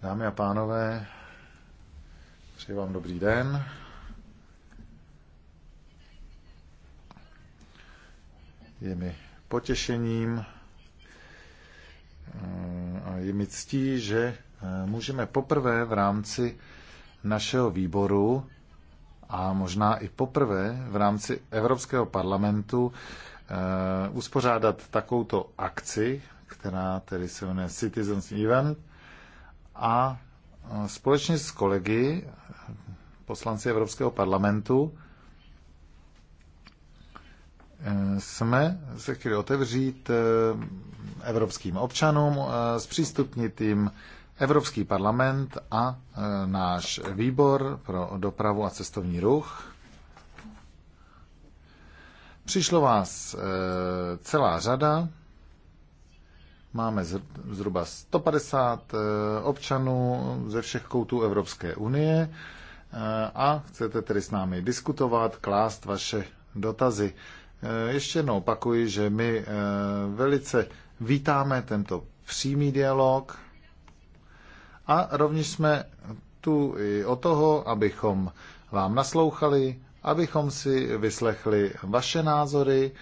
Dámy a pánové, přeji vám dobrý den. Je mi potěšením mm, a je mi ctí, že eh, můžeme poprvé v rámci našeho výboru a možná i poprvé v rámci Evropského parlamentu eh, uspořádat takovouto akci která tedy se jmenuje Citizens Event. A společně s kolegy, poslanci Evropského parlamentu, e, jsme se chtěli otevřít e, evropským občanům, e, zpřístupnit jim Evropský parlament a náš výbor pro dopravu a cestovní ruch. Přišlo vás celá řada Máme zhruba 150 eh, občanů ze všech koutů Evropské unie eh, a chcete tedy s námi diskutovat, klást vaše dotazy. Eh, ještě jednou opakuji, že my velice vítáme tento přímý dialog a rovněž jsme tu i o toho, abychom vám naslouchali, abychom si vyslechli vaše názory,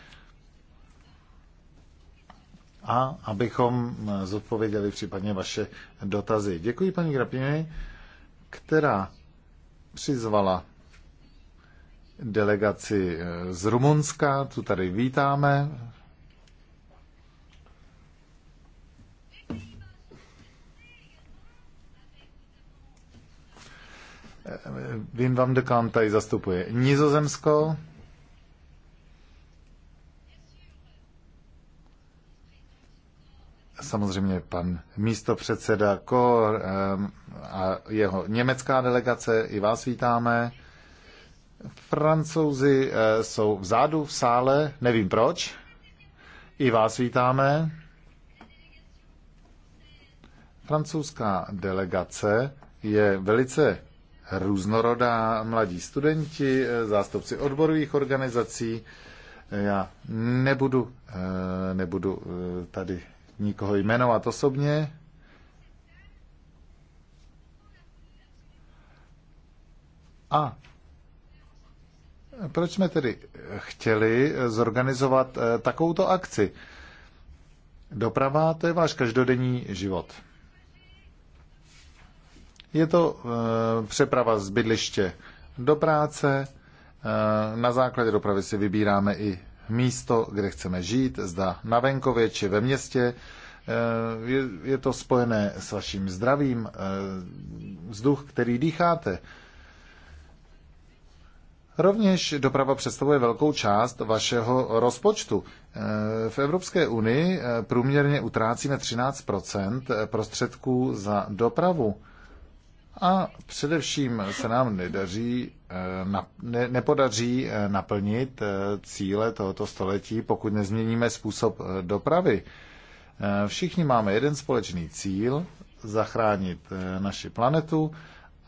a abychom zodpověděli případně vaše dotazy. Děkuji paní Grapiny, která přizvala delegaci eh, z Rumunska, tu tady vítáme. Eh, eh, Vím, vám de tady zastupuje Nizozemsko. samozřejmě pan místopředseda Kor ehm, a jeho německá delegace, i vás vítáme. Francouzi eh, jsou vzadu v sále, nevím proč. I vás vítáme. Francouzská delegace je velice různorodá. Mladí studenti, eh, zástupci odborových organizací. Já nebudu, eh, nebudu tady nikoho jmenovat osobně. A proč jsme tedy chtěli zorganizovat eh, takovouto akci? Doprava to je váš každodenní život. Je to e, přeprava z bydliště do práce. E, na základě dopravy si vybíráme i místo, kde chceme žít, zda na venkově či ve městě. Eh, je, to spojené s vaším zdravím, eh, vzduch, který dýcháte. Rovněž doprava představuje velkou část vašeho rozpočtu. Eh, v Evropské unii průměrně utrácíme 13 prostředků za dopravu. A především se nám nedaří, eh, ne, nepodaří eh, naplnit eh, cíle tohoto století, pokud nezměníme způsob dopravy. Všichni máme jeden společný cíl, zachránit naši planetu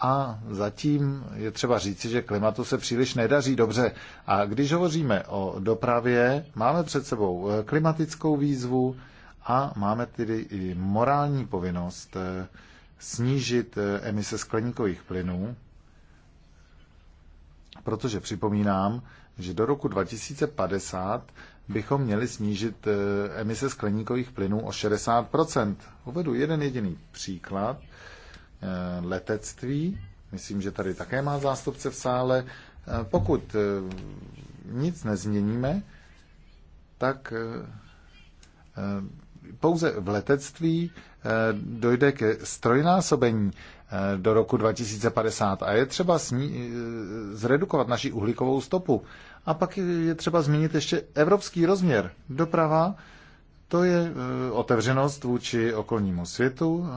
a zatím je třeba říci, že klimatu se příliš nedaří dobře. A když hovoříme o dopravě, máme před sebou klimatickou výzvu a máme tedy i morální povinnost snížit eh, emise skleníkových plynů, protože připomínám, že do roku 2050 bychom měli snížit eh, emise skleníkových plynů o 60 Uvedu jeden jediný příklad. Eh, letectví, myslím, že tady také má zástupce v sále. Pokud nic nezměníme, tak pouze v letectví Eh, dojde ke strojnásobení eh, do roku 2050 a je třeba sní, eh, zredukovat naši uhlíkovou stopu. A pak je třeba zmínit ještě evropský rozměr. Doprava, to je otevřenost vůči okolnímu světu.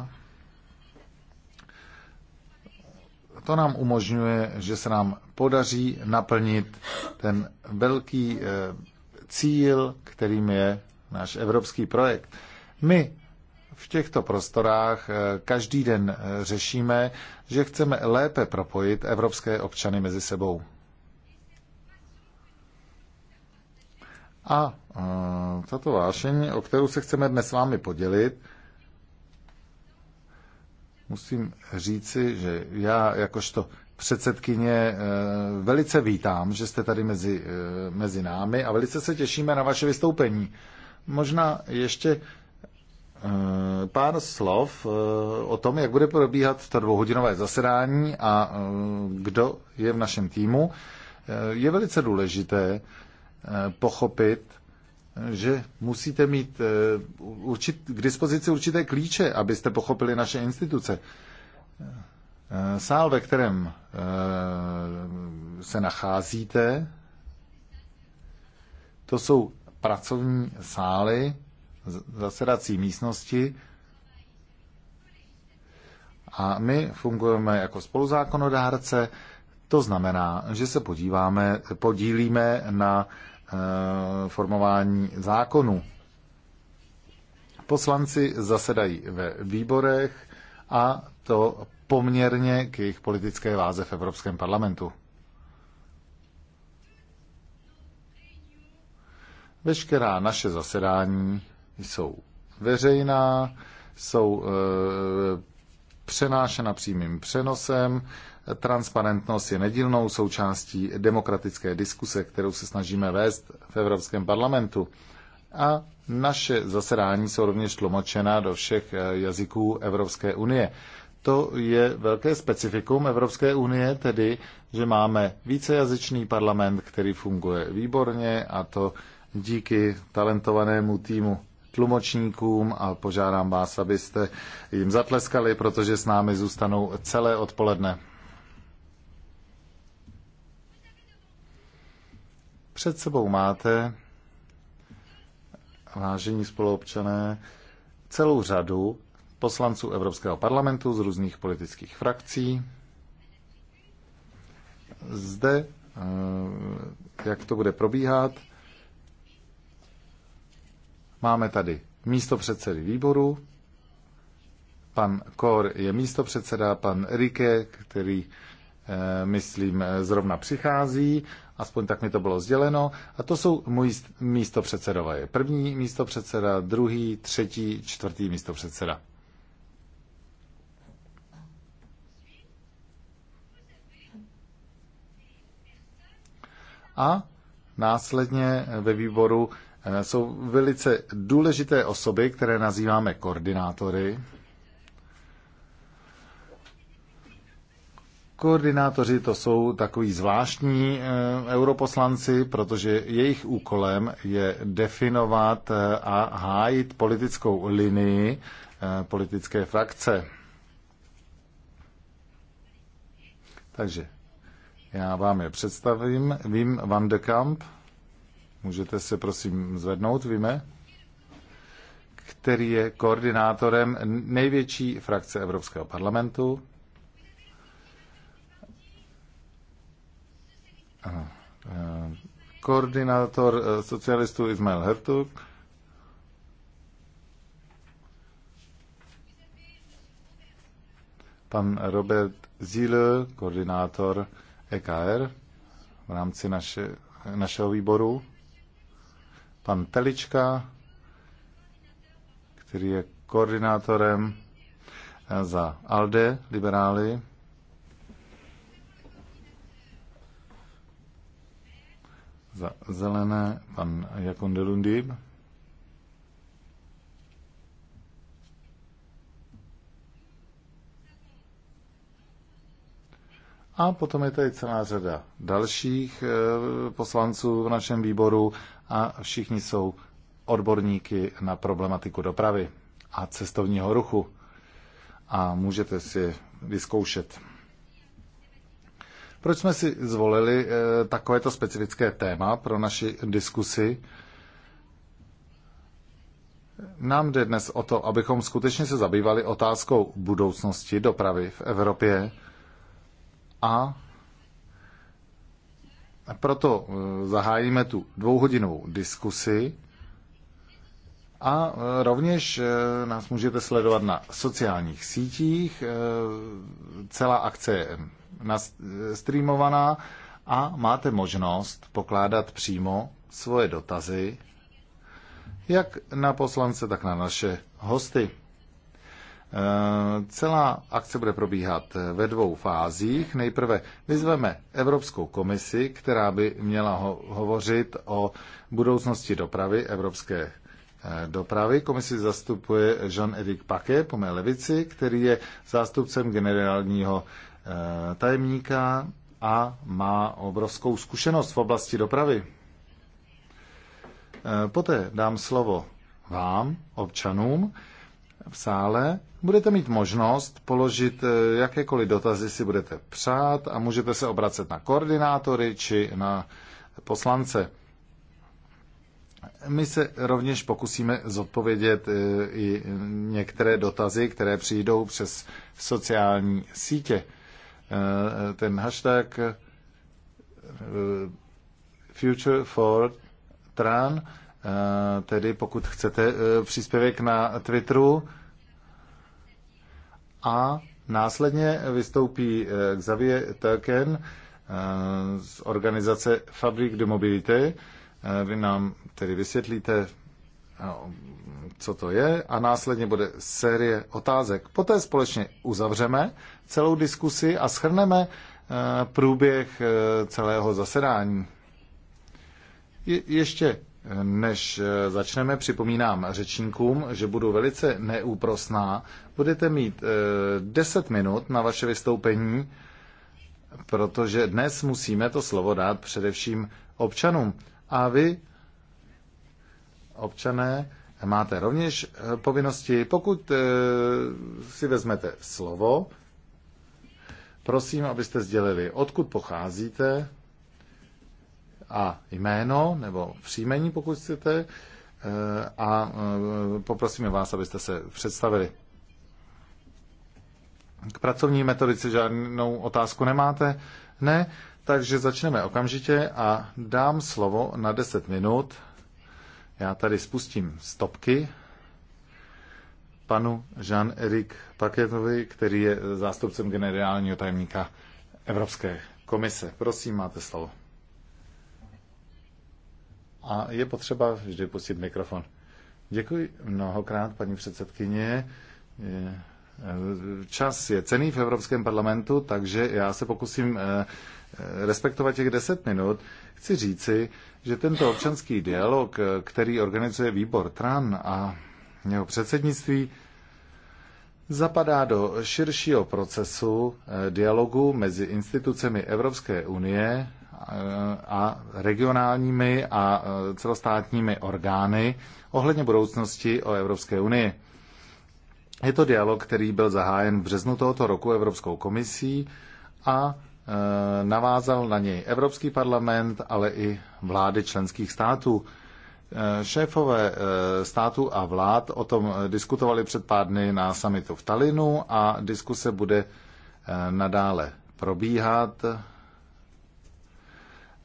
To nám umožňuje, že se nám podaří naplnit ten velký cíl, kterým je náš evropský projekt. My v těchto prostorách eh, každý den eh, řešíme, že chceme lépe propojit evropské občany mezi sebou. A eh, tato vášeň, o kterou se chceme dnes s vámi podělit, musím říci, že já jakožto předsedkyně velice vítám, že jste tady mezi, mezi námi a velice se těšíme na vaše vystoupení. Možná ještě Eh, pár slov eh, o tom, jak bude probíhat to dvouhodinové zasedání a eh, kdo je v našem týmu. Je velice důležité pochopit, že musíte mít určit, k dispozici určité klíče, abyste pochopili naše instituce. Sál, ve kterém se nacházíte, to jsou pracovní sály, zasedací místnosti a my fungujeme jako spoluzákonodárce, to znamená, že se podíváme, podílíme na e, formování zákonu. Poslanci zasedají ve výborech a to poměrně k jejich politické váze v Evropském parlamentu. Veškerá naše zasedání jsou veřejná, jsou e, přenášena přímým přenosem, transparentnost je nedílnou součástí demokratické diskuse, kterou se snažíme vést v Evropském parlamentu. A naše zasedání jsou rovněž tlumočena do všech e, jazyků Evropské unie. To je velké specifikum Evropské unie, tedy, že máme vícejazyčný parlament, který funguje výborně a to díky talentovanému týmu tlumočníkům a požádám vás, abyste jim zatleskali, protože s námi zůstanou celé odpoledne. Před sebou máte, vážení spoluobčané, celou řadu poslanců Evropského parlamentu z různých politických frakcí. Zde, eh, jak to bude probíhat, Máme tady místo předsedy výboru, pan Kor je místo předseda, pan Rike, který eh, myslím, zrovna přichází, aspoň tak mi to bylo sděleno. A to jsou moji předsedové. První místo předseda, druhý, třetí, čtvrtý místo předseda. A následně ve výboru Eh, jsou velice důležité osoby, které nazýváme koordinátory. Koordinátoři to jsou takový zvláštní eh, europoslanci, protože jejich úkolem je definovat eh, a hájit politickou linii politické frakce. Takže já vám je představím. Vím Van de Kamp. Můžete se prosím zvednout, víme? Který je koordinátorem největší frakce Evropského parlamentu. Eh, koordinátor eh, socialistů Ismail Hertug. Pan Robert Zíle, koordinátor EKR v rámci naše, našeho výboru pan Telička, který je koordinátorem eh, za ALDE, liberály. Za zelené pan Jakon Delundib. A potom je tady celá řada dalších eh, poslanců v našem výboru, a všichni jsou odborníky na problematiku dopravy a cestovního ruchu a můžete si vyzkoušet. Proč jsme si zvolili eh, takovéto specifické téma pro naši diskusi? Nám jde dnes o to, abychom skutečně se zabývali otázkou budoucnosti dopravy v Evropě a a proto eh, zahájíme tu dvouhodinovou diskusi a eh, rovněž eh, nás můžete sledovat na sociálních sítích. Celá akce je streamovaná a máte možnost pokládat přímo svoje dotazy jak na poslance, tak na naše hosty. Eh, celá akce bude probíhat eh, ve dvou fázích. Nejprve vyzveme Evropskou komisi, která by měla ho- hovořit o budoucnosti dopravy evropské eh, dopravy. Komisi zastupuje Jean-Éric Paquet po mé levici, který je zástupcem generálního tajemníka a má obrovskou zkušenost v oblasti dopravy. Poté dám slovo vám, občanům v sále, Budete mít možnost položit eh, jakékoliv dotazy si budete přát a můžete se obracet na koordinátory či na poslance. My se rovněž pokusíme zodpovědět eh, i některé dotazy, které přijdou přes sociální sítě. Eh, ten hashtag Future for Tran, tedy pokud chcete příspěvek na Twitteru, a následně vystoupí eh, Xavier Telken eh, z organizace Fabrik de Mobility. Eh, vy nám tedy vysvětlíte, co to je a následně bude série otázek. Poté společně uzavřeme celou diskusi a schrneme průběh celého zasedání. Je, ještě než eh, začneme, připomínám řečníkům, že budu velice neúprosná. Budete mít 10 eh, minut na vaše vystoupení, protože dnes musíme to slovo dát především občanům. A vy, občané, máte rovněž eh, povinnosti, pokud si vezmete slovo, prosím, abyste sdělili, odkud pocházíte, a jméno nebo příjmení, pokud chcete, eh, a eh, poprosíme vás, abyste se představili. K pracovní metodice žádnou otázku nemáte? Ne, takže začneme okamžitě a dám slovo na 10 minut. Já tady spustím stopky panu jean éric Paketovi, který je zástupcem generálního tajemníka Evropské komise. Prosím, máte slovo a je potřeba vždy pustit mikrofon. Děkuji mnohokrát, paní předsedkyně. E, čas je cený v Evropském parlamentu, takže já se pokusím e, e, respektovat těch deset minut. Chci říci, že tento občanský dialog, který organizuje výbor TRAN a jeho předsednictví, zapadá do širšího procesu dialogu mezi institucemi Evropské unie a regionálními a e, celostátními orgány ohledně budoucnosti o Evropské unii. Je to dialog, který byl zahájen v březnu tohoto roku Evropskou komisí a e, navázal na něj Evropský parlament, ale i vlády členských států. E, šéfové států a vlád o tom diskutovali před pár dny na samitu v Talinu a diskuse bude nadále probíhat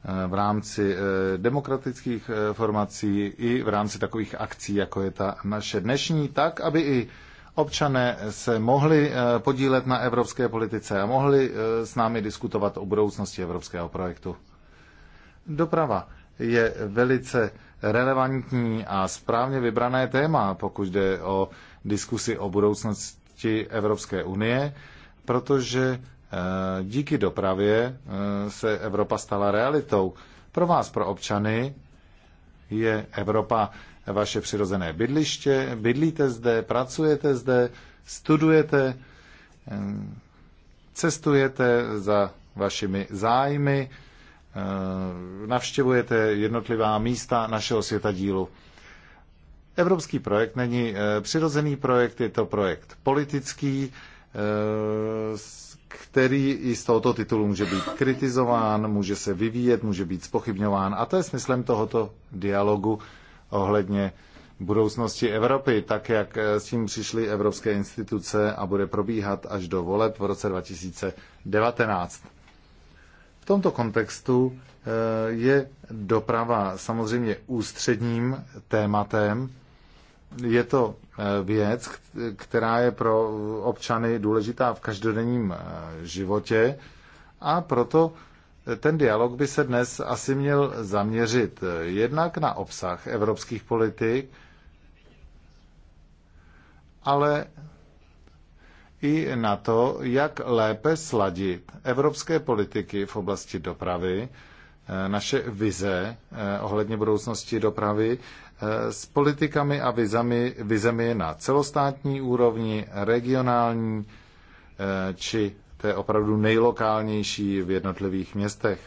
Eh, v rámci eh, demokratických eh, formací i v rámci takových akcí, jako je ta naše dnešní, tak, aby i občané se mohli podílet na evropské politice a mohli s námi diskutovat o budoucnosti evropského projektu. Doprava je velice relevantní a správně vybrané téma, pokud jde o diskusi o budoucnosti Evropské unie, protože Eh, díky dopravě eh, se Evropa stala realitou. Pro vás, pro občany, je Evropa vaše přirozené bydliště, bydlíte zde, pracujete zde, studujete, eh, cestujete za vašimi zájmy, navštěvujete jednotlivá místa našeho světa dílu. Evropský projekt není přirozený projekt, je to projekt politický, který i z tohoto titulu může být kritizován, může se vyvíjet, může být spochybňován. A to je smyslem tohoto dialogu ohledně budoucnosti Evropy, tak jak eh, s tím přišly evropské instituce a bude probíhat až do voleb v roce 2019. V tomto kontextu eh, je doprava samozřejmě ústředním tématem je to eh, věc, která je pro občany důležitá v každodenním eh, životě a proto eh, ten dialog by se dnes asi měl zaměřit jednak na obsah evropských politik, ale i na to, jak lépe sladit evropské politiky v oblasti dopravy, naše vize ohledně budoucnosti dopravy s politikami a vizemi, vizemi na celostátní úrovni, regionální eh, či je opravdu nejlokálnější v jednotlivých městech.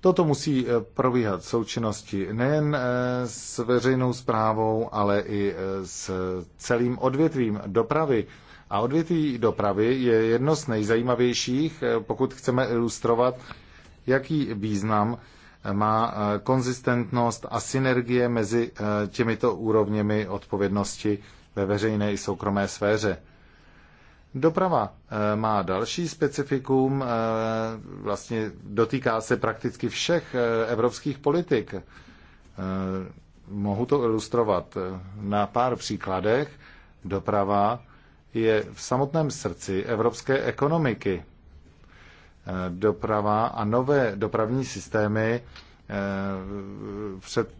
Toto musí eh, probíhat v součinnosti nejen eh, s veřejnou zprávou, ale i s celým odvětvím dopravy. A odvětví dopravy je jedno z nejzajímavějších, pokud chceme ilustrovat, jaký význam má eh, konzistentnost a synergie mezi eh, těmito úrovněmi odpovědnosti ve veřejné i soukromé sféře. Doprava eh, má další specifikum, vlastně dotýká se prakticky všech evropských politik. Mohu to ilustrovat na pár příkladech. Doprava je v samotném srdci evropské ekonomiky. Eh, doprava a nové dopravní systémy eh, před,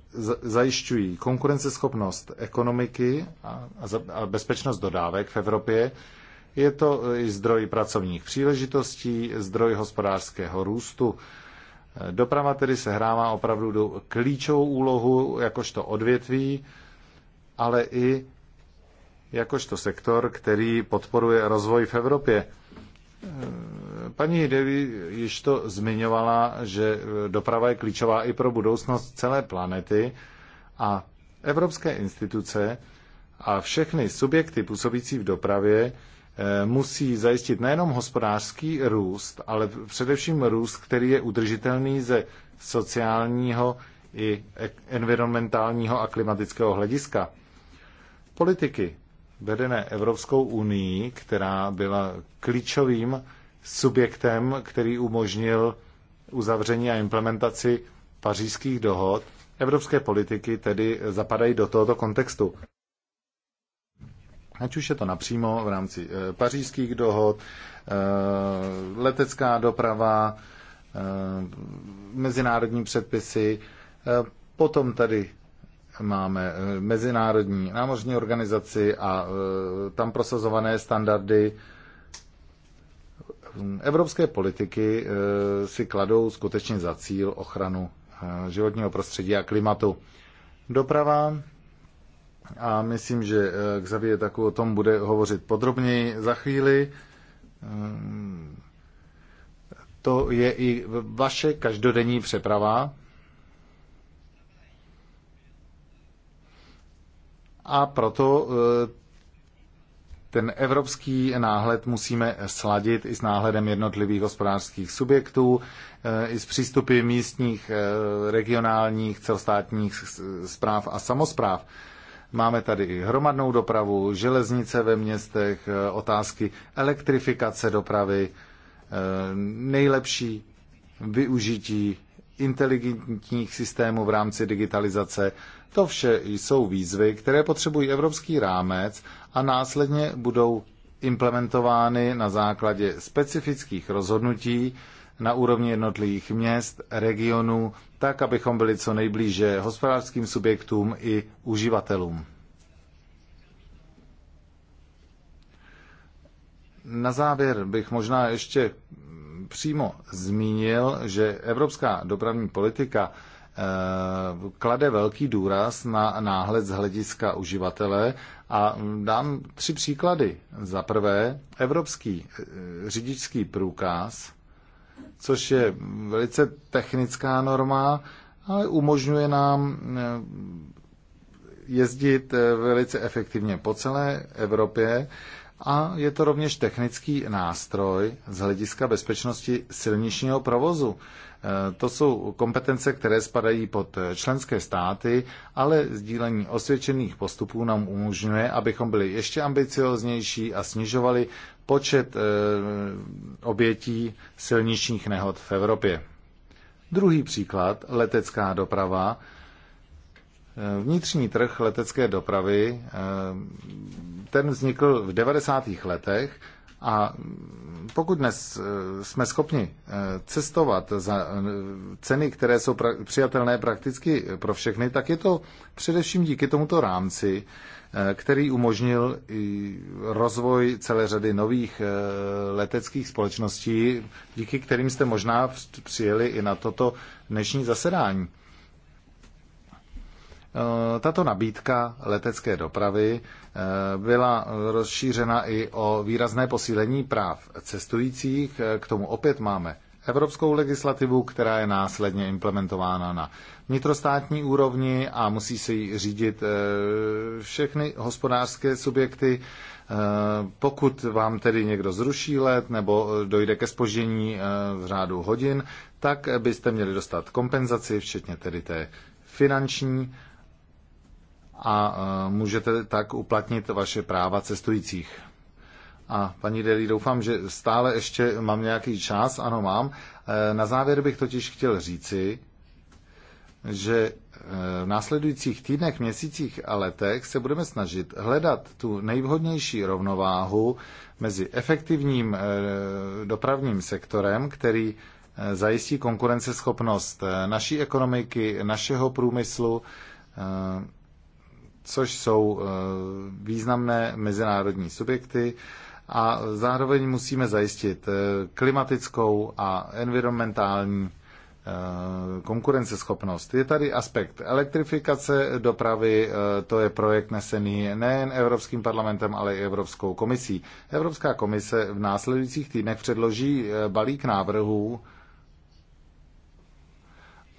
zajišťují konkurenceschopnost ekonomiky a, a bezpečnost dodávek v Evropě. Je to eh, i zdroj pracovních příležitostí, zdroj hospodářského růstu. Doprava tedy se hrává opravdu klíčovou úlohu jakožto odvětví, ale i jakožto sektor, který podporuje rozvoj v Evropě. Paní Hidevi již to zmiňovala, že doprava je klíčová i pro budoucnost celé planety a evropské instituce a všechny subjekty působící v dopravě eh, musí zajistit nejenom hospodářský růst, ale především růst, který je udržitelný ze sociálního i environmentálního a klimatického hlediska. Politiky vedené Evropskou unii, která byla klíčovým subjektem, který umožnil uzavření a implementaci pařížských dohod. Evropské politiky tedy zapadají do tohoto kontextu. Ať už je to napřímo v rámci eh, pařížských dohod, eh, letecká doprava, eh, mezinárodní předpisy, potom tady máme Mezinárodní námořní organizaci a tam prosazované standardy Evropské politiky eh, si kladou skutečně za cíl ochranu eh, životního prostředí a klimatu. Doprava a myslím, že eh, Xavier tak o tom bude hovořit podrobněji za chvíli. To je i vaše každodenní přeprava. A proto ten evropský náhled musíme sladit i s náhledem jednotlivých hospodářských subjektů, eh, i s přístupy místních, eh, regionálních, celostátních zpráv a samozpráv. Máme tady i hromadnou dopravu, železnice ve městech, eh, otázky elektrifikace dopravy, nejlepší využití inteligentních systémů v rámci digitalizace. To vše jsou výzvy, které potřebují evropský rámec a následně budou implementovány na základě specifických rozhodnutí na úrovni jednotlivých měst, regionů, tak, abychom byli co nejblíže hospodářským subjektům i uživatelům. Na závěr bych možná ještě přímo zmínil, že evropská dopravní politika eh, klade velký důraz na náhled z hlediska uživatele a dám tři příklady. Za prvé, evropský eh, řidičský průkaz, což je velice technická norma, ale umožňuje nám eh, jezdit eh, velice efektivně po celé Evropě a je to rovněž technický nástroj z hlediska bezpečnosti silničního provozu. Eh, to jsou kompetence, které spadají pod eh, členské státy, ale sdílení osvědčených postupů nám umožňuje, abychom byli ještě ambicioznější a snižovali počet eh, obětí silničních nehod v Evropě. Druhý příklad, letecká doprava. Vnitřní trh letecké dopravy, ten vznikl v 90. letech a pokud dnes eh, jsme schopni eh, cestovat za eh, ceny, které jsou přijatelné prakticky pro všechny, tak je to především díky tomuto rámci, který umožnil i rozvoj celé řady nových leteckých společností, díky kterým jste možná přijeli i na toto dnešní zasedání. Eh, tato nabídka letecké dopravy eh, byla rozšířena i o výrazné posílení práv cestujících. Eh, k tomu opět máme evropskou legislativu, která je následně implementována na vnitrostátní úrovni a musí se jí řídit všechny hospodářské subjekty. Pokud vám tedy někdo zruší let nebo dojde ke spoždění v řádu hodin, tak byste měli dostat kompenzaci, včetně tedy té finanční a e, můžete tak uplatnit vaše práva cestujících. A paní Deli, doufám, že stále ještě mám nějaký čas. Ano, mám. E, na závěr bych totiž chtěl říci, že e, v následujících týdnech, měsících a letech se budeme snažit hledat tu nejvhodnější rovnováhu mezi efektivním dopravním sektorem, který zajistí konkurenceschopnost naší ekonomiky, našeho průmyslu, což jsou eh, významné mezinárodní subjekty a zároveň musíme zajistit eh, klimatickou a environmentální eh, konkurenceschopnost. Je tady aspekt elektrifikace dopravy, to je projekt nesený nejen Evropským parlamentem, ale i Evropskou komisí. Evropská komise v následujících týdnech předloží balík návrhů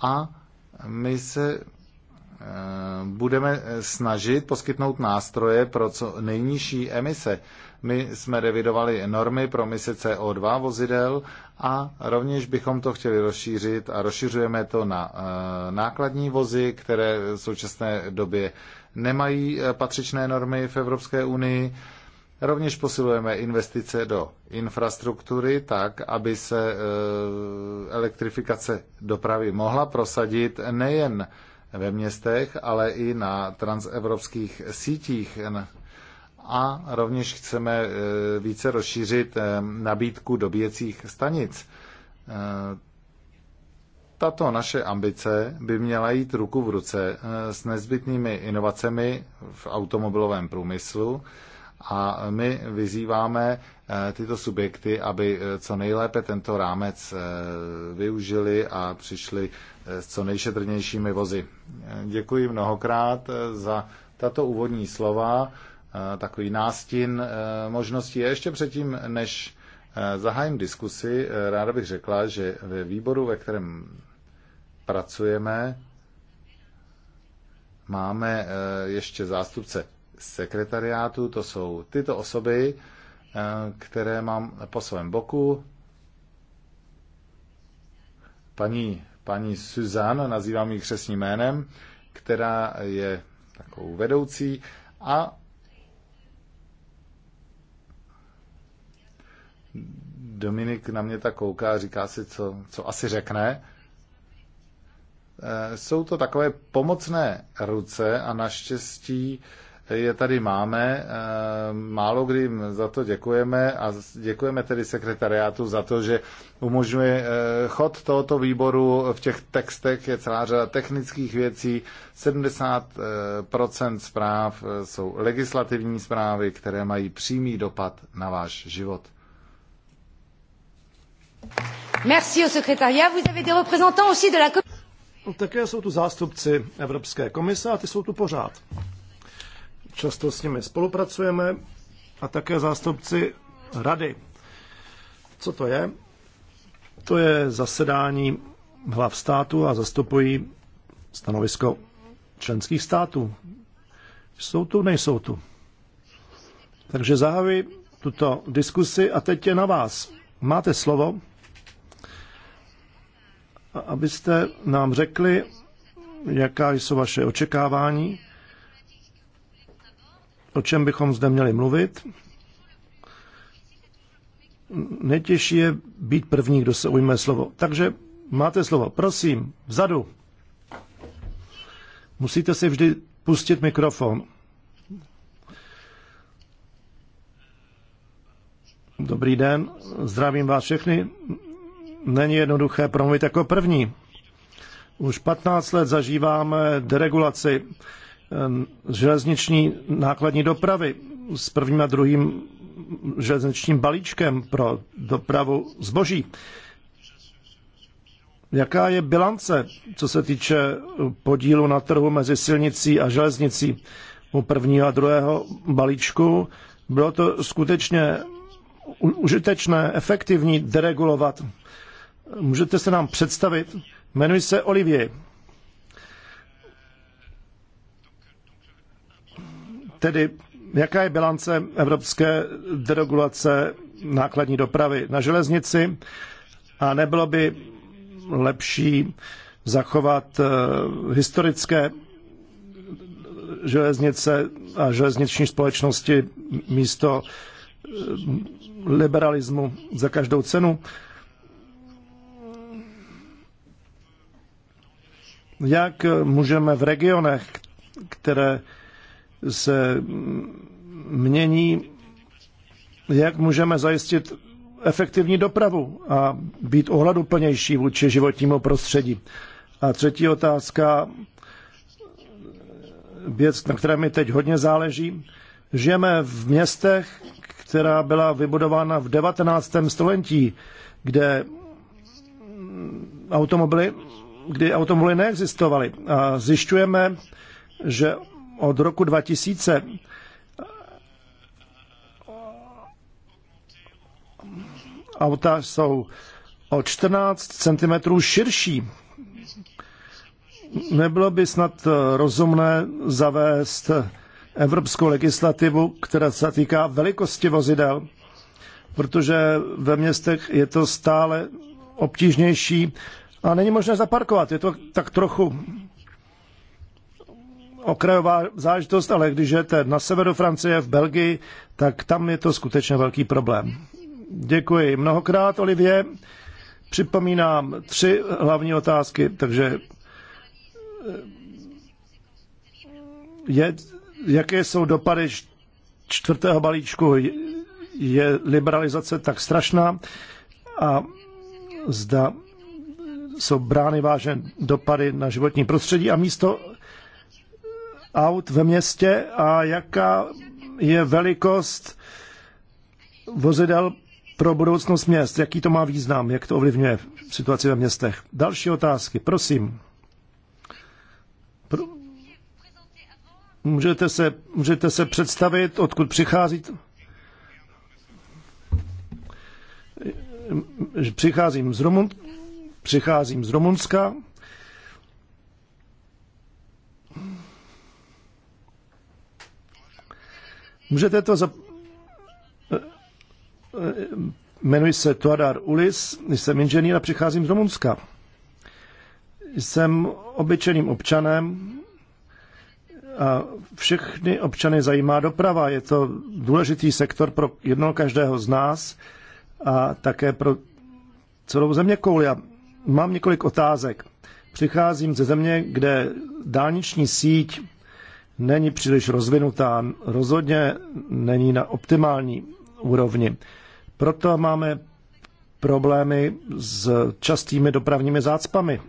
a my se Eh, budeme eh, snažit poskytnout nástroje pro co nejnižší emise. My jsme revidovali normy pro emise CO2 vozidel a rovněž bychom to chtěli rozšířit a rozšiřujeme to na eh, nákladní vozy, které v současné době nemají patřičné normy v Evropské unii. Rovněž posilujeme investice do infrastruktury tak, aby se elektrifikace dopravy mohla prosadit nejen ve městech, ale i na transevropských sítích. A rovněž chceme e, více rozšířit e, nabídku dobíjecích stanic. E, tato naše ambice by měla jít ruku v ruce s nezbytnými inovacemi v automobilovém průmyslu a my vyzýváme Eh, tyto subjekty, aby eh, co nejlépe tento rámec eh, využili a přišli s co nejšetrnějšími vozy. Děkuji mnohokrát za tato úvodní slova, takový nástin možností. A ještě předtím, než zahájím diskusi, ráda bych řekla, že ve výboru, ve kterém pracujeme, máme ještě zástupce sekretariátu, to jsou tyto osoby, Eh, které mám po svém boku. Paní, paní Suzanne, nazývám ji křesním jménem, která je takovou vedoucí a Dominik na mě tak kouká a říká si, co, co asi řekne. Eh, jsou to takové pomocné ruce a naštěstí je tady máme. Eh, málo kdy za to děkujeme a děkujeme tedy sekretariátu za to, že umožňuje eh, chod tohoto výboru v těch textech. Je celá řada technických věcí. 70% eh, zpráv jsou legislativní zprávy, které mají přímý dopad na váš život. Merci au secrétariat. Vous avez des représentants aussi de la no, Také jsou tu zástupci Evropské komise a ty jsou tu pořád často s nimi spolupracujeme a také zástupci rady. Co to je? To je zasedání hlav státu a zastupují stanovisko členských států. Jsou tu, nejsou tu. Takže zahajuji tuto diskusi a teď je na vás. Máte slovo, abyste nám řekli, jaká jsou vaše očekávání o čem bychom zde měli mluvit. Nejtěžší je být první, kdo se ujme slovo. Takže máte slovo. Prosím, vzadu. Musíte si vždy pustit mikrofon. Dobrý den, zdravím vás všechny. Není jednoduché promluvit jako první. Už 15 let zažíváme deregulaci železniční nákladní dopravy s prvním a druhým železničním balíčkem pro dopravu zboží. Jaká je bilance, co se týče eh, podílu na trhu mezi silnicí a železnicí u prvního a druhého balíčku? Bylo to skutečně užitečné, efektivní deregulovat. Můžete se nám představit? Jmenuji se Olivier Tedy jaká je bilance evropské deregulace nákladní dopravy na železnici a nebylo by lepší zachovat eh, historické železnice a železniční společnosti místo eh, liberalismu za každou cenu. Jak můžeme v regionech, které se mění, jak můžeme zajistit efektivní dopravu a být ohleduplnější vůči životnímu prostředí. A třetí otázka, věc, na které mi teď hodně záleží. Žijeme v městech, která byla vybudována v 19. století, kde automobily, kdy automobily neexistovaly. A zjišťujeme, že od roku 2000 auta jsou o 14 cm širší. Nebylo by snad rozumné zavést evropskou legislativu, která se týká velikosti vozidel, protože ve městech je to stále obtížnější a není možné zaparkovat. Je to tak trochu okrajová záležitost, ale když jete na severu Francie, v Belgii, tak tam je to skutečně velký problém. Děkuji mnohokrát, Olivě. Připomínám tři hlavní otázky, takže eh, je, jaké jsou dopady čtvrtého balíčku? Je liberalizace tak strašná? A zda jsou brány vážen dopady na životní prostředí a místo aut ve městě a jaká je velikost vozidel pro budoucnost měst. Jaký to má význam, jak to ovlivňuje situaci ve městech. Další otázky, prosím. Pro... Můžete, se, můžete se představit, odkud přicházíte? Přicházím z, Rumun... Přicházím z Rumunska. Můžete to za... Jmenuji se Tuadar Ulis, jsem inženýr a přicházím z Rumunska. Jsem obyčejným občanem a všechny občany zajímá doprava. Je to důležitý sektor pro jednoho každého z nás a také pro celou země kouli. mám několik otázek. Přicházím ze země, kde dálniční síť není příliš rozvinutá, rozhodně není na optimální úrovni. Proto máme problémy s častými dopravními zácpami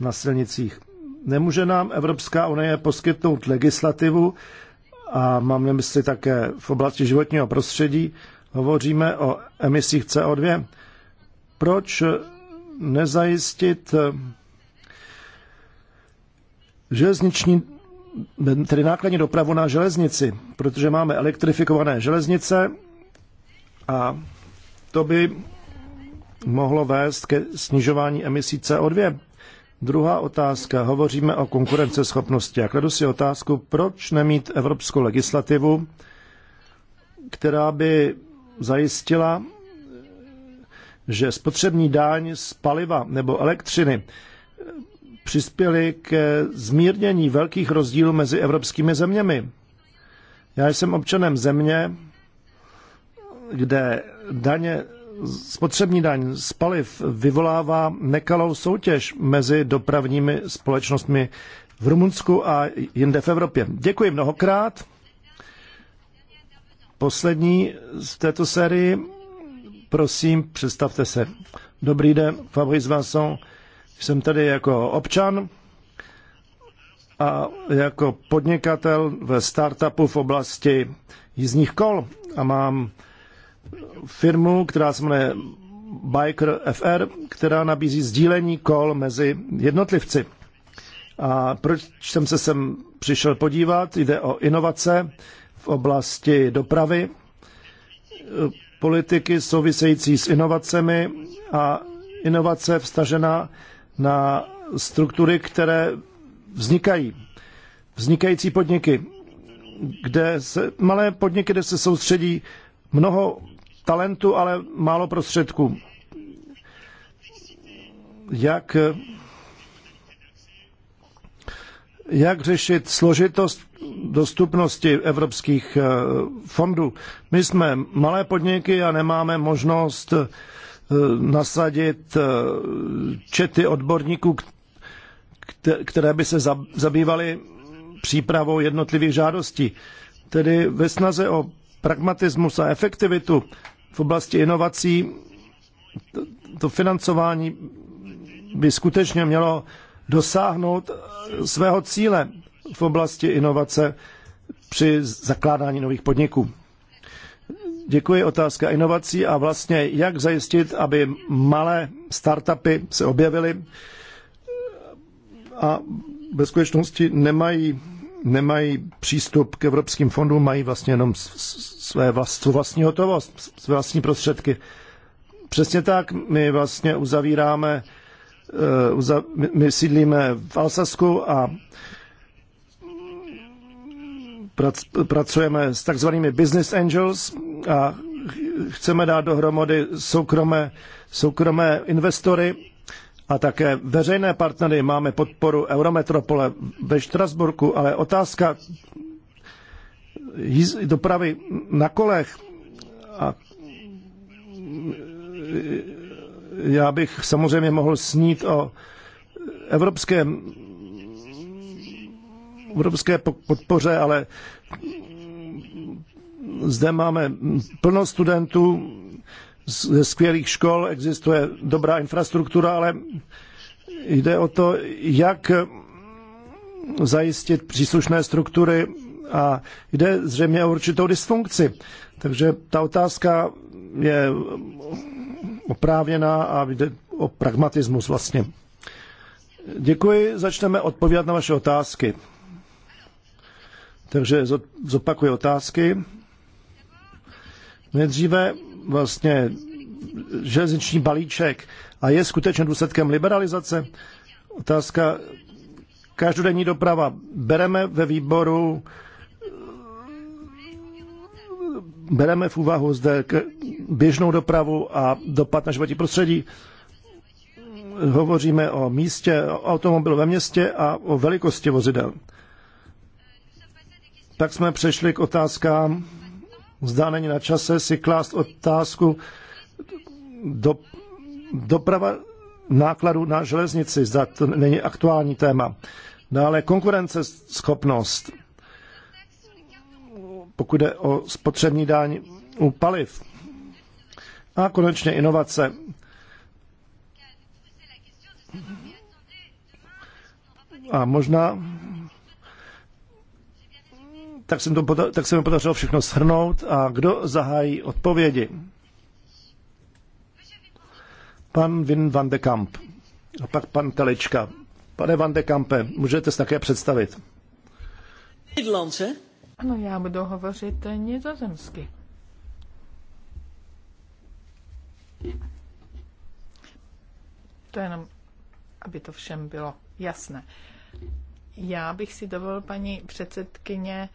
na silnicích. Nemůže nám Evropská unie poskytnout legislativu, a mám na mysli také v oblasti životního prostředí, hovoříme o emisích CO2. Proč nezajistit železniční tedy nákladní dopravu na železnici, protože máme elektrifikované železnice a to by mohlo vést ke snižování emisí CO2. Druhá otázka. Hovoříme o konkurenceschopnosti. A kladu si otázku, proč nemít evropskou legislativu, která by zajistila, že spotřební dáň z paliva nebo elektřiny přispěly k zmírnění velkých rozdílů mezi evropskými zeměmi. Já jsem občanem země, kde daně, spotřební daň z paliv vyvolává nekalou soutěž mezi dopravními společnostmi v Rumunsku a jinde v Evropě. Děkuji mnohokrát. Poslední z této sérii, prosím, představte se. Dobrý den, Fabrice Vincent jsem tady jako občan a jako podnikatel ve startupu v oblasti jízdních kol a mám firmu, která se jmenuje Biker FR, která nabízí sdílení kol mezi jednotlivci. A proč jsem se sem přišel podívat? Jde o inovace v oblasti dopravy, politiky související s inovacemi a inovace vstažená na struktury, které vznikají. Vznikající podniky, kde se, malé podniky, kde se soustředí mnoho talentu, ale málo prostředků. Jak, jak řešit složitost dostupnosti evropských eh, fondů? My jsme malé podniky a nemáme možnost Eh, nasadit eh, čety odborníků, které by se zabývaly přípravou jednotlivých žádostí. Tedy ve snaze o pragmatismus a efektivitu v oblasti inovací to financování by skutečně mělo dosáhnout eh, svého cíle v oblasti inovace při zakládání nových podniků. Děkuji, otázka inovací a vlastně jak zajistit, aby malé startupy se objevily a ve skutečnosti nemají, nemají přístup k evropským fondům, mají vlastně jenom své vlast, vlastní hotovost, své vlastní prostředky. Přesně tak, my vlastně uzavíráme, eh, my sídlíme v Alsasku a pracujeme s takzvanými business angels a chceme dát dohromady soukromé, soukromé investory a také veřejné partnery. Máme podporu Eurometropole ve Štrasburku, ale otázka dopravy na kolech a já bych samozřejmě mohl snít o evropském evropské podpoře, ale zde máme plno studentů ze skvělých škol, existuje dobrá infrastruktura, ale jde o to, jak zajistit příslušné struktury a jde zřejmě o určitou dysfunkci. Takže ta otázka je oprávněná a jde o pragmatismus vlastně. Děkuji, začneme odpovídat na vaše otázky. Takže zopakuji otázky. Nejdříve vlastně železniční balíček a je skutečně důsledkem liberalizace. Otázka každodenní doprava. Bereme ve výboru bereme v úvahu zde běžnou dopravu a dopad na životní prostředí. Hovoříme o místě o automobilu ve městě a o velikosti vozidel tak jsme přešli k otázkám. Zdá není na čase si klást otázku do, doprava nákladu na železnici. Zda to není aktuální téma. Dále konkurenceschopnost. Pokud jde o spotřební dáň u paliv. A konečně inovace. A možná tak, jsem to, tak se mi podařilo všechno shrnout. A kdo zahájí odpovědi? Pan Vin van de Kamp a pak pan Telička. Pane van de Kampe, můžete se také představit. Nederlandse? Ano, já budu hovořit nizozemsky. To jenom, aby to všem bylo jasné. Já bych si dovolil, paní předsedkyně,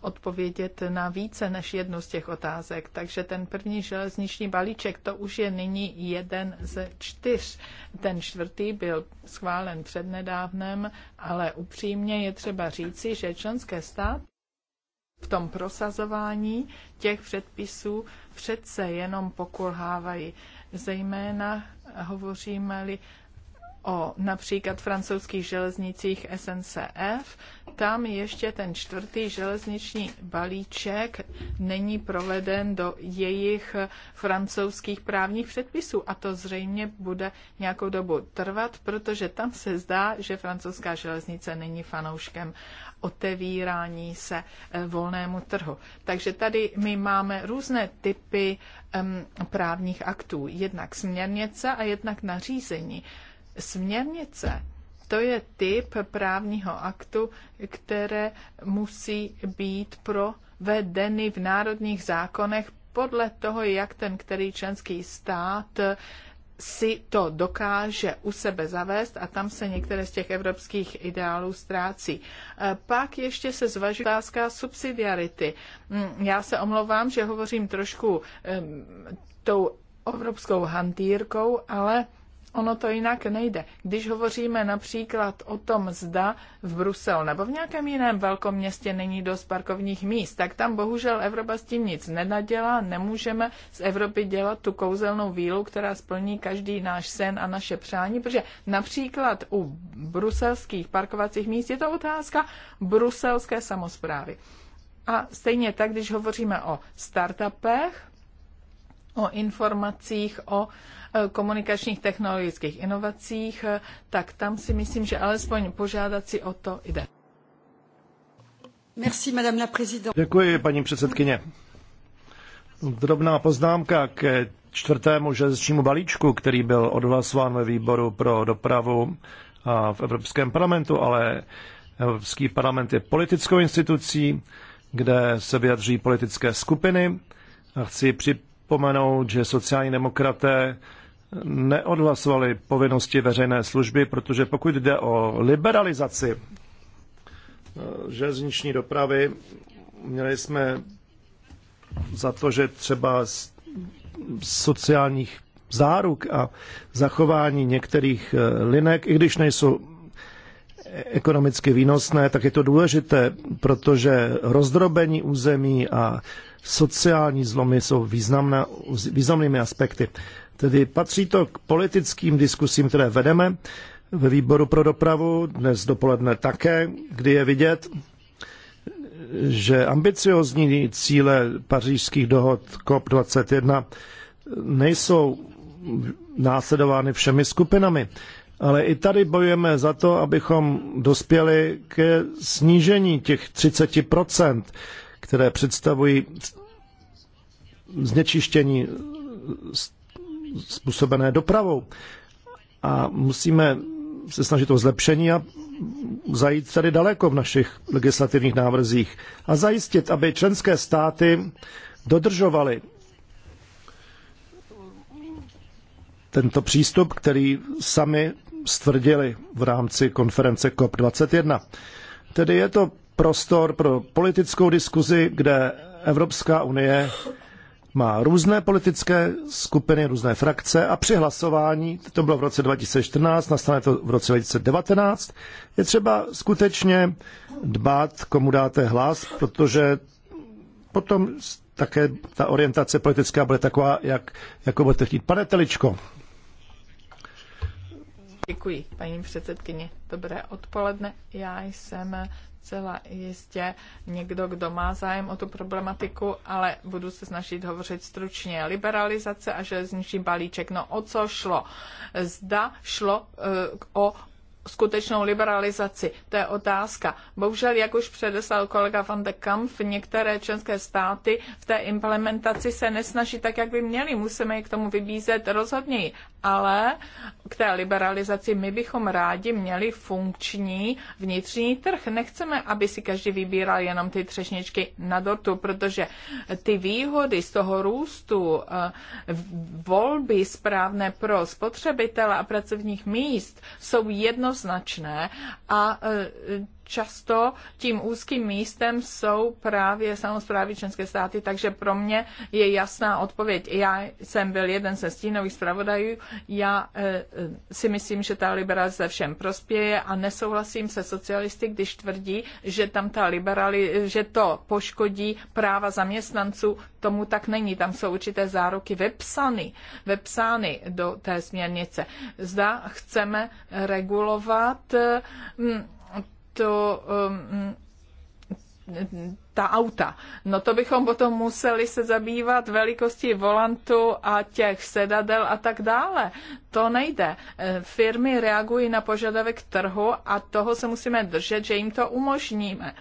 odpovědět na více než jednu z těch otázek. Takže ten první železniční balíček, to už je nyní jeden ze čtyř. Ten čtvrtý byl schválen přednedávnem, ale upřímně je třeba říci, že členské stát v tom prosazování těch předpisů přece jenom pokulhávají. Zejména hovoříme-li o například francouzských železnicích SNCF, tam ještě ten čtvrtý železniční balíček není proveden do jejich francouzských právních předpisů a to zřejmě bude nějakou dobu trvat, protože tam se zdá, že francouzská železnice není fanouškem otevírání se eh, volnému trhu. Takže tady my máme různé typy um, právních aktů, jednak směrnice a jednak nařízení. Směrnice to je typ právního aktu, které musí být provedeny v národních zákonech podle toho, jak ten který členský stát si to dokáže u sebe zavést a tam se některé z těch evropských ideálů ztrácí. E, pak ještě se zvažuje otázka subsidiarity. Mm, já se omlouvám, že hovořím trošku tou evropskou hantýrkou, ale Ono to jinak nejde. Když hovoříme například o tom, zda v Bruselu nebo v nějakém jiném velkom městě není dost parkovních míst, tak tam bohužel Evropa s tím nic nenadělá. Nemůžeme z Evropy dělat tu kouzelnou vílu, která splní každý náš sen a naše přání, protože například u bruselských parkovacích míst je to otázka bruselské samozprávy. A stejně tak, když hovoříme o startupech, o informacích o e, komunikačních technologických inovacích, e, tak tam si myslím, že alespoň požádat si o to jde. Merci, madame la Děkuji, paní předsedkyně. Drobná poznámka ke čtvrtému železničnímu balíčku, který byl odhlasován ve výboru pro dopravu a v Evropském parlamentu, ale Evropský parlament je politickou institucí, kde se vyjadří politické skupiny. A chci připomínat, připomenout, že sociální demokraté neodhlasovali povinnosti veřejné služby, protože pokud jde o liberalizaci eh, železniční dopravy, měli jsme za to, že třeba z sociálních záruk a zachování některých eh, linek, i když nejsou ekonomicky výnosné, tak je to důležité, protože rozdrobení území a sociální zlomy jsou významné, významnými aspekty. Tedy patří to k politickým diskusím, které vedeme ve výboru pro dopravu, dnes dopoledne také, kdy je vidět, že ambiciozní cíle pařížských dohod COP21 nejsou následovány všemi skupinami. Ale i tady bojujeme za to, abychom dospěli ke snížení těch 30 které představují znečištění způsobené dopravou. A musíme se snažit o zlepšení a zajít tady daleko v našich legislativních návrzích a zajistit, aby členské státy dodržovaly tento přístup, který sami stvrdili v rámci konference COP21. Tedy je to prostor pro politickou diskuzi, kde Evropská unie má různé politické skupiny, různé frakce a při hlasování, to bylo v roce 2014, nastane to v roce 2019, je třeba skutečně dbát, komu dáte hlas, protože potom také ta orientace politická bude taková, jak, jako budete chtít. Pane Teličko, Děkuji, paní předsedkyně. Dobré odpoledne. Já jsem celá jistě někdo, kdo má zájem o tu problematiku, ale budu se snažit hovořit stručně. Liberalizace a železniční balíček, no o co šlo? Zda šlo uh, o skutečnou liberalizaci. To je otázka. Bohužel, jak už předeslal kolega van de Kampf, některé členské státy v té implementaci se nesnaží tak, jak by měly. Musíme je k tomu vybízet rozhodněji. Ale k té liberalizaci my bychom rádi měli funkční vnitřní trh. Nechceme, aby si každý vybíral jenom ty třešničky na dortu, protože ty výhody z toho růstu, eh, volby správné pro spotřebitele a pracovních míst jsou jedno jednoznačné a e, často tím úzkým místem jsou právě samozprávy členské státy, takže pro mě je jasná odpověď. Já jsem byl jeden ze stínových zpravodajů, já e, si myslím, že ta liberalizace všem prospěje a nesouhlasím se socialisty, když tvrdí, že tam ta liberali, že to poškodí práva zaměstnanců, tomu tak není. Tam jsou určité záruky vepsány, vepsány do té směrnice. Zda chceme regulovat hm, to um, ta auta. No to bychom potom museli se zabývat velikostí volantu a těch sedadel a tak dále. To nejde. Eh, firmy reagují na požadavek trhu a toho se musíme držet, že jim to umožníme.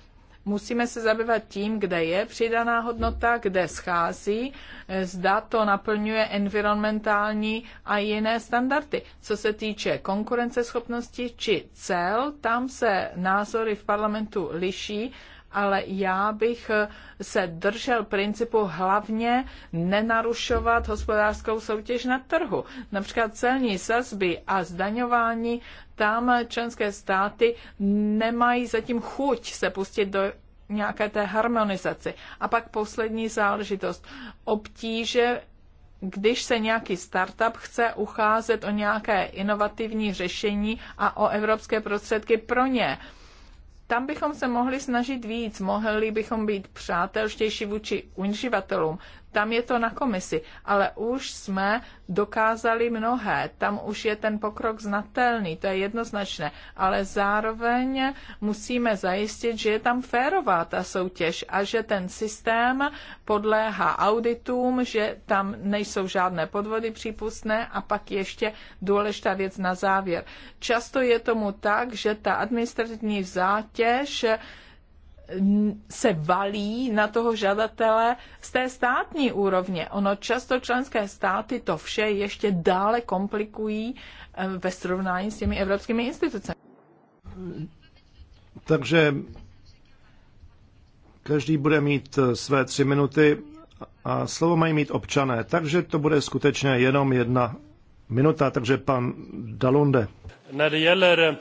Musíme se zabývat tím, kde je přidaná hodnota, kde schází, eh, zda to naplňuje environmentální a jiné standardy. Co se týče konkurenceschopnosti či cel, tam se názory v parlamentu liší ale já bych se držel principu hlavně nenarušovat hospodářskou soutěž na trhu. Například celní sazby a zdaňování, tam členské státy nemají zatím chuť se pustit do nějaké té harmonizaci. A pak poslední záležitost. Obtíže když se nějaký startup chce ucházet o nějaké inovativní řešení a o evropské prostředky pro ně. Tam bychom se mohli snažit víc, mohli bychom být přátelštější vůči uživatelům. Tam je to na komisi, ale už jsme dokázali mnohé. Tam už je ten pokrok znatelný, to je jednoznačné, ale zároveň musíme zajistit, že je tam férová ta soutěž a že ten systém podléhá auditům, že tam nejsou žádné podvody přípustné a pak ještě důležitá věc na závěr. Často je tomu tak, že ta administrativní zátěž se valí na toho žadatele z té státní úrovně. Ono často členské státy to vše ještě dále komplikují eh, ve srovnání s těmi evropskými institucemi. Takže každý bude mít eh, své tři minuty a slovo mají mít občané, takže to bude skutečně jenom jedna minuta, takže pan Dalunde. Eh,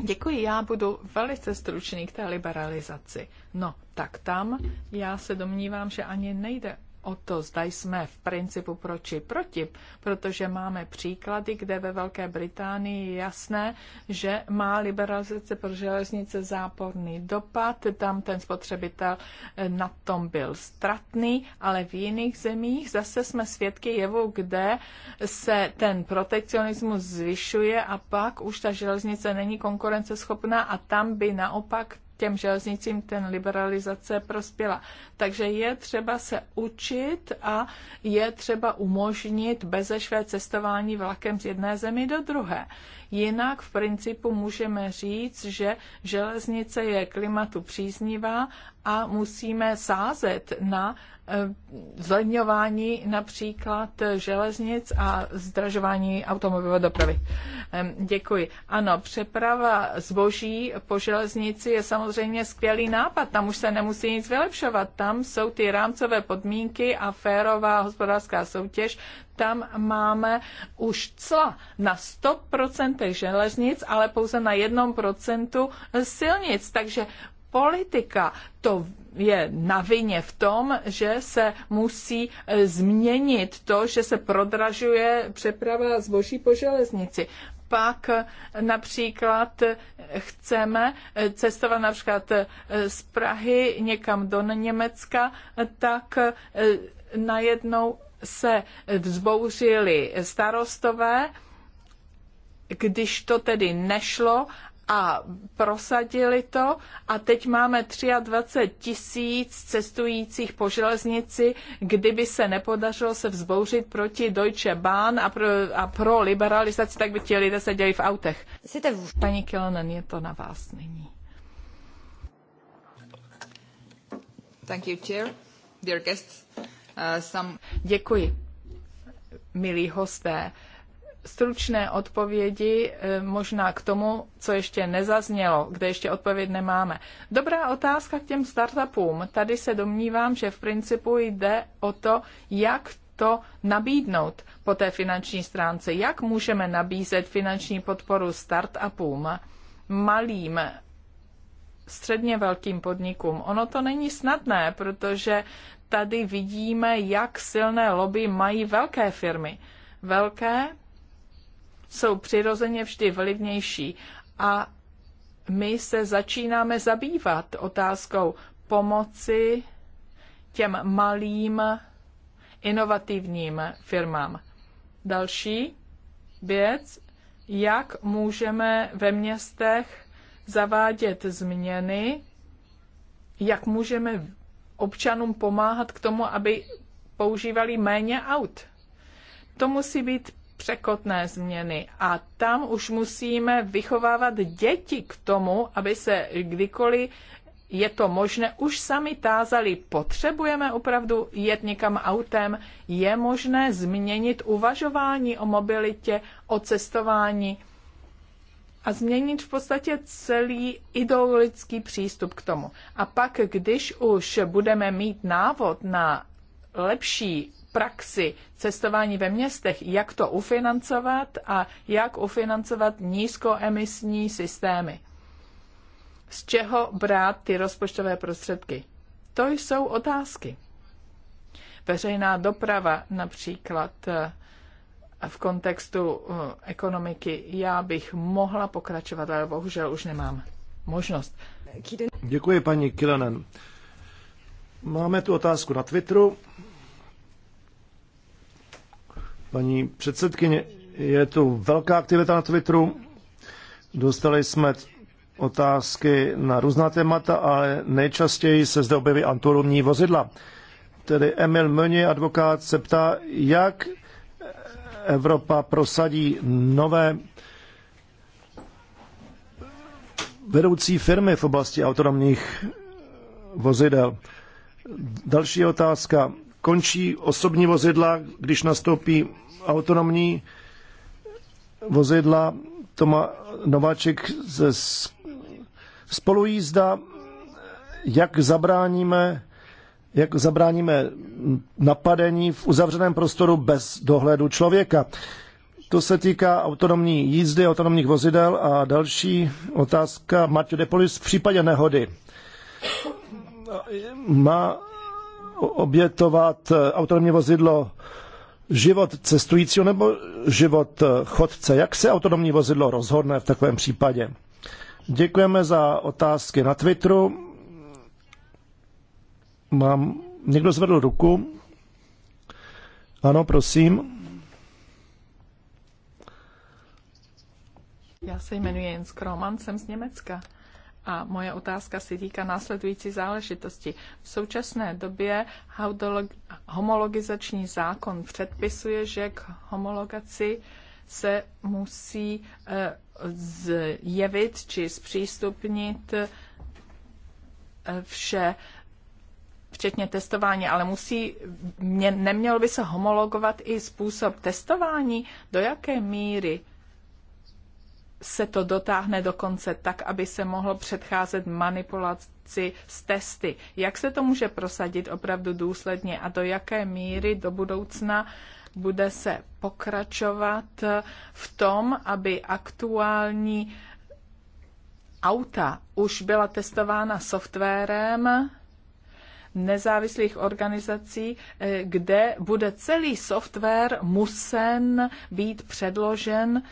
Děkuji, já budu velice stručný k té liberalizaci. No, tak tam já se domnívám, že ani nejde o to, zda jsme v principu proči proti, protože máme příklady, kde ve Velké Británii je jasné, že má liberalizace pro železnice záporný dopad, tam ten spotřebitel eh, na tom byl stratný, ale v jiných zemích zase jsme svědky jevu, kde se ten protekcionismus zvyšuje a pak už ta železnice není konkurenceschopná a tam by naopak těm železnicím ten liberalizace prospěla. Takže je třeba se učit a je třeba umožnit bezešvé cestování vlakem z jedné zemi do druhé. Jinak v principu můžeme říct, že železnice je klimatu příznivá a musíme sázet na eh, zledňování například železnic a zdražování automobilové dopravy. Děkuji. Ano, přeprava zboží po železnici je samozřejmě skvělý nápad. Tam už se nemusí nic vylepšovat. Tam tam jsou ty rámcové podmínky a férová hospodářská soutěž, tam máme už cla na 100% železnic, ale pouze na 1% silnic. Takže politika to je na vině v tom, že se musí eh, změnit to, že se prodražuje přeprava zboží po železnici pak například chceme cestovat například z Prahy někam do Německa, tak eh, najednou se vzbouřili starostové, když to tedy nešlo a prosadili to a teď máme 23 tisíc cestujících po železnici, kdyby se nepodařilo se vzbouřit proti Deutsche Bahn a pro, a pro liberalizaci, tak by ti lidé seděli v autech. Jste v... Paní Kilonen, je to na vás nyní. Thank you, chair. Dear guests, uh, some... Děkuji, milí hosté. Uh, stručné odpovědi eh, možná k tomu, co ještě nezaznělo, kde ještě odpověď nemáme. Dobrá otázka k těm startupům. Tady se domnívám, že v principu jde o to, jak to nabídnout po té finanční stránce. Jak můžeme nabízet finanční podporu startupům, malým, středně velkým podnikům? Ono to není snadné, protože tady vidíme, jak silné lobby mají velké firmy. Velké jsou přirozeně vždy vlivnější a my se začínáme zabývat otázkou pomoci těm malým inovativním firmám. Další věc, jak můžeme ve městech zavádět změny, jak můžeme občanům pomáhat k tomu, aby používali méně aut. To musí být překotné změny a tam už musíme vychovávat děti k tomu, aby se kdykoliv je to možné, už sami tázali, potřebujeme opravdu jet někam autem, je možné změnit uvažování o mobilitě, o cestování a změnit v podstatě celý ideologický přístup k tomu. A pak, když už budeme mít návod na lepší praxi cestování ve městech, jak to ufinancovat a jak ufinancovat nízkoemisní systémy. Z čeho brát ty rozpočtové prostředky? To jsou otázky. Veřejná doprava například eh, v kontextu eh, ekonomiky, já bych mohla pokračovat, ale bohužel už nemám možnost. Děkuji paní Kilanen. Máme tu otázku na Twitteru. Paní předsedkyně, je tu velká aktivita na Twitteru. Dostali jsme otázky na různá témata, ale nejčastěji se zde objeví anturumní vozidla. Tedy Emil Mönie, advokát, se ptá, jak Evropa prosadí nové vedoucí firmy v oblasti autonomních vozidel. Další otázka končí osobní vozidla, když nastoupí autonomní vozidla. Toma Nováček ze spolujízda, jak zabráníme jak zabráníme napadení v uzavřeném prostoru bez dohledu člověka. To se týká autonomní jízdy, autonomních vozidel a další otázka Matěj Depolis v případě nehody. Má obětovat eh, autonomní vozidlo život cestujícího nebo život eh, chodce? Jak se autonomní vozidlo rozhodne v takovém případě? Děkujeme za otázky na Twitteru. Mám... Někdo zvedl ruku? Ano, prosím. Já se jmenuji Jens Kroman, jsem z Německa. A moje otázka se týká následující záležitosti. V současné době homologizační zákon předpisuje, že k homologaci se musí eh, zjevit či zpřístupnit eh, vše, včetně testování, ale musí, mě, neměl by se homologovat i způsob testování, do jaké míry se to dotáhne do konce tak, aby se mohlo předcházet manipulaci s testy. Jak se to může prosadit opravdu důsledně a do jaké míry do budoucna bude se pokračovat v tom, aby aktuální auta už byla testována softwarem nezávislých organizací, eh, kde bude celý software musen být předložen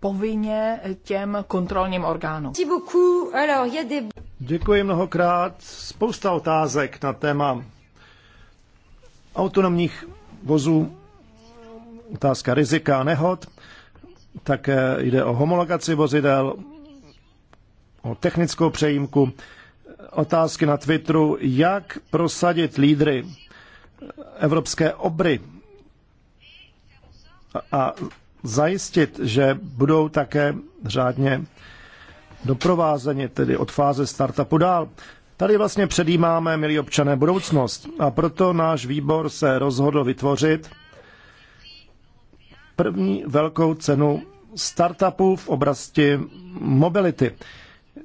povinně těm kontrolním orgánům. Děkuji mnohokrát. Spousta otázek na téma autonomních vozů, otázka rizika a nehod. Také jde o homologaci vozidel, o technickou přejímku, otázky na Twitteru, jak prosadit lídry evropské obry a zajistit, že budou také řádně doprovázeni, tedy od fáze startupu dál. Tady vlastně předjímáme, milí občané, budoucnost a proto náš výbor se rozhodl vytvořit první velkou cenu startupů v oblasti mobility.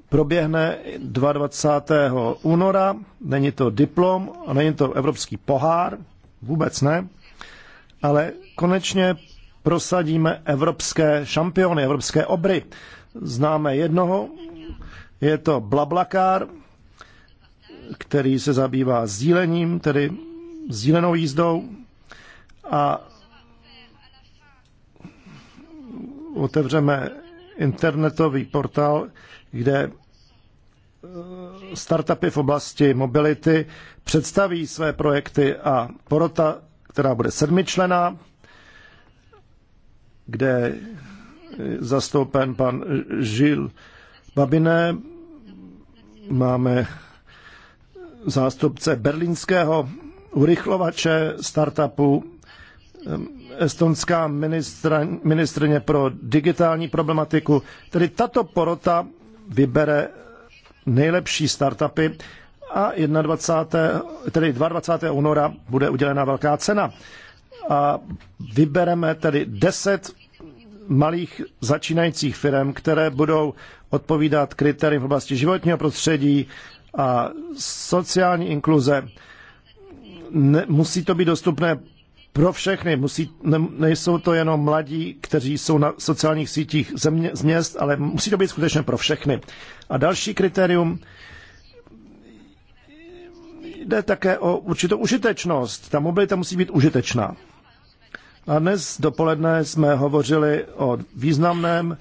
Proběhne 22. února, není to diplom, není to evropský pohár, vůbec ne, ale konečně prosadíme evropské šampiony, evropské obry. Známe jednoho, je to Blablakár, který se zabývá sdílením, tedy sdílenou jízdou a otevřeme internetový portál, kde eh, startupy v oblasti mobility představí své projekty a porota, která bude sedmičlená, kde zastoupen pan Žil Babiné. Máme zástupce berlínského urychlovače startupu, estonská ministra, pro digitální problematiku. Tedy tato porota vybere nejlepší startupy a 21, tedy 22. února bude udělena velká cena. A vybereme tedy 10 malých začínajících firm, které budou odpovídat kritériím v oblasti životního prostředí a sociální inkluze. Ne, musí to být dostupné pro všechny. Musí, ne, nejsou to jenom mladí, kteří jsou na sociálních sítích země, z měst, ale musí to být skutečně pro všechny. A další kritérium jde také o určitou užitečnost. Ta mobilita musí být užitečná. A dnes dopoledne jsme hovořili o významném,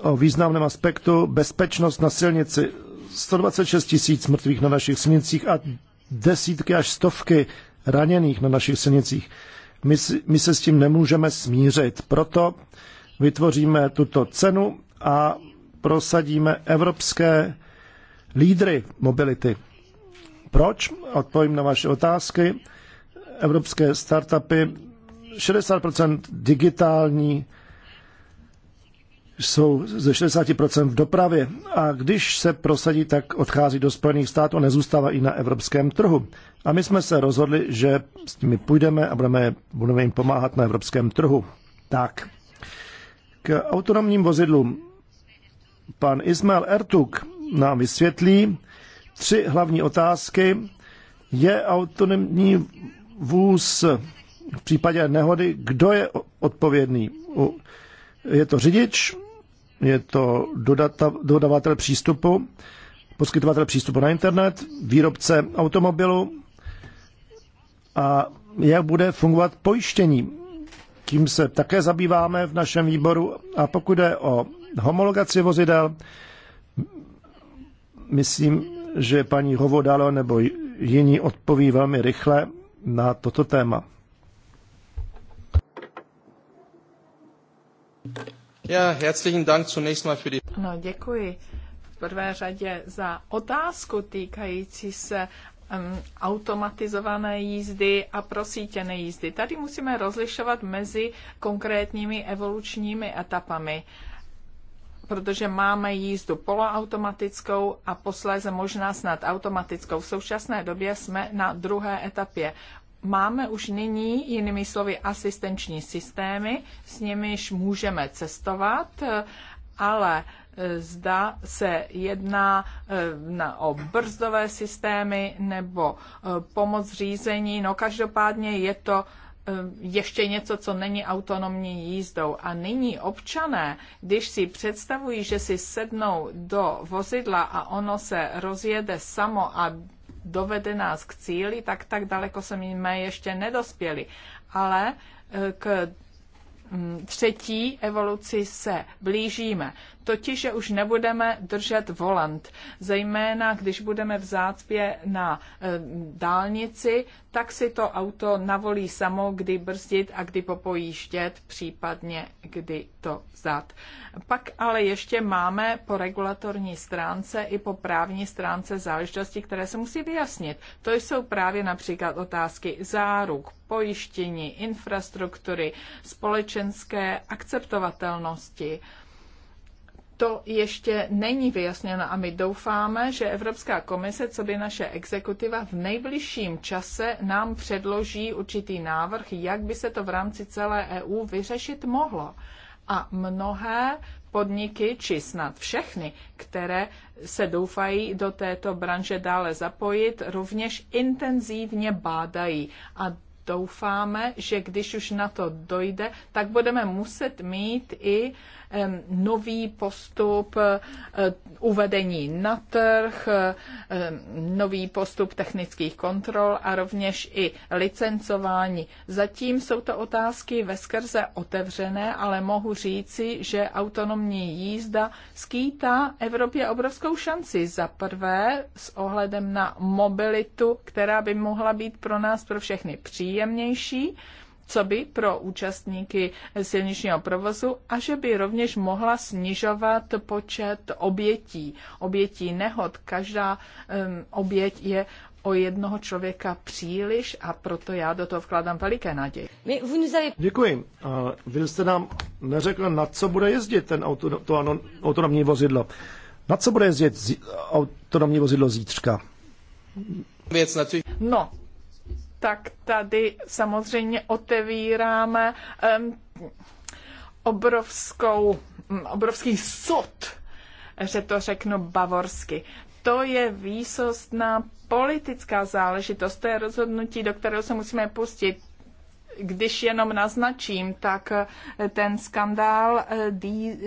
o významném aspektu bezpečnost na silnici. 126 tisíc mrtvých na našich silnicích a desítky až stovky raněných na našich silnicích. My, my se s tím nemůžeme smířit. Proto vytvoříme tuto cenu a prosadíme evropské lídry mobility. Proč? Odpovím na vaše otázky. Evropské startupy 60% digitální, jsou ze 60% v dopravě a když se prosadí, tak odchází do Spojených států a nezůstává i na evropském trhu. A my jsme se rozhodli, že s nimi půjdeme a budeme, budeme jim pomáhat na evropském trhu. Tak, k autonomním vozidlům pan Ismail Ertuk nám vysvětlí tři hlavní otázky. Je autonomní vůz v případě nehody, kdo je odpovědný. Je to řidič, je to dodata, dodavatel přístupu, poskytovatel přístupu na internet, výrobce automobilu a jak bude fungovat pojištění. Tím se také zabýváme v našem výboru a pokud jde o homologaci vozidel, myslím, že paní Hovodalo nebo jiní odpoví velmi rychle na toto téma. herzlichen Dank zunächst mal für die... No, děkuji v prvé řadě za otázku týkající se um, automatizované jízdy a prosítěné jízdy. Tady musíme rozlišovat mezi konkrétními evolučními etapami protože máme jízdu poloautomatickou a posléze možná snad automatickou. V současné době jsme na druhé etapě máme už nyní, jinými slovy, asistenční systémy, s nimiž můžeme cestovat, ale e, zda se jedná e, o brzdové systémy nebo e, pomoc řízení. No každopádně je to ještě něco, co není autonomní jízdou. A nyní občané, když si představují, že si sednou do vozidla a ono se rozjede samo a dovede nás k cíli, tak tak daleko se jsme ještě nedospěli. Ale eh, k hm, třetí evoluci se blížíme totiž, že už nebudeme držet volant. Zejména, když budeme v zácpě na eh, dálnici, tak si to auto navolí samo, kdy brzdit a kdy popojíždět, případně kdy to vzat. Pak ale ještě máme po regulatorní stránce i po právní stránce záležitosti, které se musí vyjasnit. To jsou právě například otázky záruk, pojištění, infrastruktury, společenské akceptovatelnosti, to ještě není vyjasněno a my doufáme, že Evropská komise, co by naše exekutiva, v nejbližším čase nám předloží určitý návrh, jak by se to v rámci celé EU vyřešit mohlo. A mnohé podniky, či snad všechny, které se doufají do této branže dále zapojit, rovněž intenzívně bádají. A doufáme, že když už na to dojde, tak budeme muset mít i uh, nový postup eh, uvedení na trh, eh, nový postup technických kontrol a rovněž i licencování. Zatím jsou to otázky veskrze otevřené, ale mohu říci, že autonomní jízda skýtá Evropě obrovskou šanci. Za prvé s ohledem na mobilitu, která by mohla být pro nás pro všechny příjemnější, co by pro účastníky silničního provozu a že by rovněž mohla snižovat počet obětí. Obětí nehod. Každá um, oběť je o jednoho člověka příliš a proto já do toho vkládám veliké naděje. Děkuji. A vy jste nám neřekl, na co bude jezdit ten auto, to autonomní vozidlo. Na co bude jezdit autonomní vozidlo zítřka? Věc na No, tak tady samozřejmě otevíráme um, obrovskou, um, obrovský sud, že to řeknu bavorsky. To je výsostná politická záležitost, to je rozhodnutí, do kterého se musíme pustit když jenom naznačím, tak eh, ten skandál eh, s dý,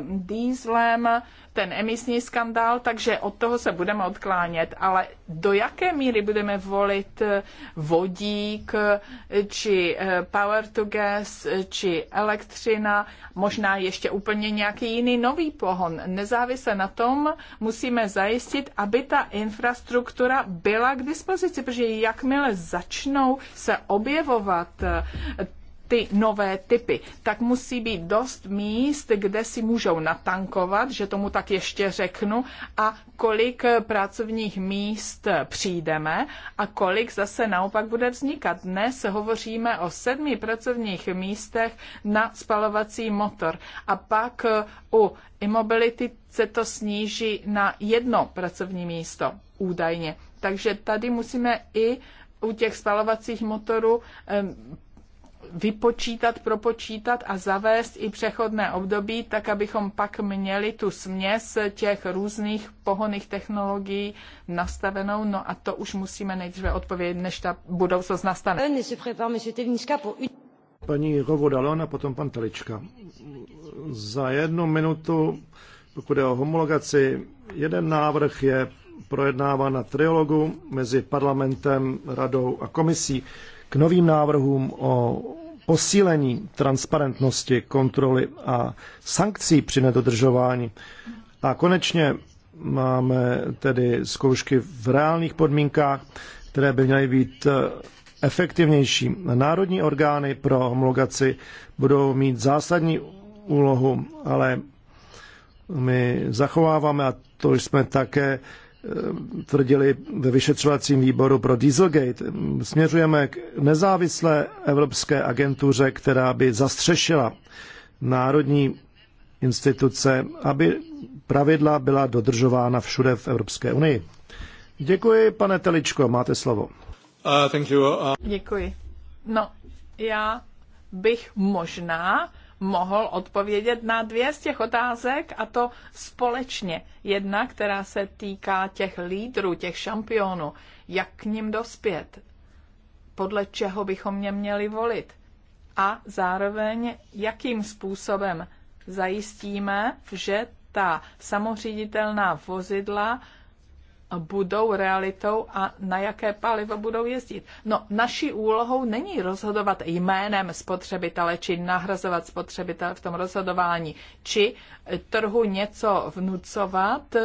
dýzlem ten emisní skandál, takže od toho se budeme odklánět. Ale do jaké míry budeme volit eh, vodík, eh, či eh, power to gas, či elektřina, možná ještě úplně nějaký jiný nový pohon. Nezávisle na tom musíme zajistit, aby ta infrastruktura byla k dispozici, protože jakmile začnou se objevovat ty nové typy, tak musí být dost míst, kde si můžou natankovat, že tomu tak ještě řeknu, a kolik pracovních míst přijdeme a kolik zase naopak bude vznikat. Dnes hovoříme o sedmi pracovních místech na spalovací motor a pak eh, u immobility se to sníží na jedno pracovní místo údajně. Takže tady musíme i u těch spalovacích motorů vypočítat, propočítat a zavést i přechodné období, tak abychom pak měli tu směs těch různých pohoných technologií nastavenou. No a to už musíme nejdříve odpovědět, než ta budoucnost nastane. Paní Rovodalon a potom pan Telička. Za jednu minutu, pokud je o homologaci, jeden návrh je projednáván na triologu mezi parlamentem, radou a komisí k novým návrhům o posílení transparentnosti, kontroly a sankcí při nedodržování. A konečně máme tedy zkoušky v reálných podmínkách, které by měly být eh, efektivnější. Národní orgány pro homologaci budou mít zásadní úlohu, ale my zachováváme, a to jsme také Eh, tvrdili ve vyšetřovacím výboru pro Dieselgate. Směřujeme k nezávislé evropské agentuře, která by zastřešila národní instituce, aby pravidla byla dodržována všude v Evropské unii. Děkuji, pane Teličko, máte slovo. Uh, thank you. Uh... Děkuji. No, já bych možná mohl odpovědět na dvě z těch otázek a to společně. Jedna, která se týká těch lídrů, těch šampionů, jak k ním dospět, podle čeho bychom mě měli volit a zároveň jakým způsobem zajistíme, že ta samoříditelná vozidla budou realitou a na jaké palivo budou jezdit. No, naší úlohou není rozhodovat jménem spotřebitele či nahrazovat spotřebitele v tom rozhodování, či trhu něco vnucovat,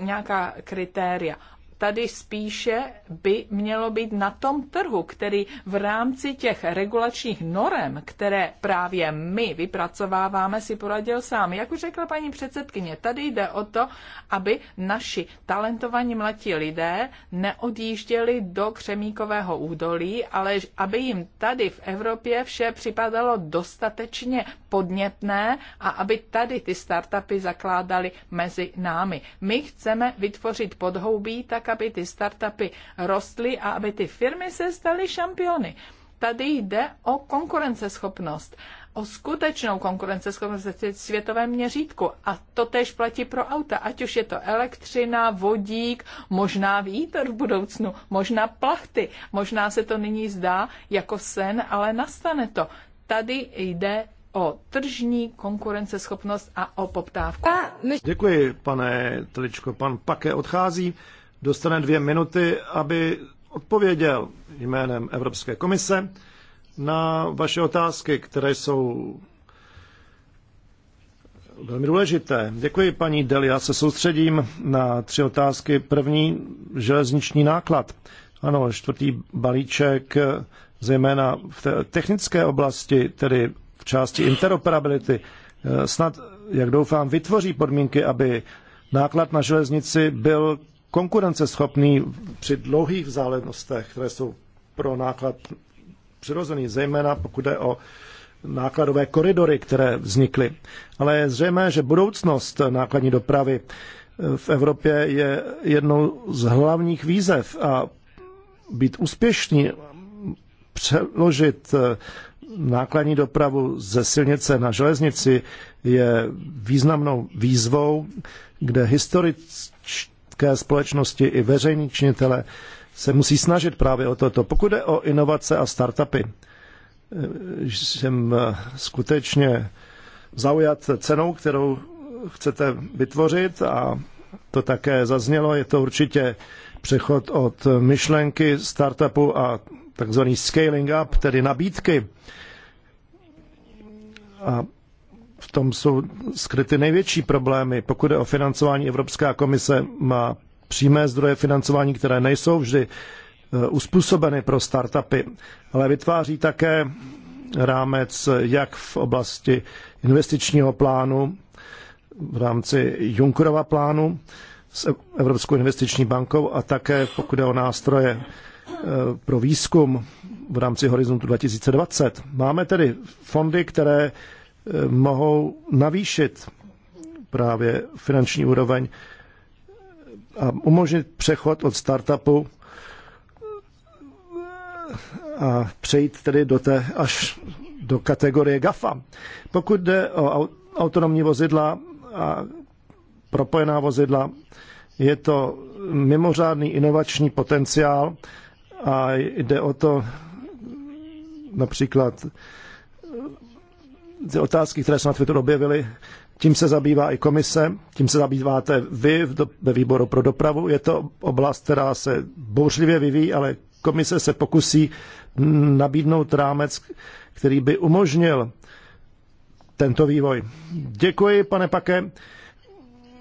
nějaká kritéria tady spíše by mělo být na tom trhu, který v rámci těch regulačních norem, které právě my vypracováváme, si poradil sám. Jak už řekla paní předsedkyně, tady jde o to, aby naši talentovaní mladí lidé neodjížděli do Křemíkového údolí, ale aby jim tady v Evropě vše připadalo dostatečně podnětné a aby tady ty startupy zakládali mezi námi. My chceme vytvořit podhoubí tak, aby ty startupy rostly a aby ty firmy se staly šampiony. Tady jde o konkurenceschopnost o skutečnou konkurenceschopnost v světovém měřítku. A to tež platí pro auta, ať už je to elektřina, vodík, možná vítr v budoucnu, možná plachty. Možná se to nyní zdá jako sen, ale nastane to. Tady jde o tržní konkurenceschopnost a o poptávku. Děkuji, pane Teličko. Pan Pake odchází dostane dvě minuty, aby odpověděl jménem Evropské komise na vaše otázky, které jsou velmi důležité. Děkuji, paní Deli. Já se soustředím na tři otázky. První, železniční náklad. Ano, čtvrtý balíček, zejména v té technické oblasti, tedy v části interoperability, snad, jak doufám, vytvoří podmínky, aby náklad na železnici byl konkurenceschopný při dlouhých vzdálenostech, které jsou pro náklad přirozený, zejména pokud jde o nákladové koridory, které vznikly. Ale je zřejmé, že budoucnost nákladní dopravy v Evropě je jednou z hlavních výzev a být úspěšný, přeložit eh, nákladní dopravu ze silnice na železnici je významnou výzvou, kde historicky občanské společnosti i veřejní činitele se musí snažit právě o toto. Pokud jde o inovace a startupy, eh, jsem eh, skutečně zaujat cenou, kterou chcete vytvořit a to také zaznělo, je to určitě přechod od myšlenky startupu a takzvaný scaling up, tedy nabídky. A v tom jsou skryty největší problémy. Pokud je o financování, Evropská komise má přímé zdroje financování, které nejsou vždy eh, uspůsobeny pro startupy, ale vytváří také rámec jak v oblasti investičního plánu, v rámci Junckerova plánu s Evropskou investiční bankou a také pokud je o nástroje eh, pro výzkum v rámci Horizontu 2020. Máme tedy fondy, které mohou navýšit právě finanční úroveň a umožnit přechod od startupu a přejít tedy do té, až do kategorie GAFA. Pokud jde o autonomní vozidla a propojená vozidla, je to mimořádný inovační potenciál a jde o to například ty otázky, které se na Twitteru objevily, tím se zabývá i komise, tím se zabýváte vy ve výboru pro dopravu. Je to oblast, která se bouřlivě vyvíjí, ale komise se pokusí nabídnout rámec, který by umožnil tento vývoj. Děkuji, pane Pake.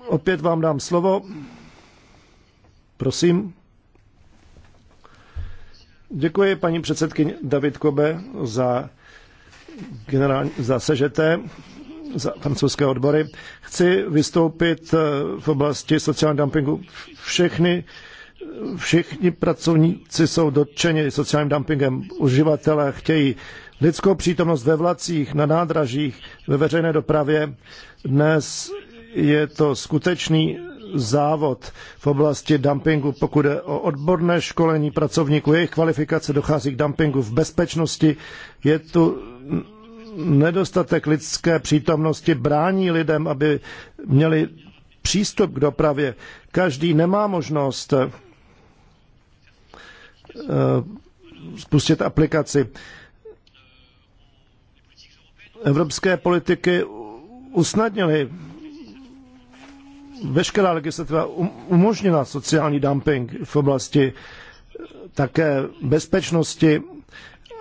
Opět vám dám slovo. Prosím. Děkuji paní předsedkyni David Kobe za generální, za sežete, za francouzské odbory. Chci vystoupit eh, v oblasti sociálního dumpingu. Všechny, všichni pracovníci jsou dotčeni sociálním dumpingem. Uživatelé chtějí lidskou přítomnost ve vlacích, na nádražích, ve veřejné dopravě. Dnes je to skutečný závod v oblasti dumpingu, pokud je o odborné školení pracovníků, jejich kvalifikace dochází k dumpingu v bezpečnosti. Je tu nedostatek lidské přítomnosti brání lidem, aby měli přístup k dopravě. Každý nemá možnost eh, spustit aplikaci. Evropské politiky usnadnily veškerá legislativa um, umožnila sociální dumping v oblasti také bezpečnosti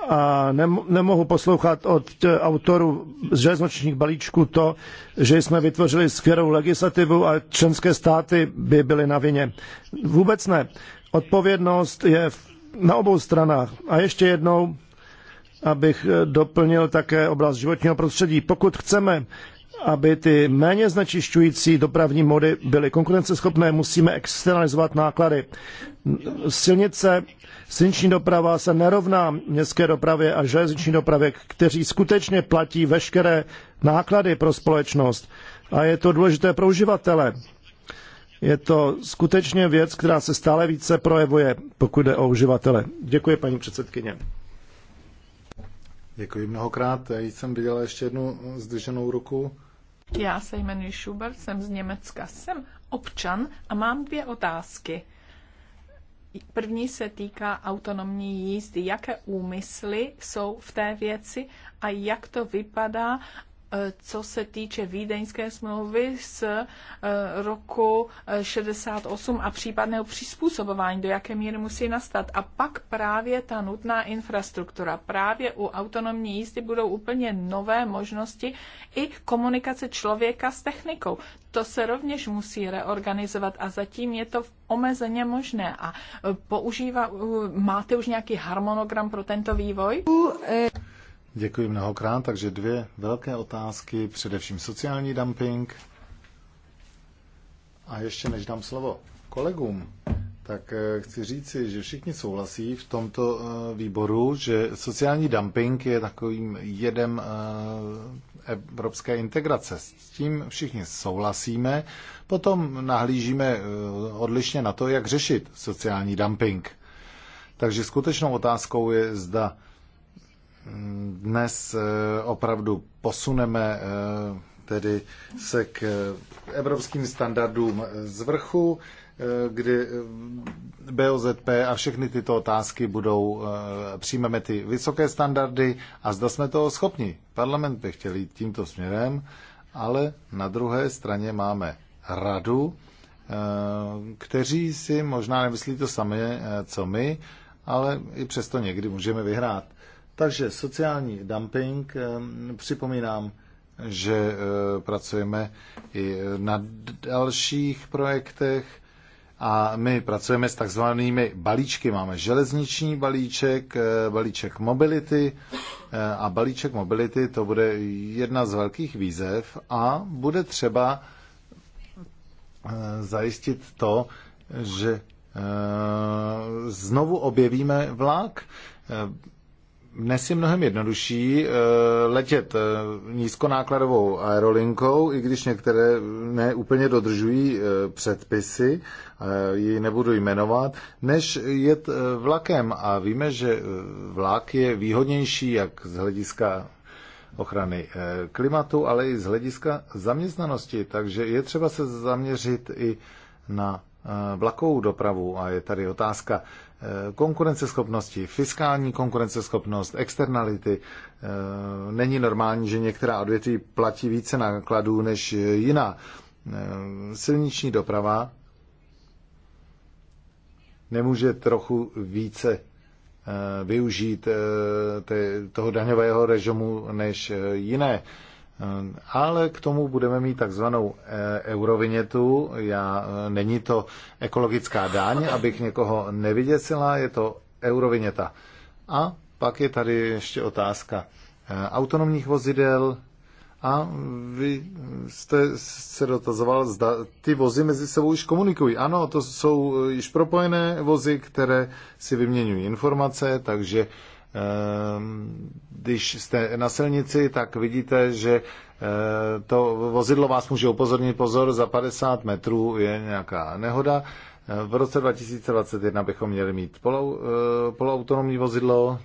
a nemohu poslouchat od eh, autorů z železnočních balíčků to, že jsme vytvořili skvělou legislativu a členské státy by byly na vině. Vůbec ne. Odpovědnost je na obou stranách. A ještě jednou, abych eh, doplnil také oblast životního prostředí. Pokud chceme, aby ty méně znečišťující dopravní mody byly konkurenceschopné, musíme externalizovat náklady. Silnice Silniční doprava se nerovná městské dopravě a železniční dopravě, kteří skutečně platí veškeré náklady pro společnost. A je to důležité pro uživatele. Je to skutečně věc, která se stále více projevuje, pokud jde o uživatele. Děkuji, paní předsedkyně. Děkuji mnohokrát. Já jsem viděla ještě jednu zdrženou ruku. Já se jmenuji Schubert, jsem z Německa, jsem občan a mám dvě otázky. První se týká autonomní jízdy. Jaké úmysly jsou v té věci a jak to vypadá co se týče vídeňské smlouvy z eh, roku 68 eh, a případného přizpůsobování, do jaké míry musí nastat. A pak právě ta nutná infrastruktura. Právě u autonomní jízdy budou úplně nové možnosti i komunikace člověka s technikou. To se rovněž musí reorganizovat a zatím je to omezeně možné. A eh, používá, máte už nějaký harmonogram pro tento vývoj? U, e Děkuji mnohokrát, takže dvě velké otázky, především sociální dumping. A ještě než dám slovo kolegům, tak eh, chci říci, že všichni souhlasí v tomto eh, výboru, že sociální dumping je takovým jedem eh, evropské integrace. S tím všichni souhlasíme. Potom nahlížíme odlišně na to, jak řešit sociální dumping. Takže skutečnou otázkou je, zda dnes eh, opravdu posuneme eh, tedy se k evropským standardům z vrchu, eh, kdy BOZP a všechny tyto otázky budou, přijmeme ty vysoké standardy a zda jsme toho schopni. Parlament by chtěl jít tímto směrem, ale na druhé straně máme radu, kteří si možná nemyslí to samé, co my, ale i přesto někdy můžeme vyhrát. Takže sociální dumping, připomínám, že e, pracujeme i na dalších projektech a my pracujeme s takzvanými balíčky. Máme železniční balíček, e, balíček mobility e, a balíček mobility to bude jedna z velkých výzev a bude třeba zajistit to, že znovu objevíme vlak dnes je mnohem jednodušší eh, letět eh, nízkonákladovou aerolinkou, i když některé neúplně dodržují eh, předpisy, ji nebudu jmenovat, než jet vlakem. A víme, že vlak je výhodnější jak z hlediska ochrany klimatu, ale i z hlediska zaměstnanosti. Takže je třeba se zaměřit i na vlakovou dopravu. A je tady otázka, Eh, konkurenceschopnosti, fiskální konkurenceschopnost, externality. Eh, není normální, že některá odvětví platí více nákladů než jiná. Eh, silniční doprava nemůže trochu více využít toho daňového režimu než jiné. Ale k tomu budeme mít takzvanou eh, eurovinětu. Já, eh, není to ekologická daň, abych někoho nevyděsila, je to euroviněta. A pak je tady ještě otázka eh, autonomních vozidel. A vy jste se dotazoval, zda ty vozy mezi sebou už komunikují. Ano, to jsou již propojené vozy, které si vyměňují informace, takže Ehm, když jste na silnici, tak vidíte, že eh, to vozidlo vás může upozornit, pozor, za 50 metrů je nějaká nehoda. Eh, v roce 2021 bychom měli mít polou, eh, poloautonomní vozidlo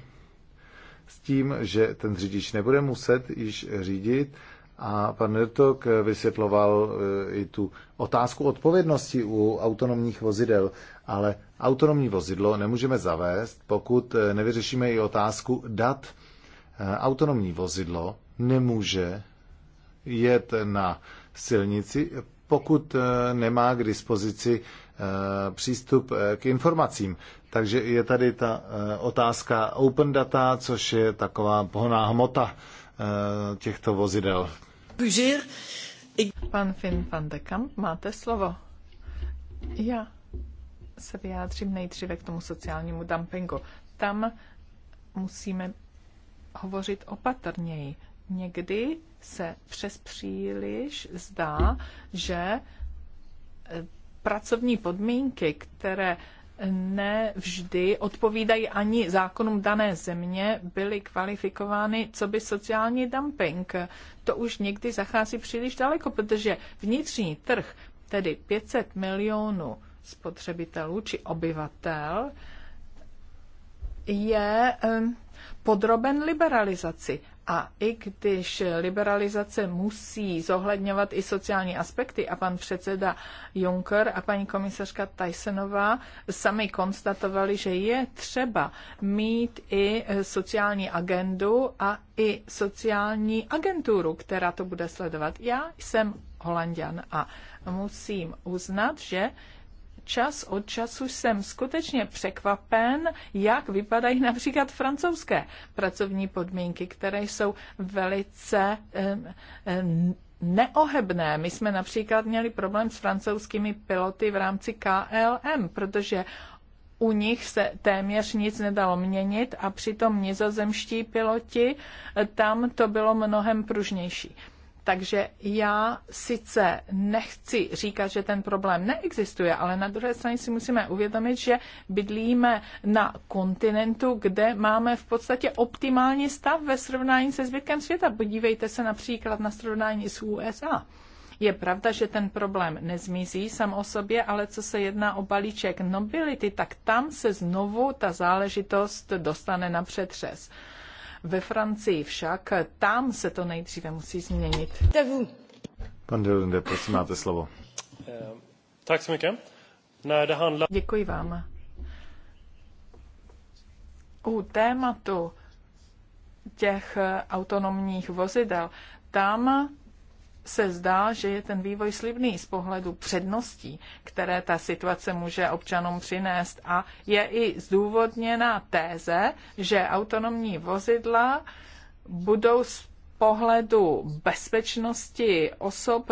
s tím, že ten řidič nebude muset již řídit. A pan Nertok vysvětloval i tu otázku odpovědnosti u autonomních vozidel ale autonomní vozidlo nemůžeme zavést, pokud eh, nevyřešíme i otázku dat. Eh, autonomní vozidlo nemůže jet na silnici, pokud eh, nemá k dispozici přístup k informacím. Takže je tady ta otázka open data, což je taková pohoná hmota těchto vozidel. Pan Finn van de Kamp, máte slovo. Já se vyjádřím nejdříve k tomu sociálnímu dumpingu. Tam musíme hovořit opatrněji. Někdy se přes příliš zdá, že eh, pracovní podmínky, které nevždy odpovídají ani zákonům dané země, byly kvalifikovány co by sociální dumping. To už někdy zachází příliš daleko, protože vnitřní trh, tedy 500 milionů spotřebitelů či obyvatel je podroben liberalizaci. A i když liberalizace musí zohledňovat i sociální aspekty, a pan předseda Juncker a paní komisařka Tysonová sami konstatovali, že je třeba mít i eh, sociální agendu a i sociální agenturu, která to bude sledovat. Já jsem holanděn a musím uznat, že čas od času jsem skutečně překvapen, jak vypadají například francouzské pracovní podmínky, které jsou velice neohebné. My jsme například měli problém s francouzskými piloty v rámci KLM, protože u nich se téměř nic nedalo měnit a přitom nizozemští piloti, tam to bylo mnohem pružnější. Takže já sice nechci říkat, že ten problém neexistuje, ale na druhé straně si musíme uvědomit, že bydlíme na kontinentu, kde máme v podstatě optimální stav ve srovnání se zbytkem světa. Podívejte se například na srovnání s USA. Je pravda, že ten problém nezmizí sam o sobě, ale co se jedná o balíček nobility, tak tam se znovu ta záležitost dostane na přetřes. Ve Francii však tam se to nejdříve musí změnit. Pan Delunde, prosím, máte slovo. Tak så mycket. När det Děkuji vám. U tématu těch autonomních vozidel, tam se zdá, že je ten vývoj slibný z pohledu předností, které ta situace může občanům přinést a je i zdůvodněná téze, že autonomní vozidla budou z pohledu bezpečnosti osob,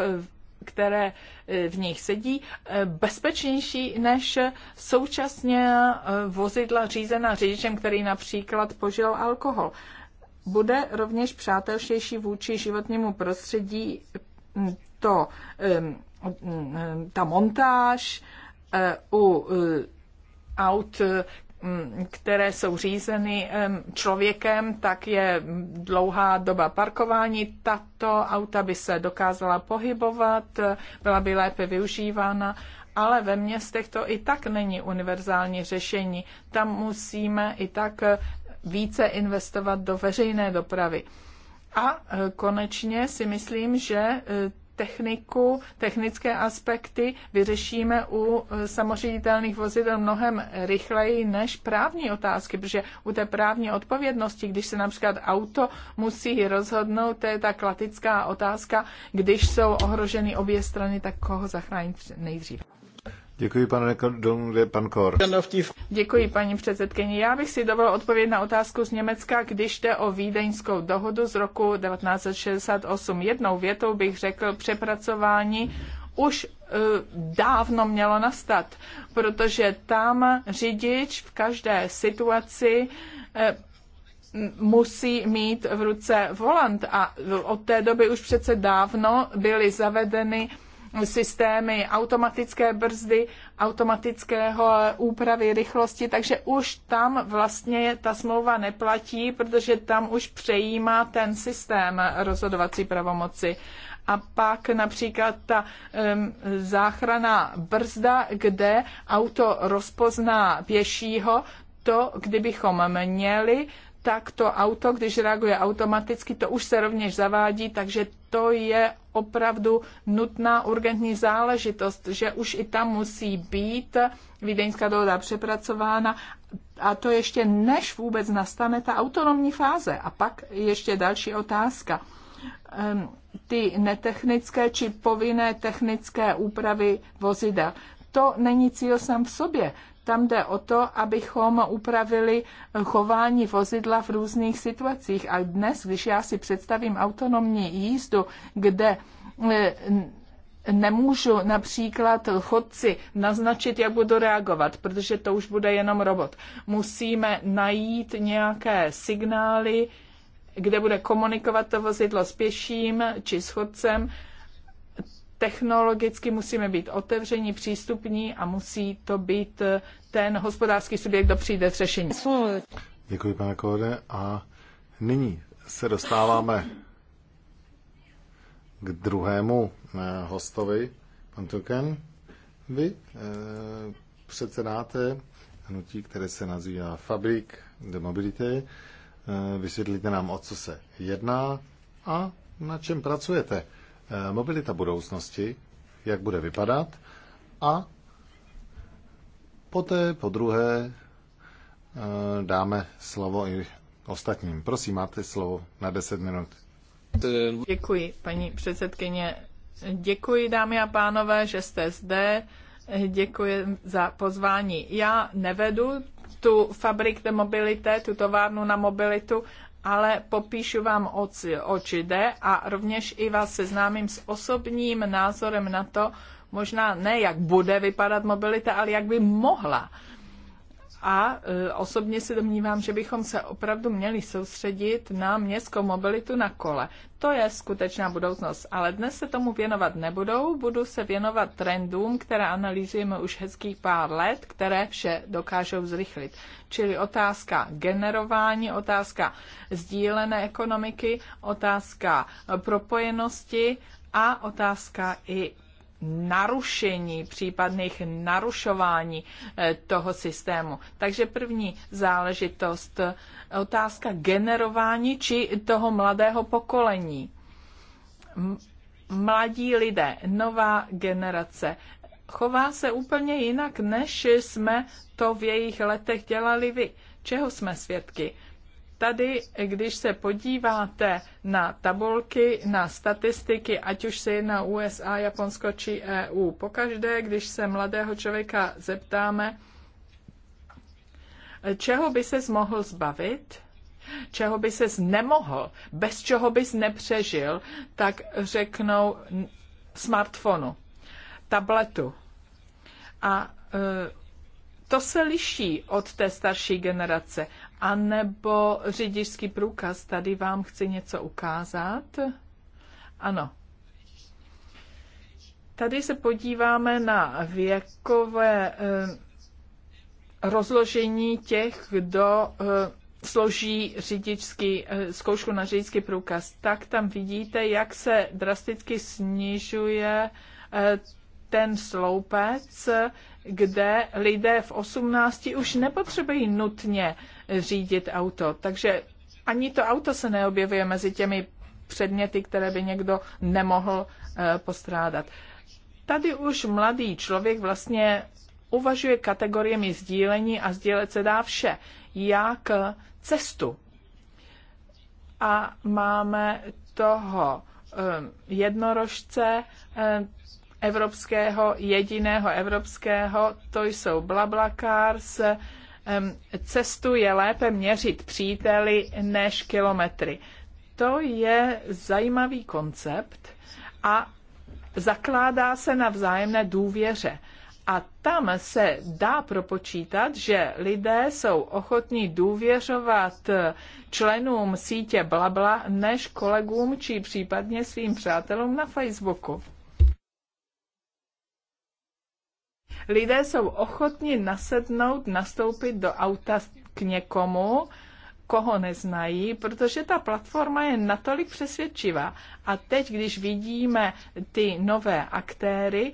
které eh, v nich sedí, eh, bezpečnější než současně eh, vozidla řízená řidičem, který například požil alkohol bude rovněž přátelštější vůči životnímu prostředí mm, to, mm, ta montáž eh, u eh, aut, mm, které jsou řízeny člověkem, tak je dlouhá doba parkování. Tato auta by se dokázala pohybovat, byla by lépe využívána, ale ve městech to i tak není univerzální řešení. Tam musíme i tak více investovat do veřejné dopravy. A e, konečně si myslím, že e, techniku, technické aspekty vyřešíme u e, samoředitelných vozidel mnohem rychleji než právní otázky, protože u té právní odpovědnosti, když se například auto musí rozhodnout, to je ta klasická otázka, když jsou ohroženy obě strany, tak koho zachránit nejdříve. Děkuji, pane Donde, pan Kor. Děkuji, paní předsedkyni. Já bych si dovolil odpovědět na otázku z Německa, když jde o vídeňskou dohodu z roku 1968. Jednou větou bych řekl přepracování už e, dávno mělo nastat, protože tam řidič v každé situaci e, musí mít v ruce volant a od té doby už přece dávno byly zavedeny systémy automatické brzdy, automatického úpravy rychlosti, takže už tam vlastně ta smlouva neplatí, protože tam už přejímá ten systém rozhodovací pravomoci. A pak například ta um, záchrana brzda, kde auto rozpozná pěšího, to, kdybychom měli, tak to auto, když reaguje automaticky, to už se rovněž zavádí, takže to je opravdu nutná urgentní záležitost, že už i tam musí být vídeňská dohoda přepracována a to ještě než vůbec nastane ta autonomní fáze. A pak ještě další otázka. Ehm, ty netechnické či povinné technické úpravy vozidel. To není cíl sám v sobě tam jde o to, abychom upravili chování vozidla v různých situacích. A dnes, když já si představím autonomní jízdu, kde e, nemůžu například chodci naznačit, jak budu reagovat, protože to už bude jenom robot. Musíme najít nějaké signály, kde bude komunikovat to vozidlo s pěším či s chodcem, technologicky musíme být otevření, přístupní a musí to být eh, ten hospodářský subjekt, kdo přijde s řešením. Děkuji, pane Kolode. A nyní se dostáváme k druhému eh, hostovi, pan Tuken. Vy e, předsedáte hnutí, které se nazývá Fabrik de Mobility. E, vysvětlíte nám, o co se jedná a na čem pracujete. Eh, mobilita budoucnosti, jak bude vypadat a poté po druhé eh, dáme slovo i ostatním. Prosím, máte slovo na 10 minut. Děkuji, paní předsedkyně. Děkuji, dámy a pánové, že jste zde. Děkuji za pozvání. Já nevedu tu fabrik de mobilité, tu továrnu na mobilitu, ale popíšu vám, o oči jde a rovněž i vás seznámím s osobním názorem na to, možná ne jak bude vypadat mobilita, ale jak by mohla a e, osobně si domnívám, že bychom se opravdu měli soustředit na městskou mobilitu na kole. To je skutečná budoucnost, ale dnes se tomu věnovat nebudou, budu se věnovat trendům, které analýzujeme už hezkých pár let, které vše dokážou zrychlit. Čili otázka generování, otázka sdílené ekonomiky, otázka propojenosti a otázka i narušení, případných narušování eh, toho systému. Takže první záležitost, otázka generování či toho mladého pokolení. Mladí lidé, nová generace, chová se úplně jinak, než jsme to v jejich letech dělali vy. Čeho jsme svědky? tady, když se podíváte na tabulky, na statistiky, ať už se jedná USA, Japonsko či EU, pokaždé, když se mladého člověka zeptáme, čeho by se mohl zbavit, čeho by se nemohl, bez čeho bys nepřežil, tak řeknou smartfonu, tabletu. A e, to se liší od té starší generace anebo řidičský průkaz. Tady vám chci něco ukázat. Ano. Tady se podíváme na věkové eh, rozložení těch, kdo eh, složí řidičský, eh, zkoušku na řidičský průkaz, tak tam vidíte, jak se drasticky snižuje ten sloupec, kde lidé v 18 už nepotřebují nutně řídit auto. Takže ani to auto se neobjevuje mezi těmi předměty, které by někdo nemohl eh, postrádat. Tady už mladý člověk vlastně uvažuje kategoriemi sdílení a sdílet se dá vše, jak eh, cestu. A máme toho eh, jednorožce evropského, jediného evropského, to jsou Blablacars, cestu je lépe měřit příteli než kilometry. To je zajímavý koncept a zakládá se na vzájemné důvěře. A tam se dá propočítat, že lidé jsou ochotní důvěřovat členům sítě Blabla než kolegům či případně svým přátelům na Facebooku. lidé jsou ochotni nasednout, nastoupit do auta k někomu, koho neznají, protože ta platforma je natolik přesvědčivá. A teď, když vidíme ty nové aktéry,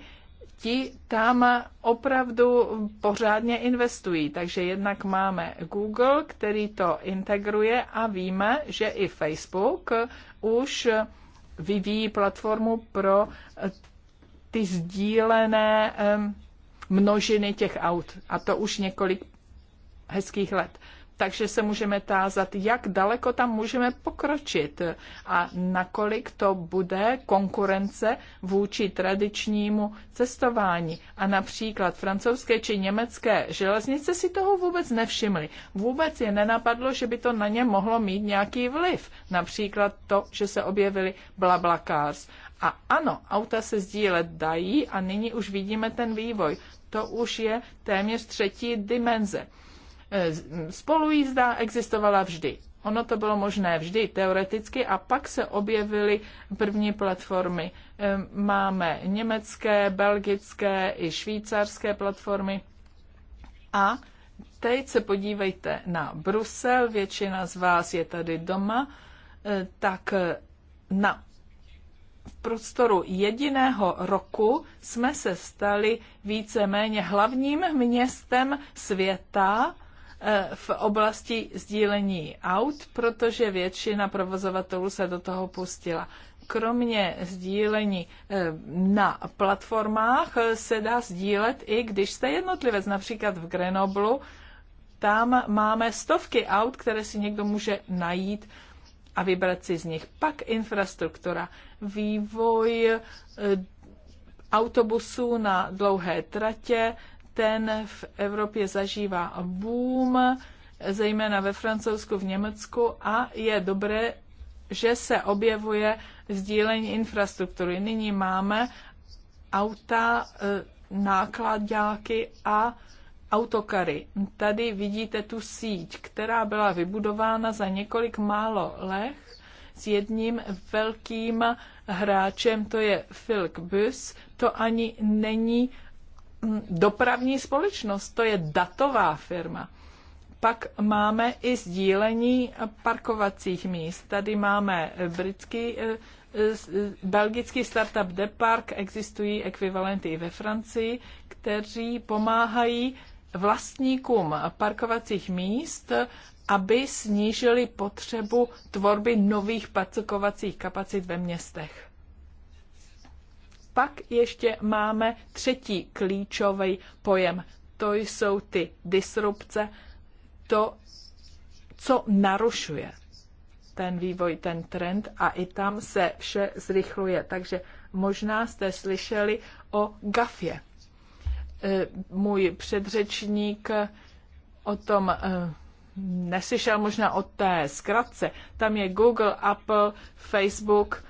ti tam opravdu pořádně investují. Takže jednak máme Google, který to integruje a víme, že i Facebook už vyvíjí platformu pro ty sdílené um, množiny těch aut. A to už několik hezkých let. Takže se můžeme tázat, jak daleko tam můžeme pokročit a nakolik to bude konkurence vůči tradičnímu cestování. A například francouzské či německé železnice si toho vůbec nevšimly. Vůbec je nenapadlo, že by to na ně mohlo mít nějaký vliv. Například to, že se objevily blablakars. A ano, auta se sdílet dají a nyní už vidíme ten vývoj. To už je téměř třetí dimenze. E, spolujízda existovala vždy. Ono to bylo možné vždy teoreticky a pak se objevily první platformy. E, máme německé, belgické i švýcarské platformy. A teď se podívejte na Brusel, většina z vás je tady doma, e, tak na v prostoru jediného roku jsme se stali víceméně hlavním městem světa eh, v oblasti sdílení aut, protože většina provozovatelů se do toho pustila. Kromě sdílení eh, na platformách eh, se dá sdílet i když jste jednotlivec, například v Grenoblu, tam máme stovky aut, které si někdo může najít a vybrat si z nich. Pak infrastruktura, vývoj e, autobusů na dlouhé tratě, ten v Evropě zažívá boom, zejména ve Francouzsku, v Německu a je dobré, že se objevuje sdílení infrastruktury. Nyní máme auta, e, nákladňáky a autokary. Tady vidíte tu síť, která byla vybudována za několik málo leh s jedním velkým hráčem, to je Filkbus. To ani není mm, dopravní společnost, to je datová firma. Pak máme i sdílení parkovacích míst. Tady máme britský, eh, belgický startup Depark, existují ekvivalenty i ve Francii, kteří pomáhají vlastníkům parkovacích míst, aby snížili potřebu tvorby nových parkovacích kapacit ve městech. Pak ještě máme třetí klíčový pojem. To jsou ty disrupce, to, co narušuje ten vývoj, ten trend a i tam se vše zrychluje. Takže možná jste slyšeli o GAFě, Eh, můj předřečník o tom eh, neslyšel možná o té zkratce. Tam je Google, Apple, Facebook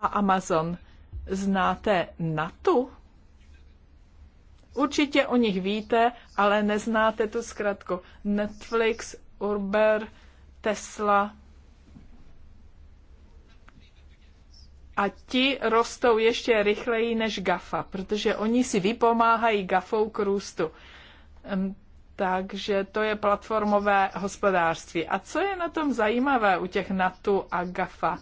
a Amazon. Znáte NATO? Určitě o nich víte, ale neznáte tu zkratku. Netflix, Uber, Tesla, a ti rostou ještě rychleji než GAFA, protože oni si vypomáhají GAFou k růstu. Takže to je platformové hospodářství. A co je na tom zajímavé u těch NATO a GAFA?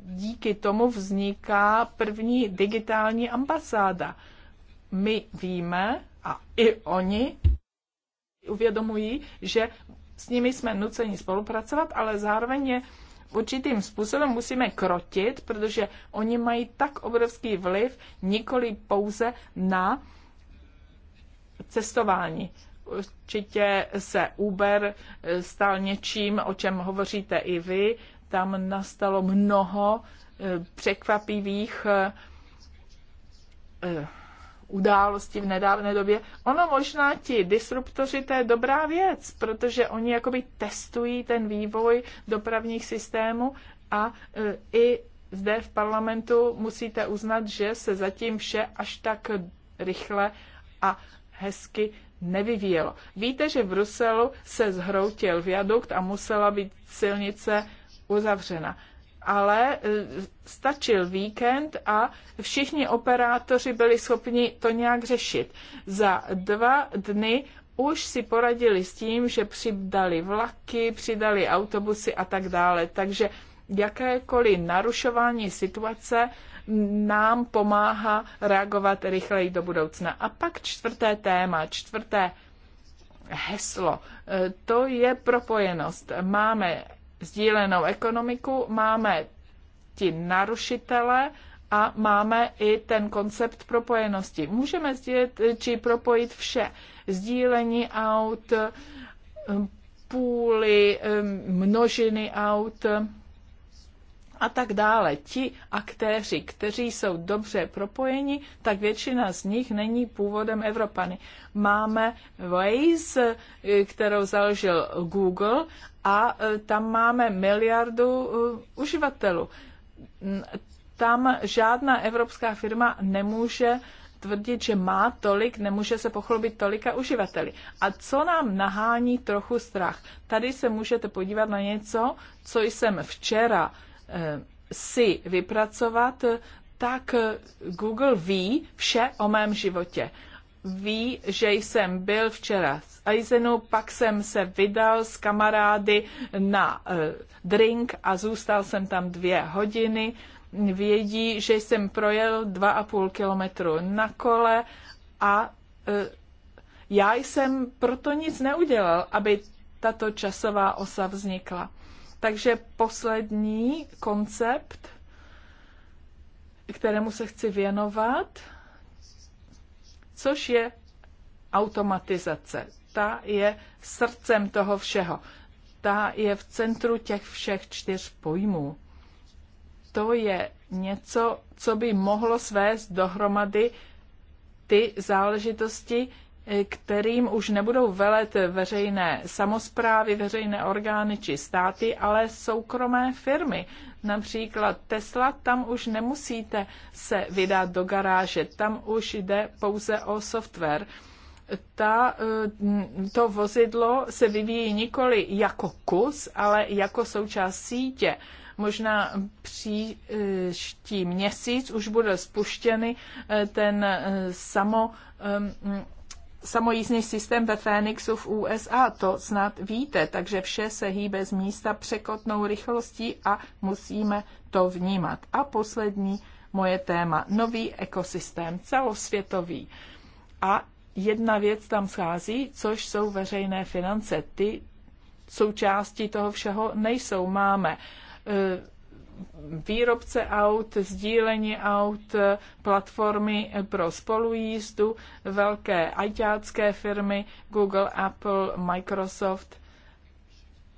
Díky tomu vzniká první digitální ambasáda. My víme, a i oni uvědomují, že s nimi jsme nuceni spolupracovat, ale zároveň je určitým způsobem musíme krotit, protože oni mají tak obrovský vliv nikoli pouze na cestování. Určitě se Uber stal něčím, o čem hovoříte i vy. Tam nastalo mnoho eh, překvapivých eh, eh, události v nedávné době, ono možná ti disruptoři, to je dobrá věc, protože oni jakoby testují ten vývoj dopravních systémů a e, i zde v parlamentu musíte uznat, že se zatím vše až tak rychle a hezky nevyvíjelo. Víte, že v Bruselu se zhroutil viadukt a musela být silnice uzavřena ale e, stačil víkend a všichni operátoři byli schopni to nějak řešit. Za dva dny už si poradili s tím, že přidali vlaky, přidali autobusy a tak dále. Takže jakékoliv narušování situace nám pomáhá reagovat rychleji do budoucna. A pak čtvrté téma, čtvrté heslo, e, to je propojenost. Máme sdílenou ekonomiku, máme ti narušitele a máme i ten koncept propojenosti. Můžeme sdílet či propojit vše. Sdílení aut, půly, množiny aut, a tak dále. Ti aktéři, kteří jsou dobře propojeni, tak většina z nich není původem Evropany. Máme Waze, eh, kterou založil Google a eh, tam máme miliardu eh, uživatelů. Tam žádná evropská firma nemůže tvrdit, že má tolik, nemůže se pochlubit tolika uživateli. A co nám nahání trochu strach? Tady se můžete podívat na něco, co jsem včera Eh, si vypracovat, tak Google ví vše o mém životě. Ví, že jsem byl včera z Aizenu, pak jsem se vydal s kamarády na eh, drink a zůstal jsem tam dvě hodiny. Vědí, že jsem projel půl kilometru na kole a eh, já jsem proto nic neudělal, aby tato časová osa vznikla. Takže poslední koncept, kterému se chci věnovat, což je automatizace. Ta je srdcem toho všeho. Ta je v centru těch všech čtyř pojmů. To je něco, co by mohlo svést dohromady ty záležitosti, kterým už nebudou velet veřejné samozprávy, veřejné orgány či státy, ale soukromé firmy. Například Tesla, tam už nemusíte se vydat do garáže, tam už jde pouze o software ta, eh, to vozidlo se vyvíjí nikoli jako kus, ale jako součást sítě. Možná příští měsíc už bude spuštěny eh, ten eh, samo samojízdný systém ve Fénixu v USA, to snad víte, takže vše se hýbe z místa překotnou rychlostí a musíme to vnímat. A poslední moje téma, nový ekosystém, celosvětový. A jedna věc tam schází, což jsou veřejné finance. Ty součástí toho všeho nejsou. Máme eh, výrobce aut, sdílení aut, platformy pro spolujízdu, velké ajťácké firmy, Google, Apple, Microsoft,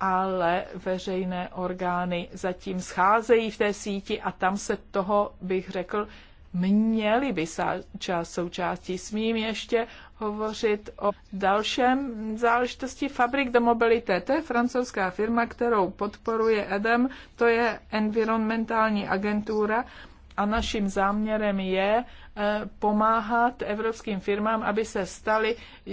ale veřejné orgány zatím scházejí v té síti a tam se toho, bych řekl, Měli by část součástí. Smím ještě hovořit o dalším záležitosti Fabrik de Mobilité. To je francouzská firma, kterou podporuje EDEM, to je environmentální agentura a naším záměrem je eh, pomáhat evropským firmám, aby se staly eh,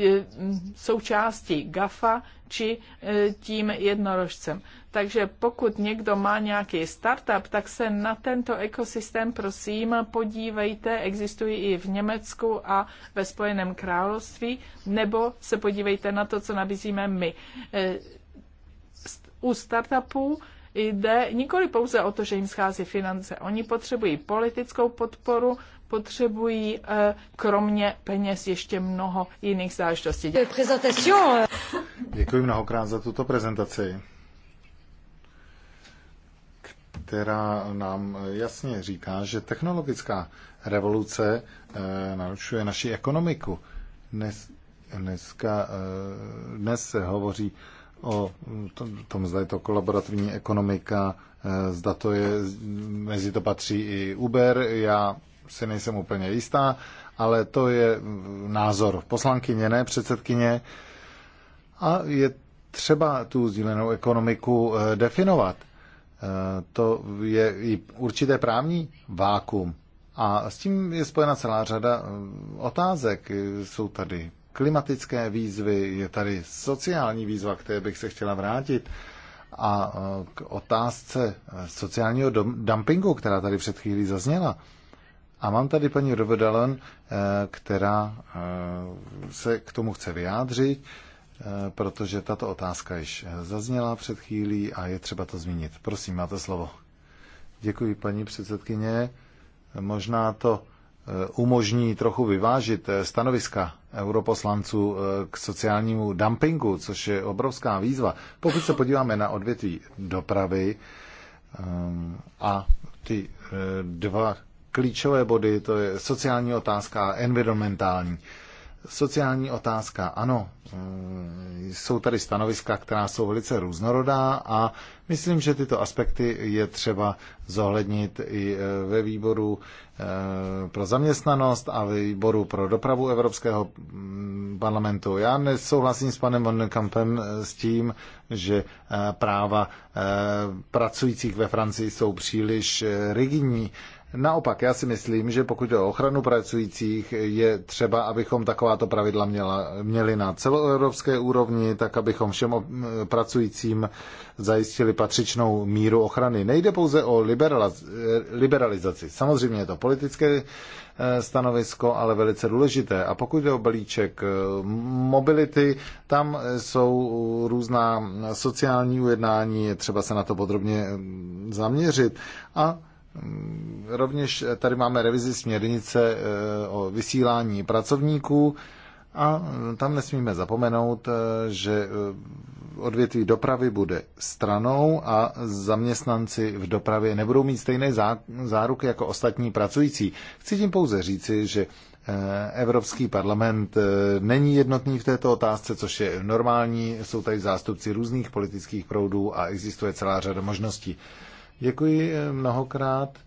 součástí GAFA či eh, tím jednorožcem. Takže pokud někdo má nějaký startup, tak se na tento ekosystém prosím podívejte. Existují i v Německu a ve Spojeném království, nebo se podívejte na to, co nabízíme my. U startupů jde nikoli pouze o to, že jim schází finance. Oni potřebují politickou podporu, potřebují eh, kromě peněz ještě mnoho jiných záležitostí. Euh. Děkuji mnohokrát za tuto prezentaci, která nám jasně říká, že technologická revoluce eh, narušuje naši ekonomiku. Dnes, dneska, eh, dnes se hovoří o tom, zda je to kolaborativní ekonomika, e, zda to je, mezi to patří i Uber, já si nejsem úplně jistá, ale to je názor poslankyně, ne předsedkyně. A je třeba tu sdílenou ekonomiku e, definovat. E, to je i určité právní vákum. A s tím je spojena celá řada otázek. Jsou tady klimatické výzvy, je tady sociální výzva, které bych se chtěla vrátit. A e, k otázce e, sociálního dumpingu, která tady před chvílí zazněla. A mám tady paní Rovedalen, e, která se k tomu chce vyjádřit, protože tato otázka již zazněla před chvílí a je třeba to zmínit. Prosím, máte slovo. Děkuji, paní předsedkyně. Možná to umožní trochu vyvážit stanoviska europoslanců eh, k sociálnímu dumpingu, což je obrovská výzva. Pokud se podíváme na odvětví dopravy eh, a ty eh, dva klíčové body, to je sociální otázka a environmentální. Sociální otázka, ano, mm, jsou tady stanoviska, která jsou velice různorodá a myslím, že tyto aspekty je třeba zohlednit i e, ve výboru e, pro zaměstnanost a ve výboru pro dopravu Evropského mm, parlamentu. Já nesouhlasím s panem Mondenkampem e, s tím, že práva pracujících ve Francii jsou příliš rigidní. Naopak, já si myslím, že pokud je o ochranu pracujících, je třeba, abychom takováto pravidla měla, měli na celoevropské úrovni, tak abychom všem pracujícím zajistili patřičnou míru ochrany. Nejde pouze o liberalizaci. Samozřejmě je to politické eh, stanovisko, ale velice důležité. A pokud je o balíček eh, mobility, tam jsou různá sociální ujednání, je třeba se na to podrobně mm, zaměřit. A Rovněž tady máme revizi směrnice eh, o vysílání pracovníků a tam nesmíme zapomenout, eh, že eh, odvětví dopravy bude stranou a zaměstnanci v dopravě nebudou mít stejné záruky jako ostatní pracující. Chci tím pouze říci, že Evropský parlament není jednotný v této otázce, což je normální. Jsou tady zástupci různých politických proudů a existuje celá řada možností. Děkuji eh, mnohokrát.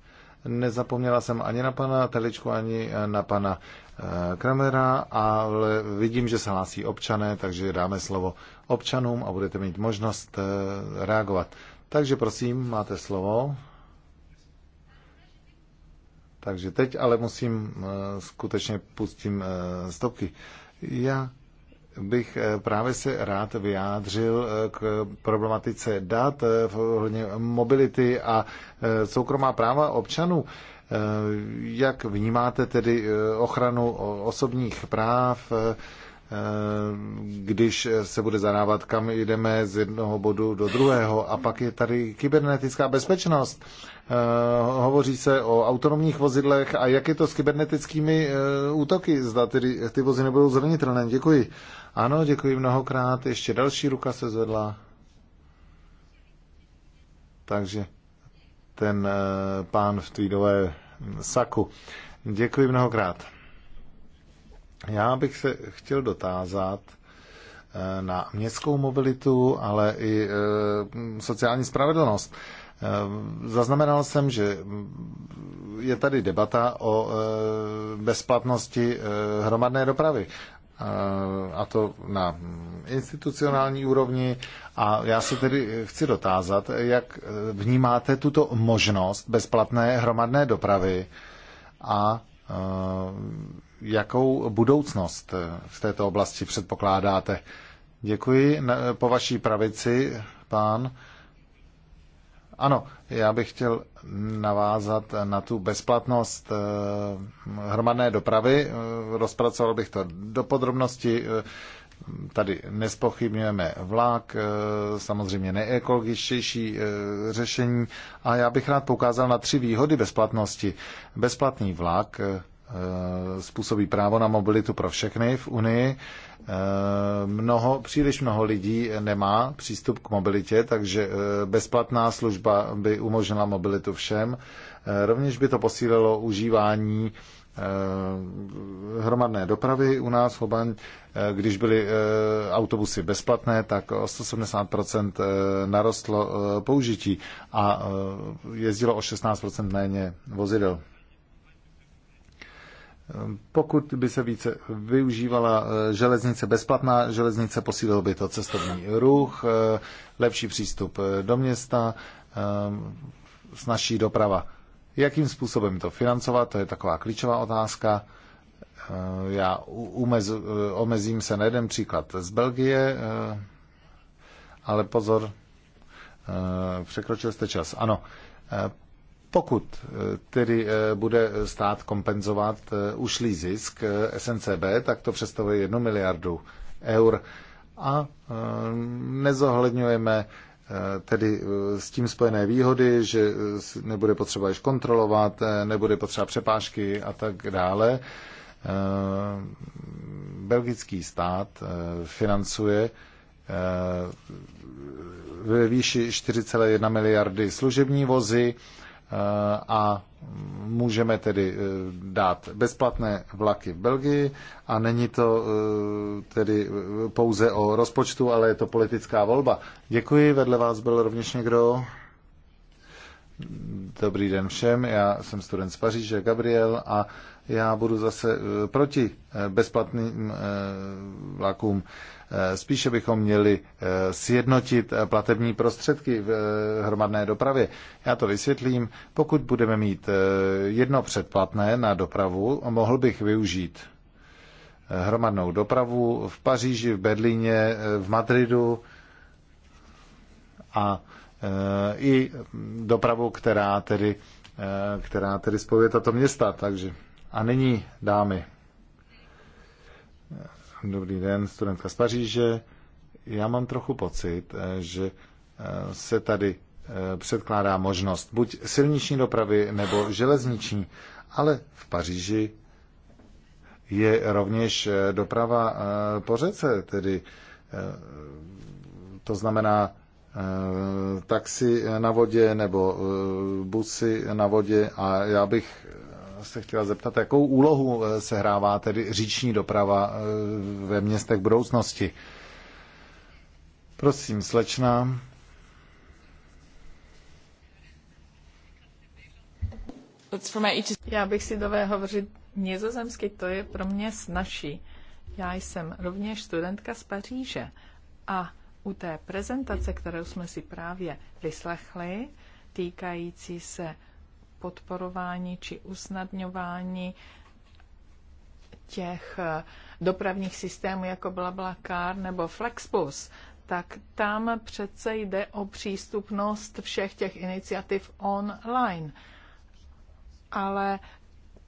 Nezapomněla jsem ani na pana Teličku, ani eh, na pana eh, Kramera, ale vidím, že se hlásí občané, takže dáme slovo občanům a budete mít možnost reagovat. Takže prosím, máte slovo. Takže teď ale musím skutečně pustím stopky. Já bych eh, právě se rád vyjádřil eh, k problematice dat eh, ohledně mobility a soukromá práva občanů. Jak vnímáte tedy ochranu osobních práv, když se bude zadávat, kam jdeme z jednoho bodu do druhého. A pak je tady kybernetická bezpečnost. Eh, hovoří se o autonomních vozidlech a jak je to s kybernetickými eh, útoky, zda ty, ty vozy nebudou zranitelné. Děkuji. Ano, děkuji mnohokrát. Ještě další ruka se zvedla. Takže ten eh, pán v tweedové hm, saku. Děkuji mnohokrát. Já bych se chtěl dotázat na městskou mobilitu, ale i sociální spravedlnost. Eh, zaznamenal jsem, že je tady debata o eh, bezplatnosti eh, hromadné dopravy a to na institucionální úrovni. A já se tedy chci dotázat, jak vnímáte tuto možnost bezplatné hromadné dopravy a jakou budoucnost v této oblasti předpokládáte. Děkuji. Po vaší pravici, pán. Ano, já bych chtěl navázat na tu bezplatnost eh, hromadné dopravy. Eh, rozpracoval bych to do podrobnosti. Eh, tady nespochybňujeme vlak, samozřejmě neekologičtější řešení. A já bych rád poukázal na tři výhody bezplatnosti. Bezplatný vlak Eh, způsobí právo na mobilitu pro všechny v Unii. Eh, mnoho, příliš mnoho lidí nemá přístup k mobilitě, takže eh, bezplatná služba by umožnila mobilitu všem. Rovněž by to posílilo užívání hromadné dopravy u nás v Obaň, když byly autobusy bezplatné, tak o 170% narostlo použití a jezdilo o 16% méně vozidel. Ehm, pokud by se více využívala eh, železnice, bezplatná železnice, posílil by to cestovní ruch, eh, lepší přístup eh, do města, ehm, snažší doprava. Jakým způsobem to financovat, to je taková klíčová otázka. Ehm, já umez, omezím se na jeden příklad z Belgie, ale pozor, překročil jste čas. Ano, pokud eh, tedy eh, bude stát kompenzovat eh, ušlý zisk SNCB, tak to představuje jednu miliardu eur a nezohledňujeme tedy s tím spojené výhody, že nebude potřeba již kontrolovat, nebude potřeba přepážky a tak dále. Belgický stát financuje ve výši 4,1 miliardy služební vozy, Eh, a můžeme tedy eh, dát bezplatné vlaky v Belgii a není to eh, tedy pouze o rozpočtu, ale je to politická volba. Děkuji, vedle vás byl rovněž někdo. Dobrý den všem, já jsem student z Paříže, Gabriel, a já budu zase eh, proti eh, bezplatným eh, vlakům. Spíše bychom měli sjednotit platební prostředky v hromadné dopravě. Já to vysvětlím. Pokud budeme mít jedno předplatné na dopravu, mohl bych využít hromadnou dopravu v Paříži, v Berlíně, v Madridu a Eh, i dopravu, která tedy, eh, která tedy spojuje tato města. Takže. A nyní dámy. Eh, dobrý den, studentka z Paříže. Já mám trochu pocit, že se tady předkládá možnost buď silniční dopravy nebo železniční, ale v Paříži je rovněž doprava po řece, tedy to znamená Eh, taxi na vodě nebo eh, busy na vodě a já bych se chtěla zeptat, jakou úlohu eh, se hrává tedy říční doprava ve městech budoucnosti. Prosím, slečna. E já bych si dové hovořit nězozemsky, to je pro mě snažší. Já jsem rovněž studentka z Paříže a u té prezentace, kterou jsme si právě vyslechli, týkající se podporování či usnadňování těch eh, dopravních systémů jako BlaBlaCar nebo Flexbus, tak tam přece jde o přístupnost všech těch iniciativ online. Ale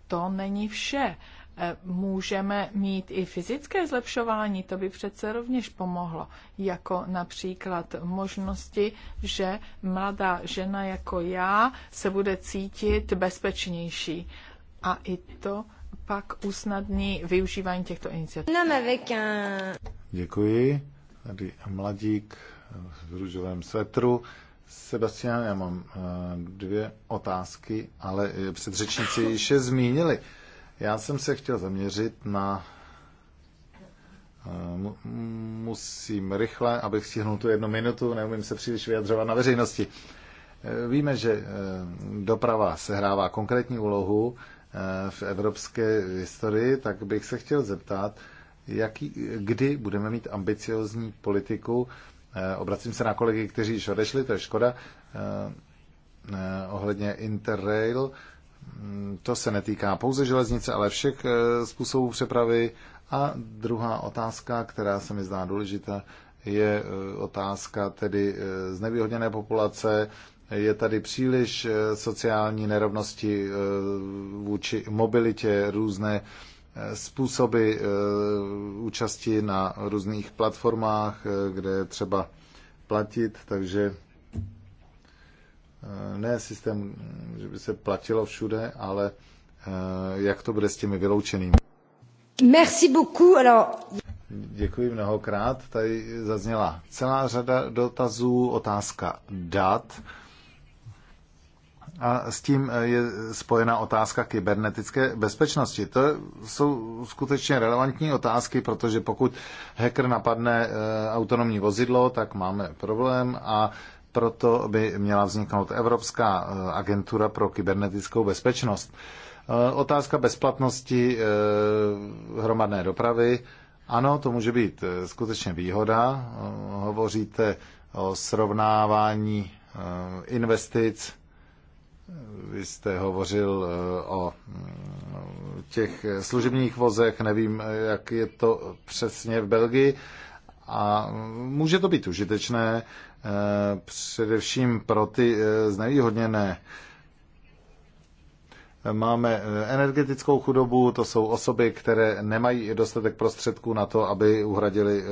to není vše. Eh, můžeme mít i fyzické zlepšování, to by přece rovněž pomohlo, jako například možnosti, že mladá žena jako já se bude cítit bezpečnější. A i to pak usnadní využívání těchto iniciativ. Děkuji. Tady mladík v růžovém svetru. Sebastian, já mám eh, dvě otázky, ale eh, předřečníci již je zmínili. Já jsem se chtěl zaměřit na... Eh, musím rychle, abych stihnul tu jednu minutu, neumím se příliš vyjadřovat na veřejnosti. Eh, víme, že eh, doprava sehrává konkrétní úlohu v evropské historii, tak bych se chtěl zeptat, jaký, kdy budeme mít ambiciozní politiku. Obracím se na kolegy, kteří již odešli, to je škoda, ohledně Interrail to se netýká pouze železnice, ale všech eh, způsobů přepravy. A druhá otázka, která se mi zdá důležitá, je eh, otázka tedy eh, znevýhodněné populace. Je tady příliš sociální nerovnosti vůči mobilitě, různé způsoby účasti na různých platformách, kde třeba platit, takže Eh, ne systém, mm, že by se platilo všude, ale eh, jak to bude s těmi vyloučenými. Merci beaucoup. Alors... Děkuji mnohokrát. Tady zazněla celá řada dotazů, otázka dat. A s tím eh, je spojena otázka kybernetické bezpečnosti. To jsou skutečně relevantní otázky, protože pokud hacker napadne autonomní vozidlo, tak máme problém a proto by měla vzniknout Evropská eh, agentura pro kybernetickou bezpečnost. Eh, otázka bezplatnosti eh, hromadné dopravy. Ano, to může být skutečně výhoda. Hovoříte o srovnávání investic. Vy jste hovořil o mm, těch služebních vozech, nevím, jak je to přesně v Belgii. A může to být užitečné, Eh, především pro ty eh, znevýhodněné. Máme eh, energetickou chudobu, to jsou osoby, které nemají dostatek prostředků na to, aby uhradili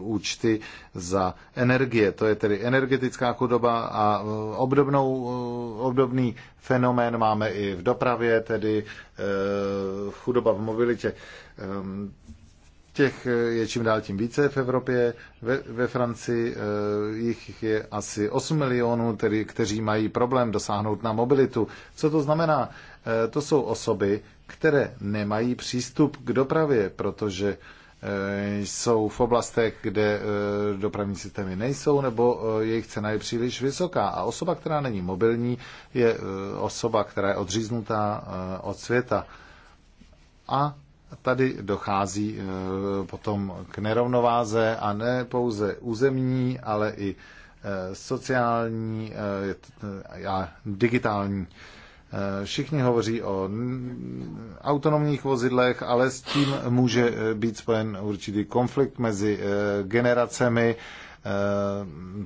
účty za energie. To je tedy energetická chudoba a obdobnou, obdobný fenomén máme i v dopravě, tedy chudoba v mobilitě. Ehm, Těch eh, je čím dál tím více v Evropě. Ve, ve Francii eh, jich je asi 8 milionů, tedy, kteří mají problém dosáhnout na mobilitu. Co to znamená? Eh, to jsou osoby, které nemají přístup k dopravě, protože jsou v oblastech, kde dopravní systémy nejsou, nebo jejich cena je příliš vysoká. A osoba, která není mobilní, je osoba, která je odříznutá od světa. A Tady dochází eh, potom k nerovnováze a ne pouze územní, ale i eh, sociální eh, a digitální. Všichni hovoří o autonomních vozidlech, ale s tím může být spojen určitý konflikt mezi generacemi,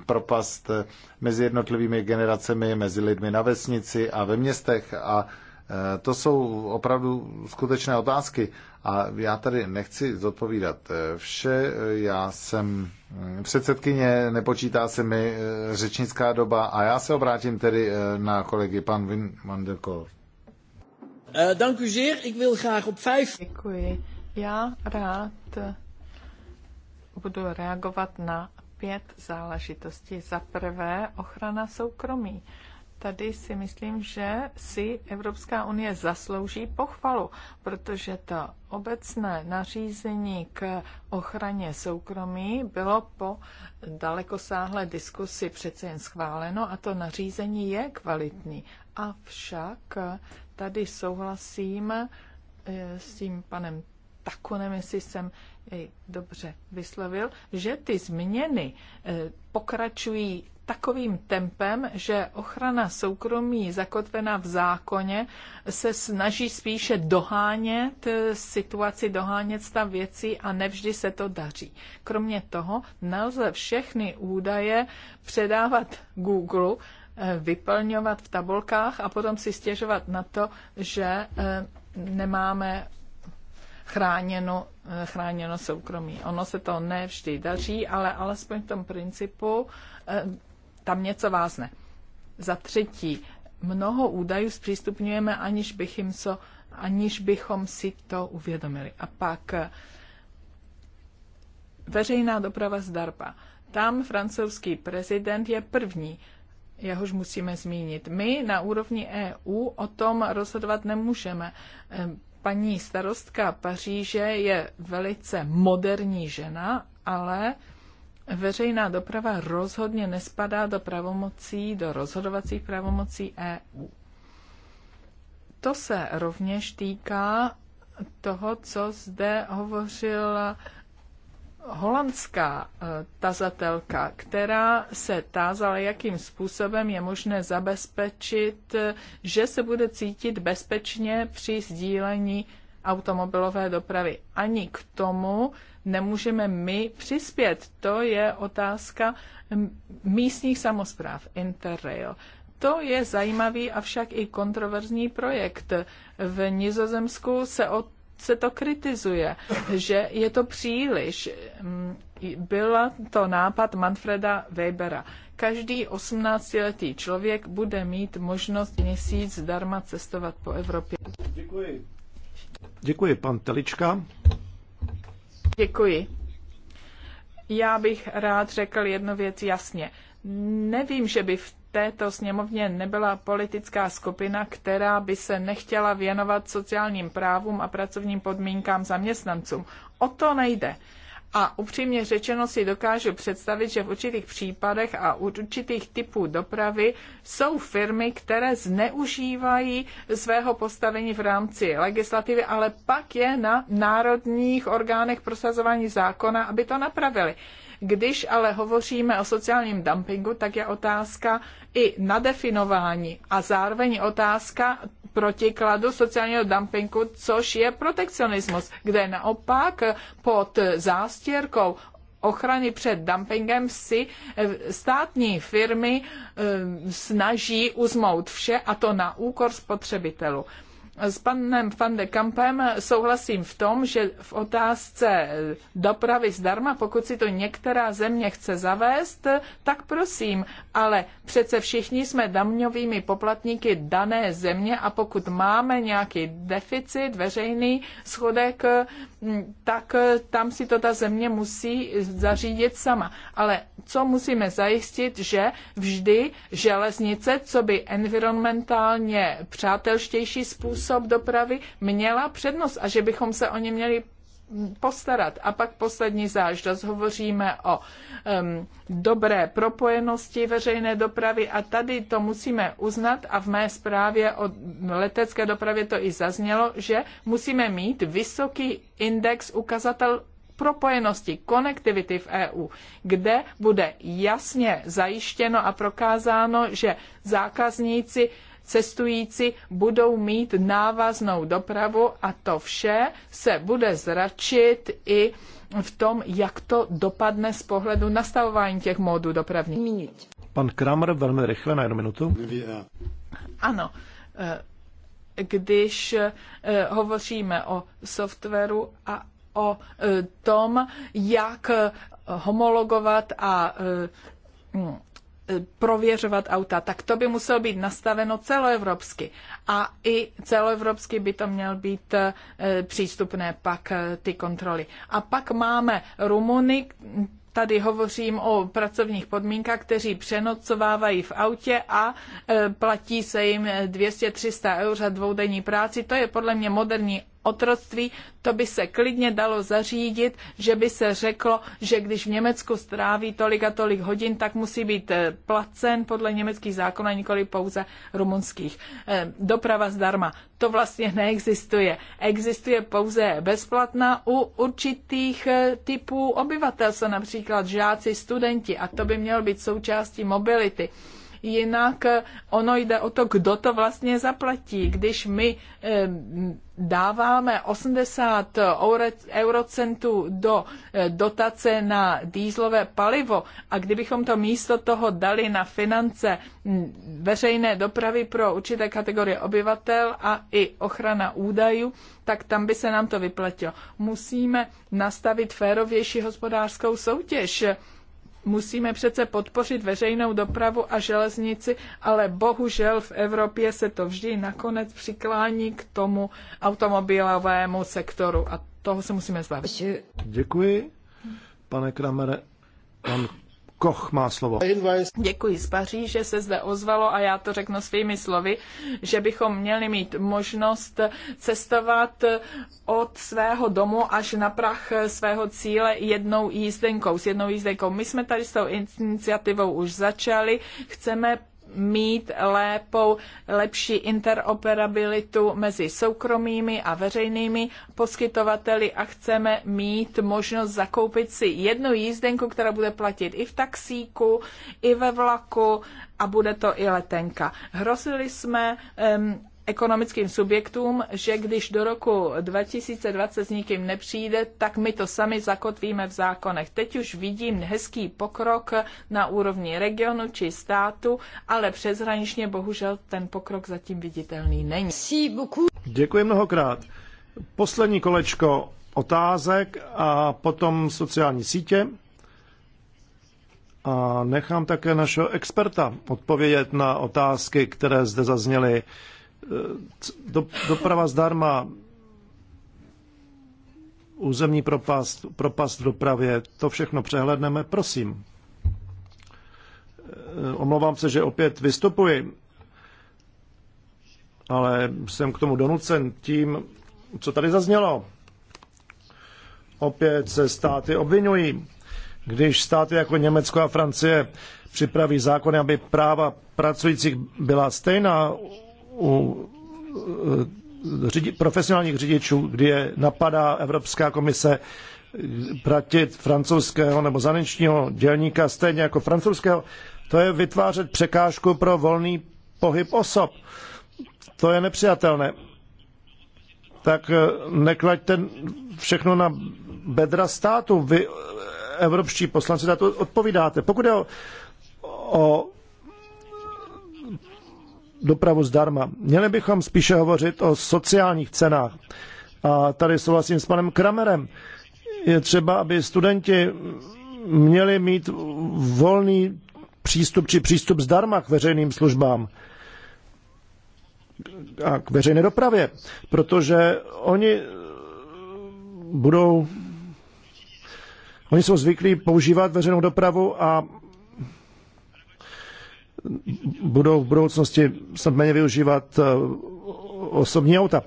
propast mezi jednotlivými generacemi, mezi lidmi na vesnici a ve městech a Eh, to jsou opravdu skutečné otázky a já tady nechci zodpovídat eh, vše. Eh, já jsem hm, předsedkyně, nepočítá se mi řečnická doba a já se obrátím tedy na kolegy pan Vin van Děkuji. Já rád budu reagovat na pět záležitostí. Za prvé, ochrana soukromí tady si myslím, že si Evropská unie zaslouží pochvalu, protože to obecné nařízení k ochraně soukromí bylo po dalekosáhlé diskusi přece jen schváleno a to nařízení je kvalitní. Avšak tady souhlasím eh, s tím panem nevím, jestli jsem jej dobře vyslovil, že ty změny eh, pokračují takovým tempem, že ochrana soukromí zakotvená v zákoně se snaží spíše dohánět eh, situaci, dohánět stav věcí a nevždy se to daří. Kromě toho nelze všechny údaje předávat Google, eh, vyplňovat v tabulkách a potom si stěžovat na to, že nemáme chráněno, eh, chráněno soukromí. Ono se to ne vždy daří, ale alespoň v tom principu eh, tam něco vázne. Za třetí, mnoho údajů zpřístupňujeme, aniž, bych jim so, aniž bychom si to uvědomili. A pak eh, veřejná doprava zdarba. Tam francouzský prezident je první, jehož musíme zmínit. My na úrovni EU o tom rozhodovat nemůžeme. Paní starostka Paříže je velice moderní žena, ale veřejná doprava rozhodně nespadá do pravomocí, do rozhodovacích pravomocí EU. To se rovněž týká toho, co zde hovořil holandská eh, tazatelka, která se tázala, jakým způsobem je možné zabezpečit, eh, že se bude cítit bezpečně při sdílení automobilové dopravy. Ani k tomu nemůžeme my přispět. To je otázka místních samozpráv Interrail. To je zajímavý avšak i kontroverzní projekt. V Nizozemsku se o se to kritizuje, že je to příliš. Mm, byl to nápad Manfreda Webera. Každý 18-letý člověk bude mít možnost měsíc zdarma cestovat po Evropě. Děkuji. Děkuji, pan Telička. Děkuji. Já bych rád řekl jednu věc jasně. Nevím, že by v této sněmovně nebyla politická skupina, která by se nechtěla věnovat sociálním právům a pracovním podmínkám zaměstnancům. O to nejde. A upřímně řečeno si dokážu představit, že v určitých případech a u určitých typů dopravy jsou firmy, které zneužívají svého postavení v rámci legislativy, ale pak je na národních orgánech prosazování zákona, aby to napravili. Když ale hovoříme o sociálním dumpingu, tak je otázka i nadefinování a zároveň otázka protikladu sociálního dumpingu, což je protekcionismus, kde naopak pod zástěrkou ochrany před dumpingem si eh, státní firmy eh, snaží uzmout vše a to na úkor spotřebitelů. S panem van de Kampem souhlasím v tom, že v otázce dopravy zdarma, pokud si to některá země chce zavést, tak prosím, ale přece všichni jsme daňovými poplatníky dané země a pokud máme nějaký deficit, veřejný schodek, mm, tak tam si to ta země musí zařídit sama. Ale co musíme zajistit, že vždy železnice, co by environmentálně přátelštější způsob, způsob dopravy měla přednost a že bychom se o ně měli postarat. A pak poslední záždost. Hovoříme o um, dobré propojenosti veřejné dopravy a tady to musíme uznat a v mé zprávě o letecké dopravě to i zaznělo, že musíme mít vysoký index ukazatel propojenosti, konektivity v EU, kde bude jasně zajištěno a prokázáno, že zákazníci cestující budou mít návaznou dopravu a to vše se bude zračit i v tom, jak to dopadne z pohledu nastavování těch módů dopravních. Pan Kramer velmi rychle na jednu minutu. Ano, eh, když eh, hovoříme o softwaru a o eh, tom, jak homologovat a hm, prověřovat auta, tak to by muselo být nastaveno celoevropsky. A i celoevropsky by to měl být e, přístupné pak e, ty kontroly. A pak máme Rumuny, tady hovořím o pracovních podmínkách, kteří přenocovávají v autě a e, platí se jim 200-300 eur za dvoudenní práci. To je podle mě moderní otroctví, to by se klidně dalo zařídit, že by se řeklo, že když v Německu stráví tolik a tolik hodin, tak musí být eh, placen podle německých zákonů a nikoli pouze rumunských. Eh, doprava zdarma. To vlastně neexistuje. Existuje pouze bezplatná u určitých eh, typů obyvatel, co například žáci, studenti a to by mělo být součástí mobility Jinak eh, ono jde o to, kdo to vlastně zaplatí. Když my eh, dáváme 80 eurocentů do eh, dotace na dýzlové palivo a kdybychom to místo toho dali na finance mm, veřejné dopravy pro určité kategorie obyvatel a i ochrana údajů, tak tam by se nám to vyplatilo. Musíme nastavit férovější hospodářskou soutěž Musíme přece podpořit veřejnou dopravu a železnici, ale bohužel v Evropě se to vždy nakonec přiklání k tomu automobilovému sektoru a toho se musíme zbavit. Děkuji, pane Kramere. Pan Koch má slovo. Děkuji z Paříže, se zde ozvalo a já to řeknu svými slovy, že bychom měli mít možnost cestovat od svého domu až na prach svého cíle jednou jízdenkou, s jednou jízdenkou. My jsme tady s tou iniciativou už začali, chceme mít lépou, lepší interoperabilitu mezi soukromými a veřejnými poskytovateli a chceme mít možnost zakoupit si jednu jízdenku, která bude platit i v taxíku, i ve vlaku a bude to i letenka. Hrozili jsme um, ekonomickým subjektům, že když do roku 2020 s nikým nepřijde, tak my to sami zakotvíme v zákonech. Teď už vidím hezký pokrok na úrovni regionu či státu, ale přeshraničně bohužel ten pokrok zatím viditelný není. Děkuji mnohokrát. Poslední kolečko otázek a potom sociální sítě. A nechám také našeho experta odpovědět na otázky, které zde zazněly Eh, doprava zdarma, územní propast, propast v dopravě, to všechno přehledneme, prosím. Eh, omlouvám se, že opět vystupuji, ale jsem k tomu donucen tím, co tady zaznělo. Opět se státy obvinují. Když státy jako Německo a Francie připraví zákony, aby práva pracujících byla stejná, u e, řidi, profesionálních řidičů, kdy je napadá Evropská komise eh, pratit francouzského nebo zanečního dělníka stejně jako francouzského, to je vytvářet překážku pro volný pohyb osob. To je nepřijatelné. Tak eh, neklaďte všechno na bedra státu. Vy, eh, evropští poslanci, na to odpovídáte. Pokud je o, o dopravu zdarma. Měli bychom spíše hovořit o sociálních cenách. A tady souhlasím s panem Kramerem. Je třeba, aby studenti měli mít volný přístup či přístup zdarma k veřejným službám a k veřejné dopravě, protože oni budou Oni jsou zvyklí používat veřejnou dopravu a budou v budoucnosti snad méně využívat eh, osobní auta.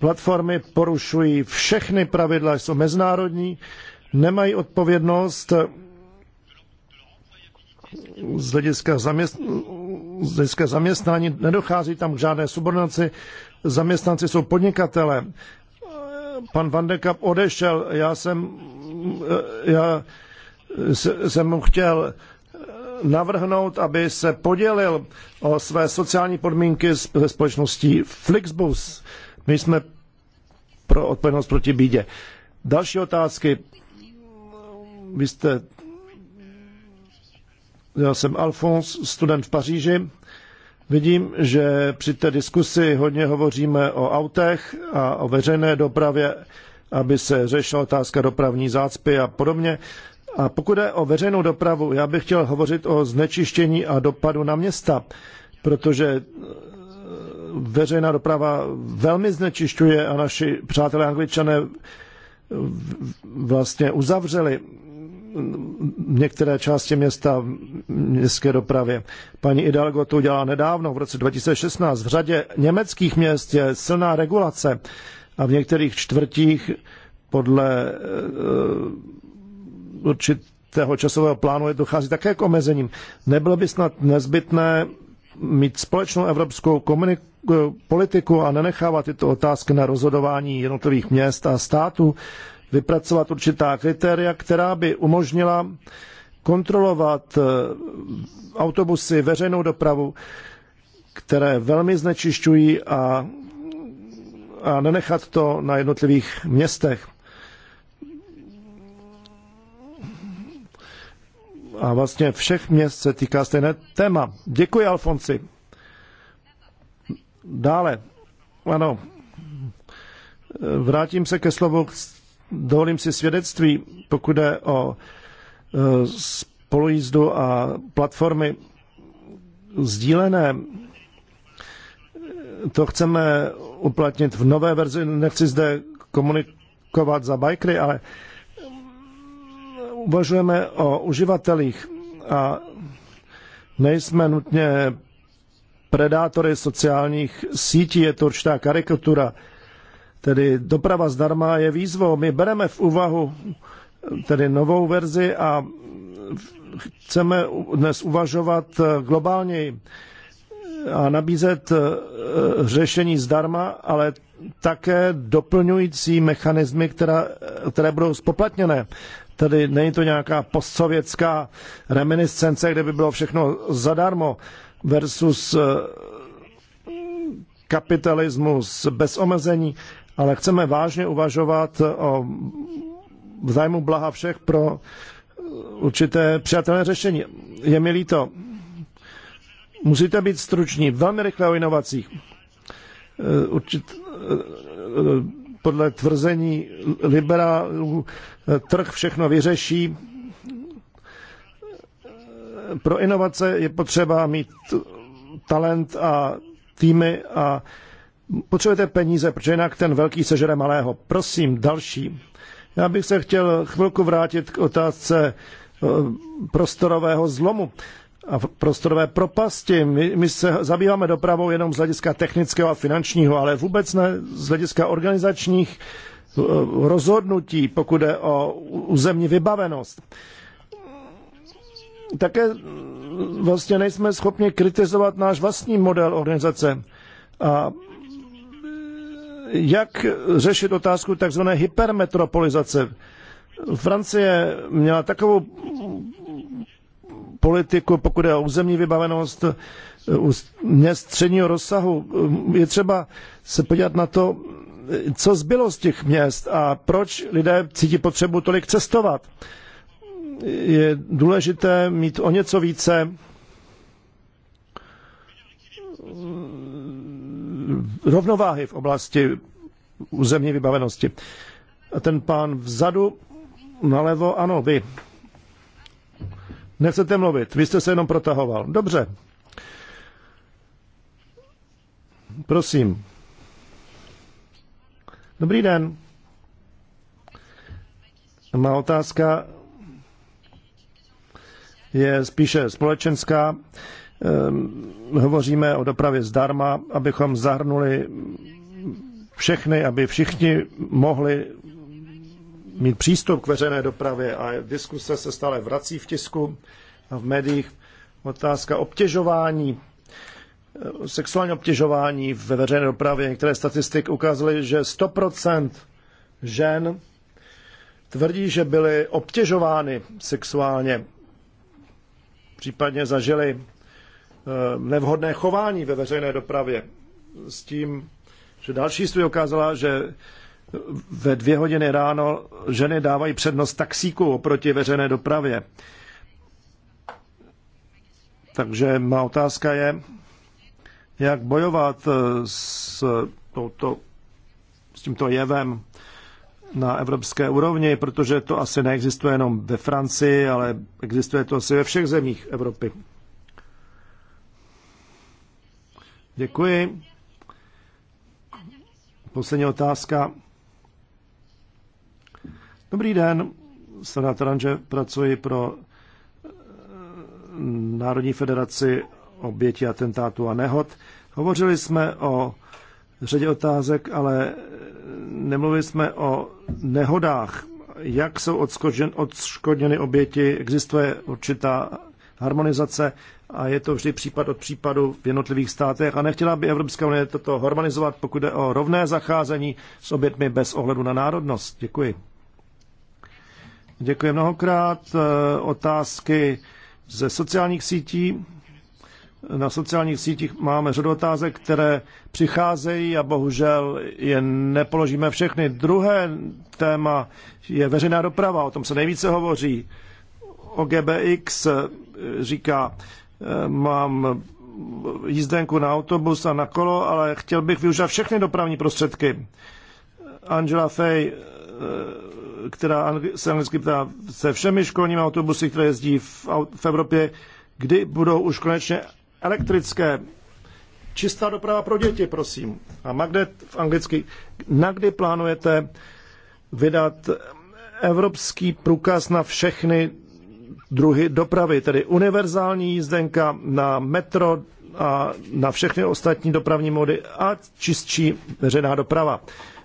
Platformy porušují všechny pravidla, jsou mezinárodní, nemají odpovědnost eh, z hlediska, zaměst... z hlediska zaměstnání, nedochází tam k žádné subordinaci, zaměstnanci jsou podnikatele. Eh, pan Van de Kapp odešel, já jsem, já jsem mu chtěl navrhnout, aby se podělil o své sociální podmínky se společností Flixbus. My jsme pro odpovědnost proti bídě. Další otázky. Vy jste... Já jsem Alfons, student v Paříži. Vidím, že při té diskusi hodně hovoříme o autech a o veřejné dopravě, aby se řešila otázka dopravní zácpy a podobně. A pokud je o veřejnou dopravu, já bych chtěl hovořit o znečištění a dopadu na města, protože eh, veřejná doprava velmi znečišťuje a naši přátelé angličané vlastně uzavřeli mm, některé části města v městské dopravě. Paní idalgo to udělala nedávno, v roce 2016. V řadě německých měst je silná regulace a v některých čtvrtích podle eh, určitého časového plánu dochází také k omezením. Nebylo by snad nezbytné mít společnou evropskou politiku a nenechávat tyto otázky na rozhodování jednotlivých měst a států, vypracovat určitá kritéria, která by umožnila kontrolovat eh, autobusy, veřejnou dopravu, které velmi znečišťují a, a nenechat to na jednotlivých městech. a vlastně všech měst se týká stejné téma. Děkuji, Alfonsi. Dále. Ano. Vrátím se ke slovu, dovolím si svědectví, pokud jde o e, spolujízdu a platformy sdílené. To chceme uplatnit v nové verzi. Nechci zde komunikovat za bikery, ale uh, uvažujeme o uživatelích a nejsme nutně predátory sociálních sítí, je to určitá karikatura. Tedy doprava zdarma je výzvou. My bereme v úvahu tedy novou verzi a chceme dnes uvažovat eh, globálněji a nabízet eh, řešení zdarma, ale také doplňující mechanismy, která, které budou spoplatněné. Tady není to nějaká postsovětská reminiscence, kde by bylo všechno zadarmo versus eh, kapitalismus bez omezení, ale chceme vážně uvažovat eh, o zájmu blaha všech pro určité přijatelné řešení. Je mi líto, Musíte být struční, velmi rychle o inovacích. Eh, určit, eh, eh, podle tvrzení liberálů trh všechno vyřeší. Pro inovace je potřeba mít talent a týmy a potřebujete peníze, protože jinak ten velký sežere malého. Prosím, další. Já bych se chtěl chvilku vrátit k otázce prostorového zlomu a prostorové propasti. My, my se zabýváme dopravou jenom z hlediska technického a finančního, ale vůbec ne z hlediska organizačních eh, rozhodnutí, pokud je o územní vybavenost. Také mm, vlastně nejsme schopni kritizovat náš vlastní model organizace. A jak řešit otázku tzv. hypermetropolizace? Francie měla takovou politiku, pokud je o územní vybavenost měst eh, středního rozsahu. Eh, je třeba se podívat na to, eh, co zbylo z těch měst a proč lidé cítí potřebu tolik cestovat. Je důležité mít o něco více rovnováhy v oblasti územní vybavenosti. A ten pán vzadu, nalevo, ano, vy. Nechcete mluvit, vy jste se jenom protahoval. Dobře. Prosím. Dobrý den. Má otázka je spíše společenská. Ehm, hovoříme o dopravě zdarma, abychom zahrnuli všechny, aby všichni mohli mít přístup k veřejné dopravě a diskuse se stále vrací v tisku a v médiích. Otázka obtěžování, eh, sexuální obtěžování ve veřejné dopravě. Některé statistiky ukázaly, že 100% žen tvrdí, že byly obtěžovány sexuálně, případně zažili eh, nevhodné chování ve veřejné dopravě. S tím, že další studie ukázala, že ve dvě hodiny ráno ženy dávají přednost taxíku oproti veřejné dopravě. Takže má otázka je, jak bojovat eh, s, touto, s tímto jevem na evropské úrovni, protože to asi neexistuje jenom ve Francii, ale existuje to asi ve všech zemích Evropy. Děkuji. Poslední otázka. Dobrý den, senátor Taranže, pracuji pro eh, Národní federaci oběti atentátu a nehod. Hovořili jsme o řadě otázek, ale eh, nemluvili jsme o nehodách. Jak jsou odškodněny oběti? Existuje určitá harmonizace a je to vždy případ od případu v jednotlivých státech a nechtěla by Evropská unie toto harmonizovat, pokud jde o rovné zacházení s obětmi bez ohledu na národnost. Děkuji. Děkuji mnohokrát. Eh, otázky ze sociálních sítí. Na sociálních sítích máme řadu otázek, které přicházejí a bohužel je nepoložíme všechny. Druhé téma je veřejná doprava, o tom se nejvíce hovoří. O GBX eh, říká, eh, mám jízdenku na autobus a na kolo, ale chtěl bych využít všechny dopravní prostředky. Angela Fay která se anglicky ptá se všemi školními autobusy, které jezdí v, v Evropě, kdy budou už konečně elektrické. Čistá doprava pro děti, prosím. A Magnet v anglicky, na kdy plánujete vydat evropský průkaz na všechny druhy dopravy, tedy univerzální jízdenka na metro a na všechny ostatní dopravní mody a čistší veřejná doprava.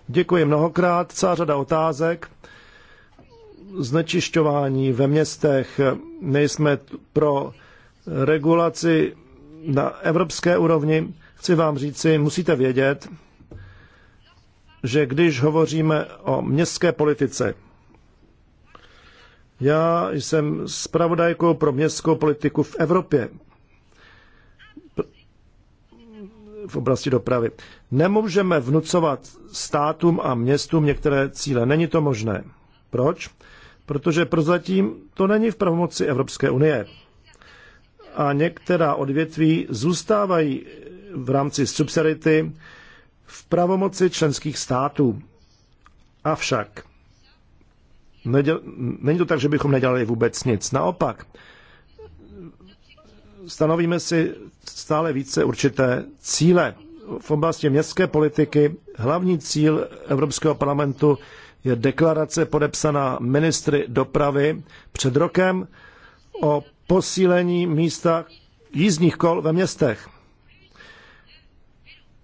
Děkuji mnohokrát, celá řada otázek znečišťování ve městech, nejsme pro regulaci na evropské úrovni. Chci vám říci, musíte vědět, že když hovoříme o městské politice, já jsem spravodajkou pro městskou politiku v Evropě v oblasti dopravy. Nemůžeme vnucovat státům a městům některé cíle. Není to možné. Proč? protože prozatím to není v pravomoci Evropské unie. A některá odvětví zůstávají v rámci subsidiarity v pravomoci členských států. Avšak neděl, není to tak, že bychom nedělali vůbec nic. Naopak, stanovíme si stále více určité cíle. V oblasti městské politiky hlavní cíl Evropského parlamentu je deklarace podepsaná ministry dopravy před rokem o posílení místa jízdních kol ve městech.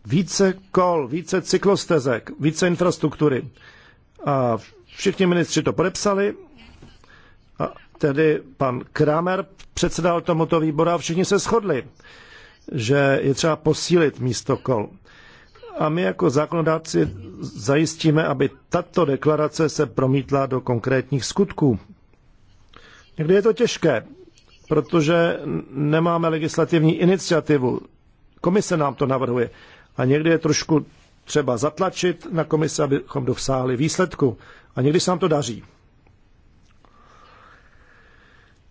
Více kol, více cyklostezek, více infrastruktury. A všichni ministři to podepsali, a tedy pan Kramer předsedal tomuto výboru a všichni se shodli, že je třeba posílit místo kol. A my jako zákonodáci zajistíme, aby tato deklarace se promítla do konkrétních skutků. Někdy je to těžké, protože nemáme legislativní iniciativu. Komise nám to navrhuje. A někdy je trošku třeba zatlačit na komise, abychom dosáhli výsledku. A někdy se nám to daří.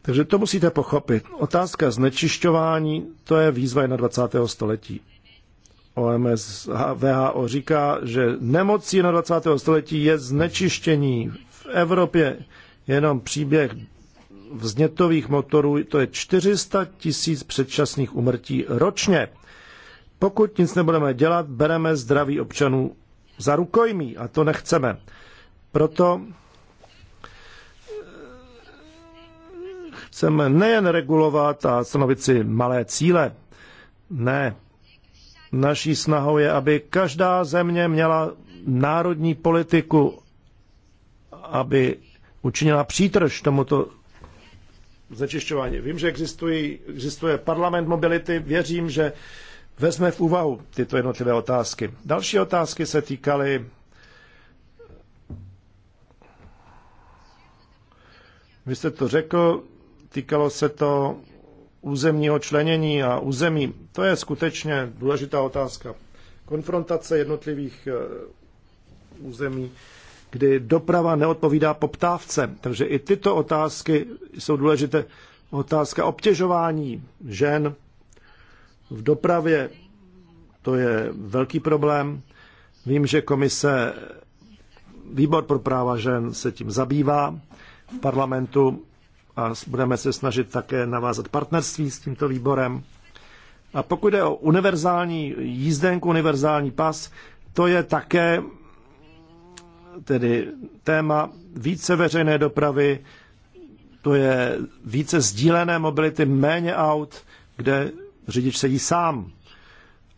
Takže to musíte pochopit. Otázka znečišťování, to je výzva 21. století. OMS VHO říká, že nemocí na 20. století je znečištění. V Evropě jenom příběh vznětových motorů, to je 400 tisíc předčasných umrtí ročně. Pokud nic nebudeme dělat, bereme zdraví občanů za rukojmí a to nechceme. Proto eh, chceme nejen regulovat a stanovit si malé cíle, ne, Naší snahou je, aby každá země měla národní politiku, aby učinila přítrž tomuto znečišťování. Vím, že existují, existuje parlament mobility, věřím, že vezme v úvahu tyto jednotlivé otázky. Další otázky se týkaly Vy jste to řekl, týkalo se to územního členění a území. To je skutečně důležitá otázka. Konfrontace jednotlivých eh, území, kdy doprava neodpovídá poptávce. Takže i tyto otázky jsou důležité. Otázka obtěžování žen v dopravě, to je velký problém. Vím, že komise, výbor pro práva žen se tím zabývá v parlamentu a budeme se snažit také navázat partnerství s tímto výborem. A pokud jde o univerzální jízdenku, univerzální pas, to je také tedy téma více veřejné dopravy, to je více sdílené mobility, méně aut, kde řidič sedí sám.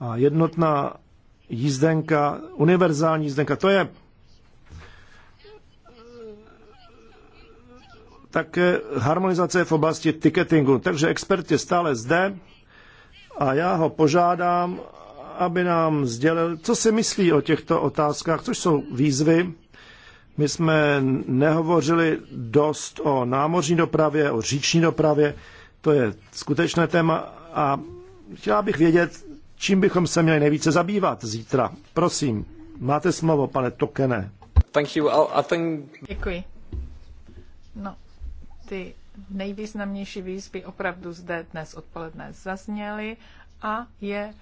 A jednotná jízdenka, univerzální jízdenka, to je také harmonizace v oblasti ticketingu. Takže expert je stále zde a já ho požádám, aby nám sdělil, co si myslí o těchto otázkách, což jsou výzvy. My jsme nehovořili dost o námořní dopravě, o říční dopravě, to je skutečné téma a chtěla bych vědět, čím bychom se měli nejvíce zabývat zítra. Prosím, máte slovo, pane Tokene. Thank you. I think... Děkuji. No, ty nejvýznamnější výzvy opravdu zde dnes odpoledne zazněly a je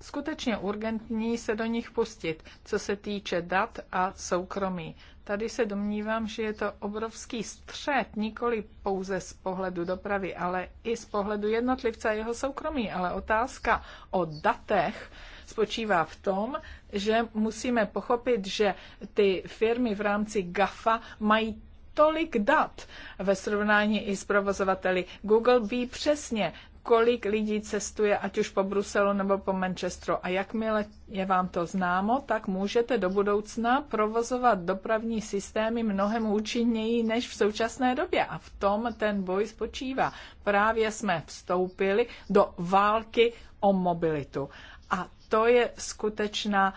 skutečně urgentní se do nich pustit, co se týče dat a soukromí. Tady se domnívám, že je to obrovský střet, nikoli pouze z pohledu dopravy, ale i z pohledu jednotlivce a jeho soukromí. Ale otázka o datech spočívá v tom, že musíme pochopit, že ty firmy v rámci GAFA mají tolik dat ve srovnání i s provozovateli. Google ví přesně, kolik lidí cestuje, ať už po Bruselu nebo po Manchesteru. A jakmile je vám to známo, tak můžete do budoucna provozovat dopravní systémy mnohem účinněji než v současné době. A v tom ten boj spočívá. Právě jsme vstoupili do války o mobilitu. A to je skutečná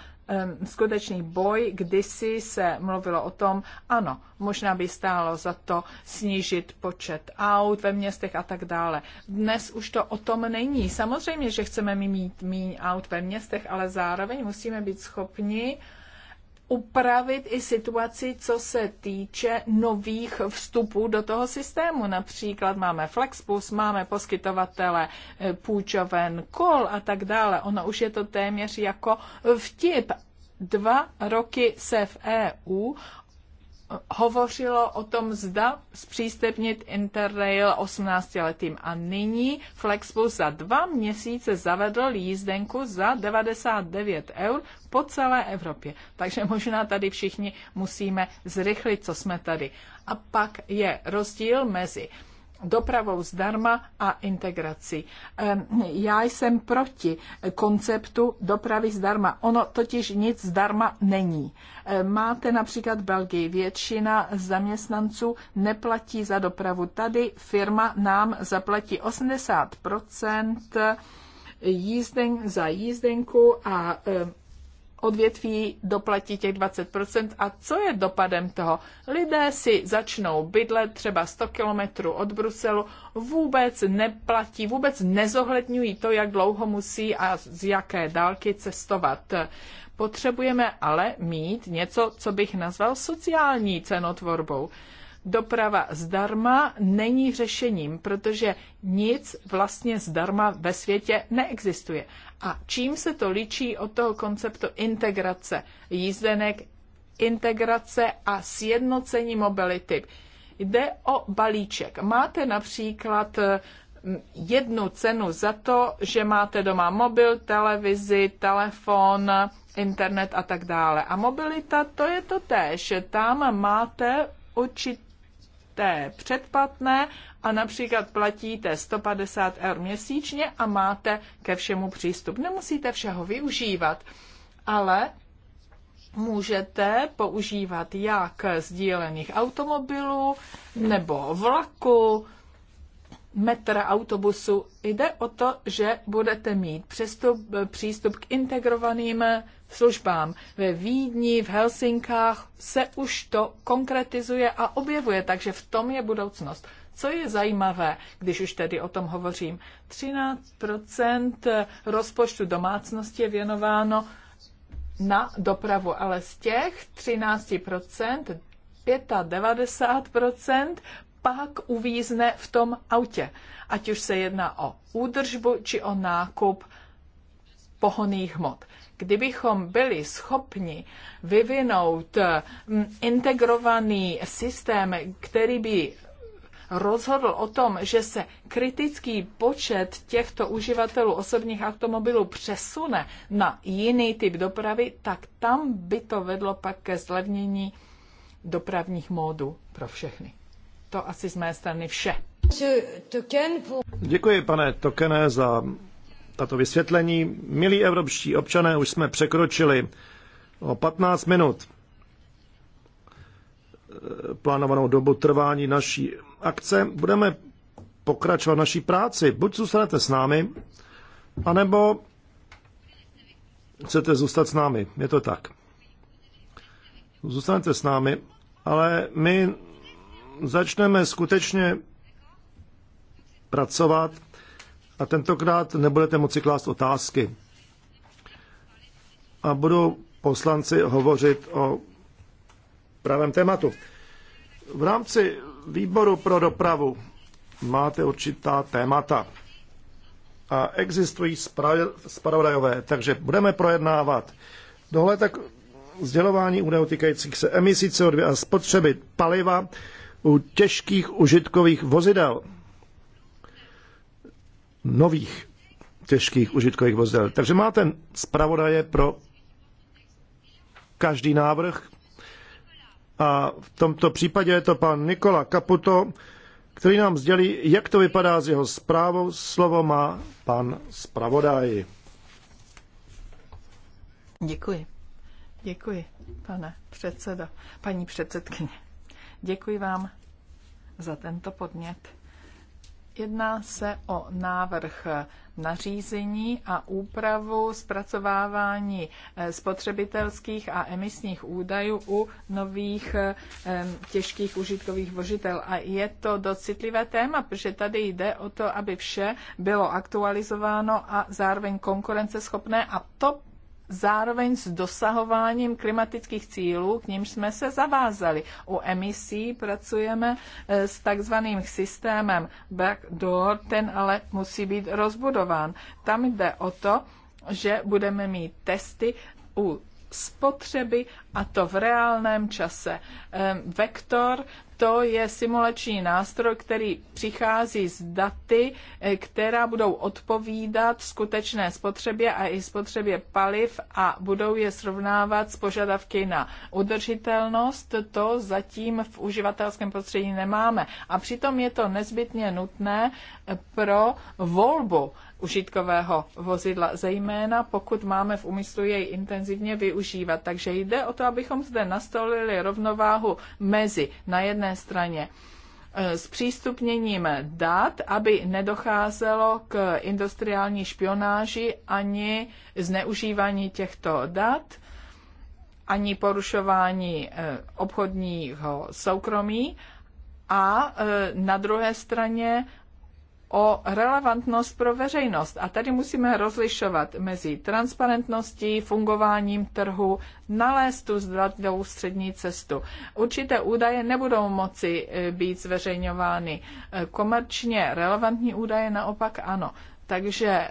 skutečný boj. Kdysi se mluvilo o tom, ano, možná by stálo za to snížit počet aut ve městech a tak dále. Dnes už to o tom není. Samozřejmě, že chceme mít méně aut ve městech, ale zároveň musíme být schopni uh, upravit i situaci, co se týče nových vstupů do toho systému. Například máme Flexbus, máme poskytovatele eh, půjčoven, kol a tak dále. Ono už je to téměř jako vtip. Dva roky se v EU hovořilo o tom, zda zpřístupnit Interrail 18 letým. A nyní Flexbus za dva měsíce zavedl jízdenku za 99 eur po celé Evropě. Takže možná tady všichni musíme zrychlit, co jsme tady. A pak je rozdíl mezi dopravou zdarma a integraci. Já jsem proti konceptu dopravy zdarma. Ono totiž nic zdarma není. Máte například v Belgii většina zaměstnanců neplatí za dopravu. Tady firma nám zaplatí 80 jízden, za jízdenku a odvětví doplatí těch 20%. A co je dopadem toho? Lidé si začnou bydlet třeba 100 kilometrů od Bruselu, vůbec neplatí, vůbec nezohledňují to, jak dlouho musí a z jaké dálky cestovat. Potřebujeme ale mít něco, co bych nazval sociální cenotvorbou doprava zdarma není řešením, protože nic vlastně zdarma ve světě neexistuje. A čím se to ličí od toho konceptu integrace jízdenek, integrace a sjednocení mobility? Jde o balíček. Máte například mm, jednu cenu za to, že máte doma mobil, televizi, telefon, internet a tak dále. A mobilita to je to též. Tam máte určitě té předplatné a například platíte 150 eur měsíčně a máte ke všemu přístup. Nemusíte všeho využívat, ale můžete používat jak sdílených automobilů nebo vlaku, metra autobusu. Jde o to, že budete mít přestup, přístup k integrovaným službám. Ve Vídni, v Helsinkách se už to konkretizuje a objevuje, takže v tom je budoucnost. Co je zajímavé, když už tedy o tom hovořím, 13 rozpočtu domácnosti je věnováno na dopravu, ale z těch 13 95% pak uvízne v tom autě. Ať už se jedná o údržbu či o nákup pohoných hmot. Kdybychom byli schopni vyvinout mm, integrovaný systém, který by rozhodl o tom, že se kritický počet těchto uživatelů osobních automobilů přesune na jiný typ dopravy, tak tam by to vedlo pak ke zlevnění dopravních módů pro všechny to asi z mé strany vše. Děkuji, pane Tokene, za tato vysvětlení. Milí evropští občané, už jsme překročili o 15 minut plánovanou dobu trvání naší akce. Budeme pokračovat naší práci. Buď zůstanete s námi, anebo chcete zůstat s námi. Je to tak. Zůstanete s námi, ale my začneme skutečně pracovat a tentokrát nebudete moci klást otázky. A budou poslanci hovořit o pravém tématu. V rámci výboru pro dopravu máte určitá témata a existují spravodajové, takže budeme projednávat dohled tak sdělování údajů týkajících se emisí CO2 a spotřeby paliva, u těžkých užitkových vozidel. Nových těžkých užitkových vozidel. Takže máte zpravodaje pro každý návrh. A v tomto případě je to pan Nikola Kaputo, který nám sdělí, jak to vypadá s jeho zprávou. Slovo má pan zpravodaj. Děkuji. Děkuji, pane předsedo, paní předsedkyně. Děkuji vám za tento podnět. Jedná se o návrh nařízení a úpravu zpracovávání eh, spotřebitelských a emisních údajů u nových eh, těžkých užitkových vožitel. A je to docitlivé téma, protože tady jde o to, aby vše bylo aktualizováno a zároveň konkurenceschopné a to zároveň s dosahováním klimatických cílů, k nímž jsme se zavázali. U emisí pracujeme eh, s takzvaným systémem backdoor, ten ale musí být rozbudován. Tam jde o to, že budeme mít testy u spotřeby a to v reálném čase. Ehm, vektor to je simulační nástroj, který přichází z daty, eh, která budou odpovídat skutečné spotřebě a i spotřebě paliv a budou je srovnávat s požadavky na udržitelnost. To zatím v uživatelském prostředí nemáme. A přitom je to nezbytně nutné pro volbu užitkového vozidla, zejména pokud máme v úmyslu jej intenzivně využívat. Takže jde o to, abychom zde nastolili rovnováhu mezi na jedné straně s e, přístupněním dat, aby nedocházelo k industriální špionáži ani zneužívání těchto dat, ani porušování e, obchodního soukromí a e, na druhé straně o relevantnost pro veřejnost. A tady musíme rozlišovat mezi transparentností, fungováním trhu, nalézt tu zlatou střední cestu. Určité údaje nebudou moci e, být zveřejňovány. E, komerčně relevantní údaje naopak ano. Takže e,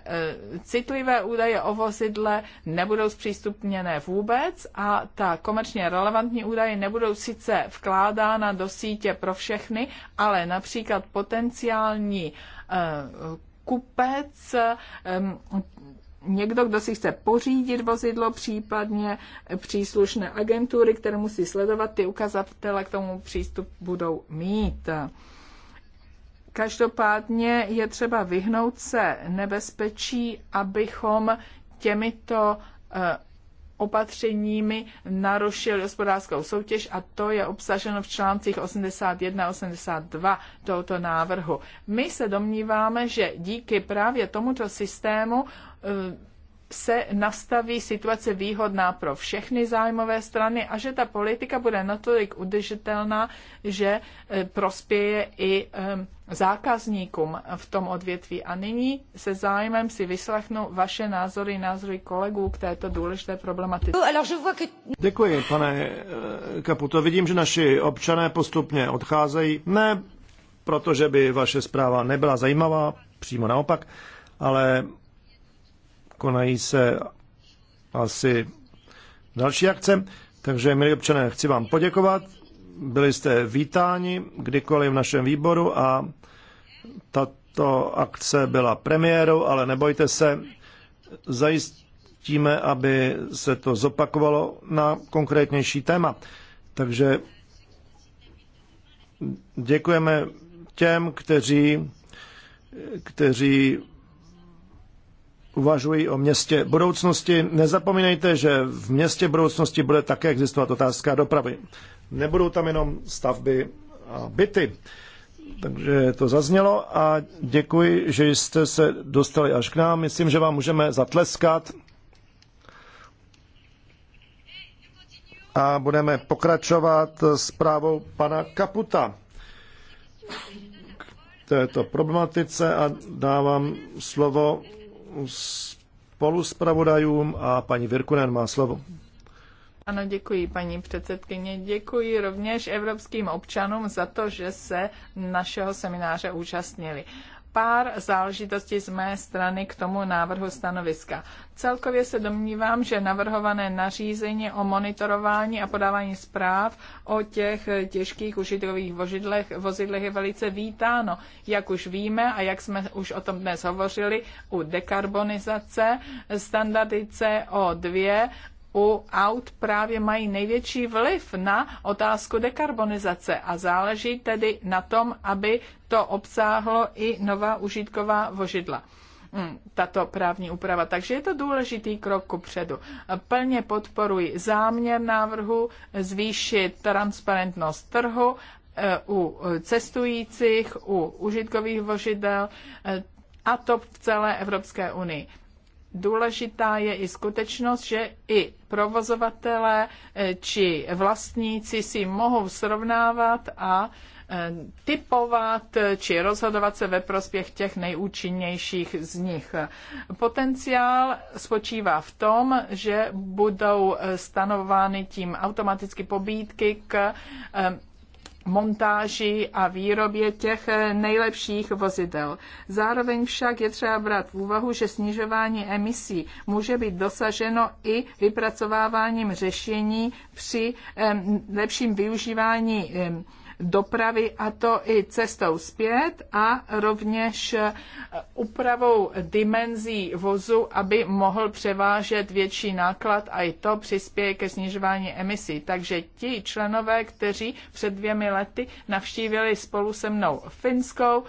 citlivé údaje o vozidle nebudou zpřístupněné vůbec a ta komerčně relevantní údaje nebudou sice vkládána do sítě pro všechny, ale například potenciální kupec, někdo, kdo si chce pořídit vozidlo, případně příslušné agentury, které musí sledovat ty ukazatele, k tomu přístup budou mít. Každopádně je třeba vyhnout se nebezpečí, abychom těmito opatřeními narušili hospodářskou soutěž a to je obsaženo v článcích 81 a 82 tohoto návrhu. My se domníváme, že díky právě tomuto systému eh, se nastaví situace výhodná pro všechny zájmové strany a že ta politika bude natolik udržitelná, že e, prospěje i e, zákazníkům v tom odvětví. A nyní se zájmem si vyslechnu vaše názory, názory kolegů k této důležité problematice. Děkuji, pane e, Kaputo. Vidím, že naši občané postupně odcházejí. Ne protože by vaše zpráva nebyla zajímavá, přímo naopak, ale konají se asi další akce. Takže, milí občané, chci vám poděkovat. Byli jste vítáni kdykoliv v našem výboru a tato akce byla premiérou, ale nebojte se, zajistíme, aby se to zopakovalo na konkrétnější téma. Takže děkujeme těm, kteří, kteří uvažují o městě budoucnosti. Nezapomínejte, že v městě budoucnosti bude také existovat otázka dopravy. Nebudou tam jenom stavby a byty. Takže to zaznělo a děkuji, že jste se dostali až k nám. Myslím, že vám můžeme zatleskat. A budeme pokračovat s právou pana Kaputa k této problematice a dávám slovo spolu s pravodajům a paní Virkunen má slovo. Ano, děkuji paní předsedkyně. Děkuji rovněž evropským občanům za to, že se našeho semináře účastnili pár záležitostí z mé strany k tomu návrhu stanoviska. Celkově se domnívám, že navrhované nařízení o monitorování a podávání zpráv o těch těžkých užitkových vozidlech, vozidlech je velice vítáno. Jak už víme a jak jsme už o tom dnes hovořili, u dekarbonizace standardy CO2 u aut právě mají největší vliv na otázku dekarbonizace a záleží tedy na tom, aby to obsáhlo i nová užitková vožidla hmm, tato právní úprava. Takže je to důležitý krok ku předu. Plně podporuji záměr návrhu zvýšit transparentnost trhu eh, u cestujících, u užitkových vožidel, eh, a to v celé Evropské unii. Důležitá je i skutečnost, že i provozovatelé eh, či vlastníci si mohou srovnávat a eh, typovat eh, či rozhodovat se ve prospěch těch nejúčinnějších z nich. Potenciál spočívá v tom, že budou stanovány tím automaticky pobídky k montáži a výrobě těch eh, nejlepších vozidel. Zároveň však je třeba brát v úvahu, že snižování emisí může být dosaženo i vypracováváním řešení při eh, lepším využívání eh, dopravy a to i cestou zpět a rovněž eh, úpravou dimenzí vozu, aby mohl převážet větší náklad a i to přispěje ke snižování emisí. Takže ti členové, kteří před dvěmi lety navštívili spolu se mnou Finskou,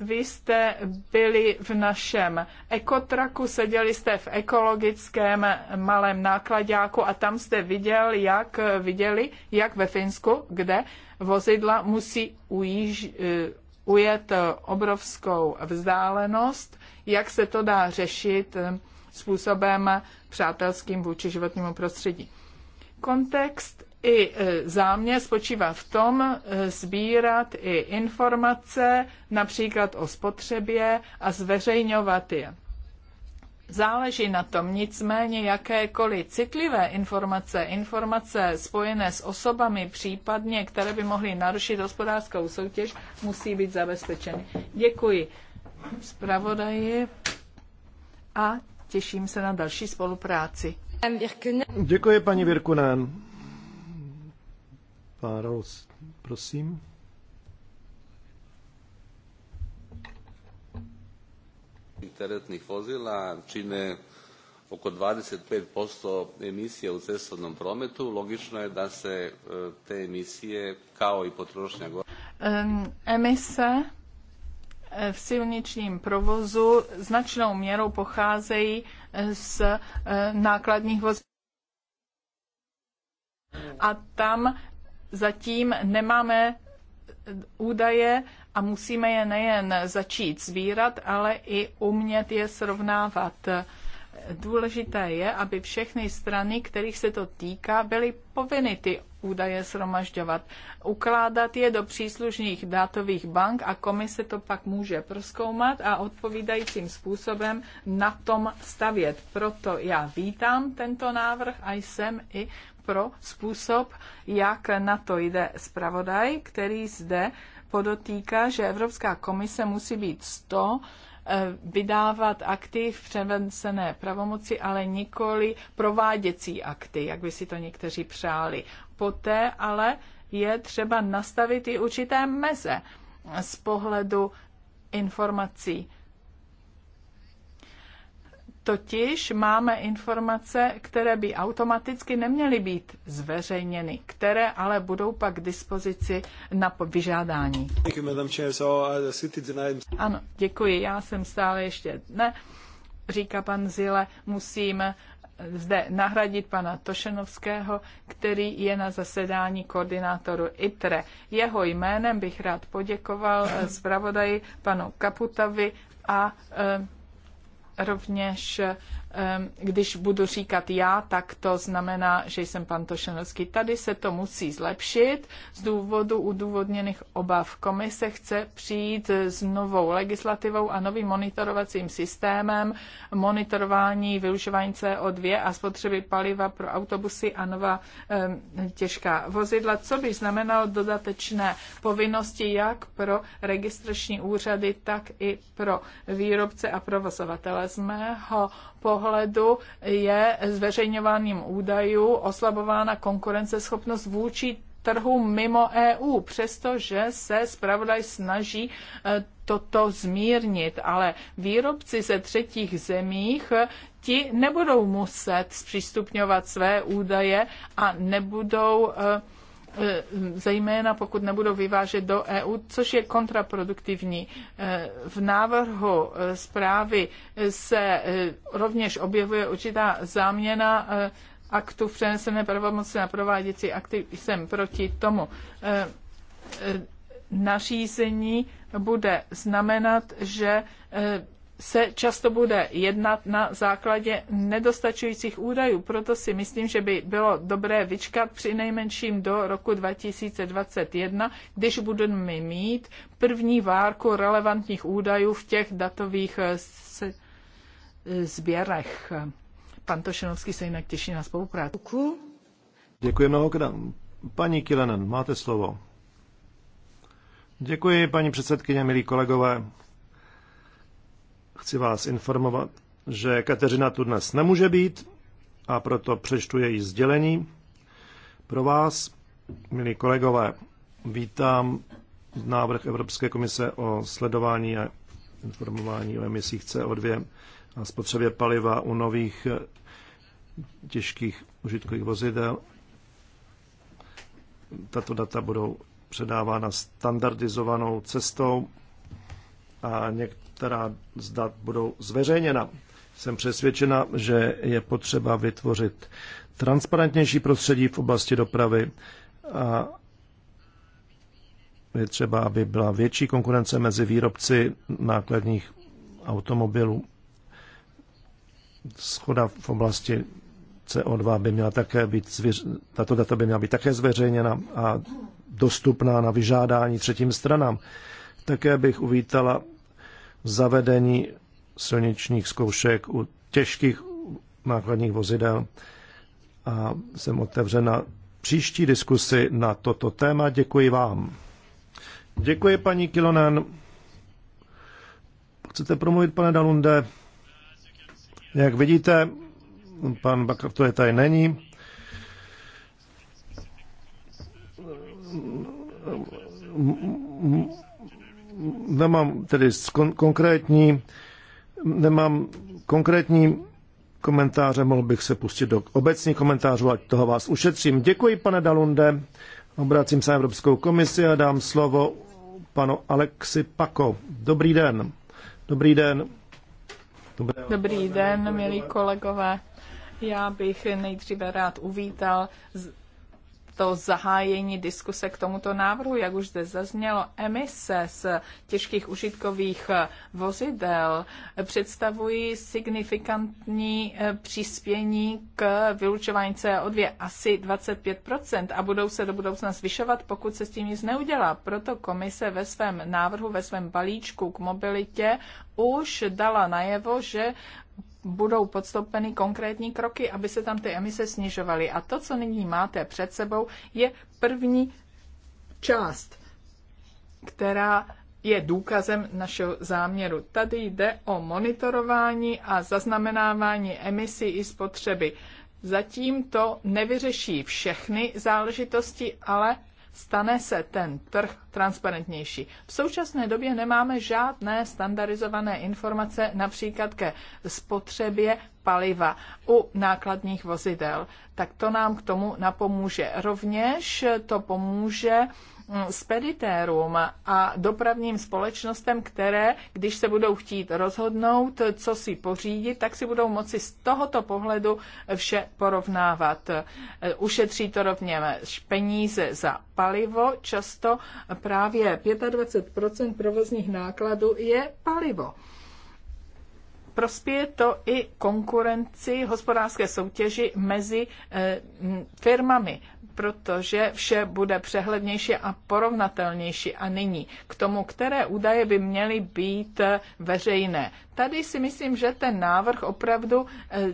vy jste byli v našem ekotraku, seděli jste v ekologickém malém nákladáku a tam jste viděl, jak viděli, jak ve Finsku, kde vozidla musí ujíž, eh, ujet obrovskou vzdálenost, jak se to dá řešit eh, způsobem přátelským vůči životnímu prostředí. Kontext i e, záměr spočívá v tom e, sbírat i informace, například o spotřebě a zveřejňovat je. Záleží na tom nicméně jakékoliv citlivé informace, informace spojené s osobami případně, které by mohly narušit hospodářskou soutěž, musí být zabezpečeny. Děkuji zpravodaji a těším se na další spolupráci. Děkuji paní Virkunen. Pan Rolls, prosím. teretnih vozila čine oko 25% emisije u cestovnom prometu. Logično je da se e, te emisije kao i potrošnja um, emise e, v silničním provozu značnou měrou pocházejí e, z nákladních vozů. A tam zatím nemáme údaje a musíme je nejen začít sbírat, ale i umět je srovnávat důležité je, aby všechny strany, kterých se to týká, byly povinny ty údaje shromažďovat. Ukládat je do příslušných dátových bank a komise to pak může proskoumat a odpovídajícím způsobem na tom stavět. Proto já vítám tento návrh a jsem i pro způsob, jak na to jde zpravodaj, který zde podotýká, že Evropská komise musí být 100 Eh, vydávat akty v převencené pravomoci, ale nikoli prováděcí akty, jak by si to někteří přáli. Poté ale je třeba nastavit i určité meze z pohledu informací Totiž máme informace, které by automaticky neměly být zveřejněny, které ale budou pak k dispozici na vyžádání. Uh, ano, děkuji, já jsem stále ještě ne, říká pan Zile, musím eh, zde nahradit pana Tošenovského, který je na zasedání koordinátoru ITRE. Jeho jménem bych rád poděkoval eh, zpravodaji panu Kaputavi a eh, rovněž když budu říkat já, tak to znamená, že jsem pan Tošenovský. Tady se to musí zlepšit z důvodu udůvodněných obav. Komise chce přijít s novou legislativou a novým monitorovacím systémem monitorování využívání CO2 a spotřeby paliva pro autobusy a nová těžká vozidla, co by znamenalo dodatečné povinnosti jak pro registrační úřady, tak i pro výrobce a provozovatele. Z mého pohledu je zveřejňováním údajů oslabována konkurenceschopnost vůči trhu mimo EU, přestože se zpravodaj snaží e, toto zmírnit, ale výrobci ze třetích zemích e, ti nebudou muset zpřístupňovat své údaje a nebudou uh, Eh, zejména pokud nebudou vyvážet do EU, což je kontraproduktivní. Eh, v návrhu eh, zprávy se rovněž objevuje určitá záměna aktu v přenesené pravomoci na prováděcí akty. Jsem proti tomu. Nařízení bude znamenat, že se často bude jednat na základě nedostačujících údajů. Proto si myslím, že by bylo dobré vyčkat při nejmenším do roku 2021, když budeme mít první várku relevantních údajů v těch datových eh, eh, sběrech. Pan Tošenovský se jinak těší na spolupráci. Děkuji mnohokrát. Paní Kilenen, máte slovo. Děkuji, paní předsedkyně, milí kolegové chci vás informovat, že Kateřina tu dnes nemůže být a proto přečtu její sdělení. Pro vás, milí kolegové, vítám návrh Evropské komise o sledování a informování o emisích CO2 a spotřebě paliva u nových těžkých užitkových vozidel. Tato data budou předávána standardizovanou cestou a některé která zda budou zveřejněna. Jsem přesvědčena, že je potřeba vytvořit transparentnější prostředí v oblasti dopravy a je třeba, aby byla větší konkurence mezi výrobci nákladních automobilů. Schoda v oblasti CO2 by měla také být, tato data by měla být také zveřejněna a dostupná na vyžádání třetím stranám. Také bych uvítala zavedení silničních zkoušek u těžkých nákladních vozidel a jsem otevřena příští diskusi na toto téma. Děkuji vám. Děkuji, paní Kilonen. Chcete promluvit, pane Dalunde? Jak vidíte, pan Bakar to je tady není nemám tedy kon- konkrétní, nemám konkrétní komentáře, mohl bych se pustit do obecných komentářů, ať toho vás ušetřím. Děkuji, pane Dalunde. Obracím se na Evropskou komisi a dám slovo panu Alexi Pako. Dobrý den. Dobrý den. Dobré Dobrý den, milí kolegové. Já bych nejdříve rád uvítal to zahájení diskuse k tomuto návrhu, jak už zde zaznělo, emise z těžkých užitkových eh, vozidel představují signifikantní eh, přispění k vylučování CO2 asi 25% a budou se do budoucna zvyšovat, pokud se s tím nic neudělá. Proto komise ve svém návrhu, ve svém balíčku k mobilitě už dala najevo, že budou podstoupeny konkrétní kroky, aby se tam ty emise snižovaly. A to, co nyní máte před sebou, je první část, která je důkazem našeho záměru. Tady jde o monitorování a zaznamenávání emisí i spotřeby. Zatím to nevyřeší všechny záležitosti, ale stane se ten trh transparentnější. V současné době nemáme žádné standardizované informace například ke spotřebě paliva u nákladních vozidel. Tak to nám k tomu napomůže. Rovněž to pomůže Mm, speditérům a dopravním společnostem, které, když se budou chtít rozhodnout, co si pořídit, tak si budou moci z tohoto pohledu vše porovnávat. Eh, ušetří to rovněž peníze za palivo, často právě 25 provozních nákladů je palivo prospěje to i konkurenci hospodářské soutěži mezi eh, firmami protože vše bude přehlednější a porovnatelnější. A nyní k tomu, které údaje by měly být eh, veřejné. Tady si myslím, že ten návrh opravdu eh,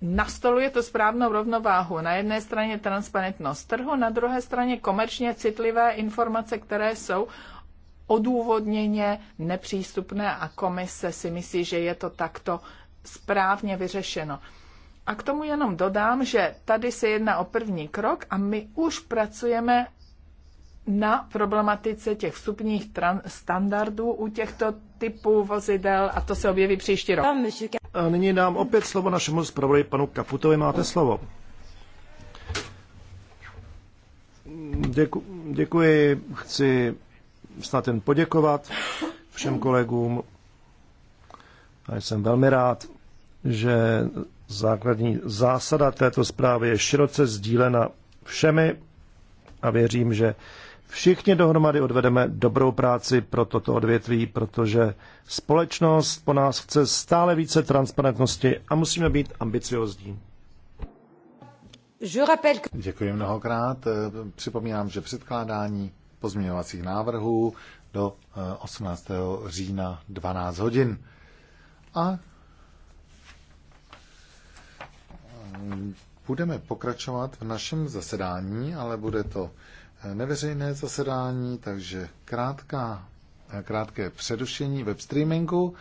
nastoluje to správnou rovnováhu. Na jedné straně transparentnost trhu, na druhé straně komerčně citlivé informace, které jsou odůvodněně nepřístupné a komise si myslí, že je to takto správně vyřešeno. A k tomu jenom dodám, že tady se jedná o první krok a my už pracujeme na problematice těch vstupních standardů u těchto typů vozidel a to se objeví příští rok. A nyní dám opět slovo našemu zpravodaji panu Kaputovi. Máte slovo. Děku, děkuji. Chci snad jen poděkovat všem kolegům. A jsem velmi rád, že Základní zásada této zprávy je široce sdílena všemi a věřím, že všichni dohromady odvedeme dobrou práci pro toto odvětví, protože společnost po nás chce stále více transparentnosti a musíme být ambiciozní. Děkuji mnohokrát. Připomínám, že předkládání pozměňovacích návrhů do eh, 18. října 12 hodin. A budeme pokračovat v našem zasedání, ale bude to neveřejné zasedání, takže krátká, krátké předušení web streamingu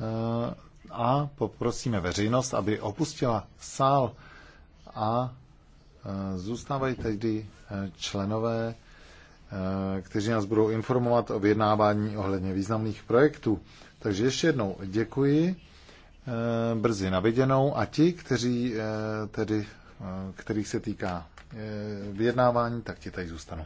eh, a poprosíme veřejnost, aby opustila sál a eh, zůstávají tedy eh, členové, kteří nás budou informovat o vyjednávání ohledně významných projektů. Takže ještě jednou děkuji. Eh, brzy na viděnou a ti, kteří eh, tedy, eh, kterých se týká vyjednávání, tak ti tady zůstanou.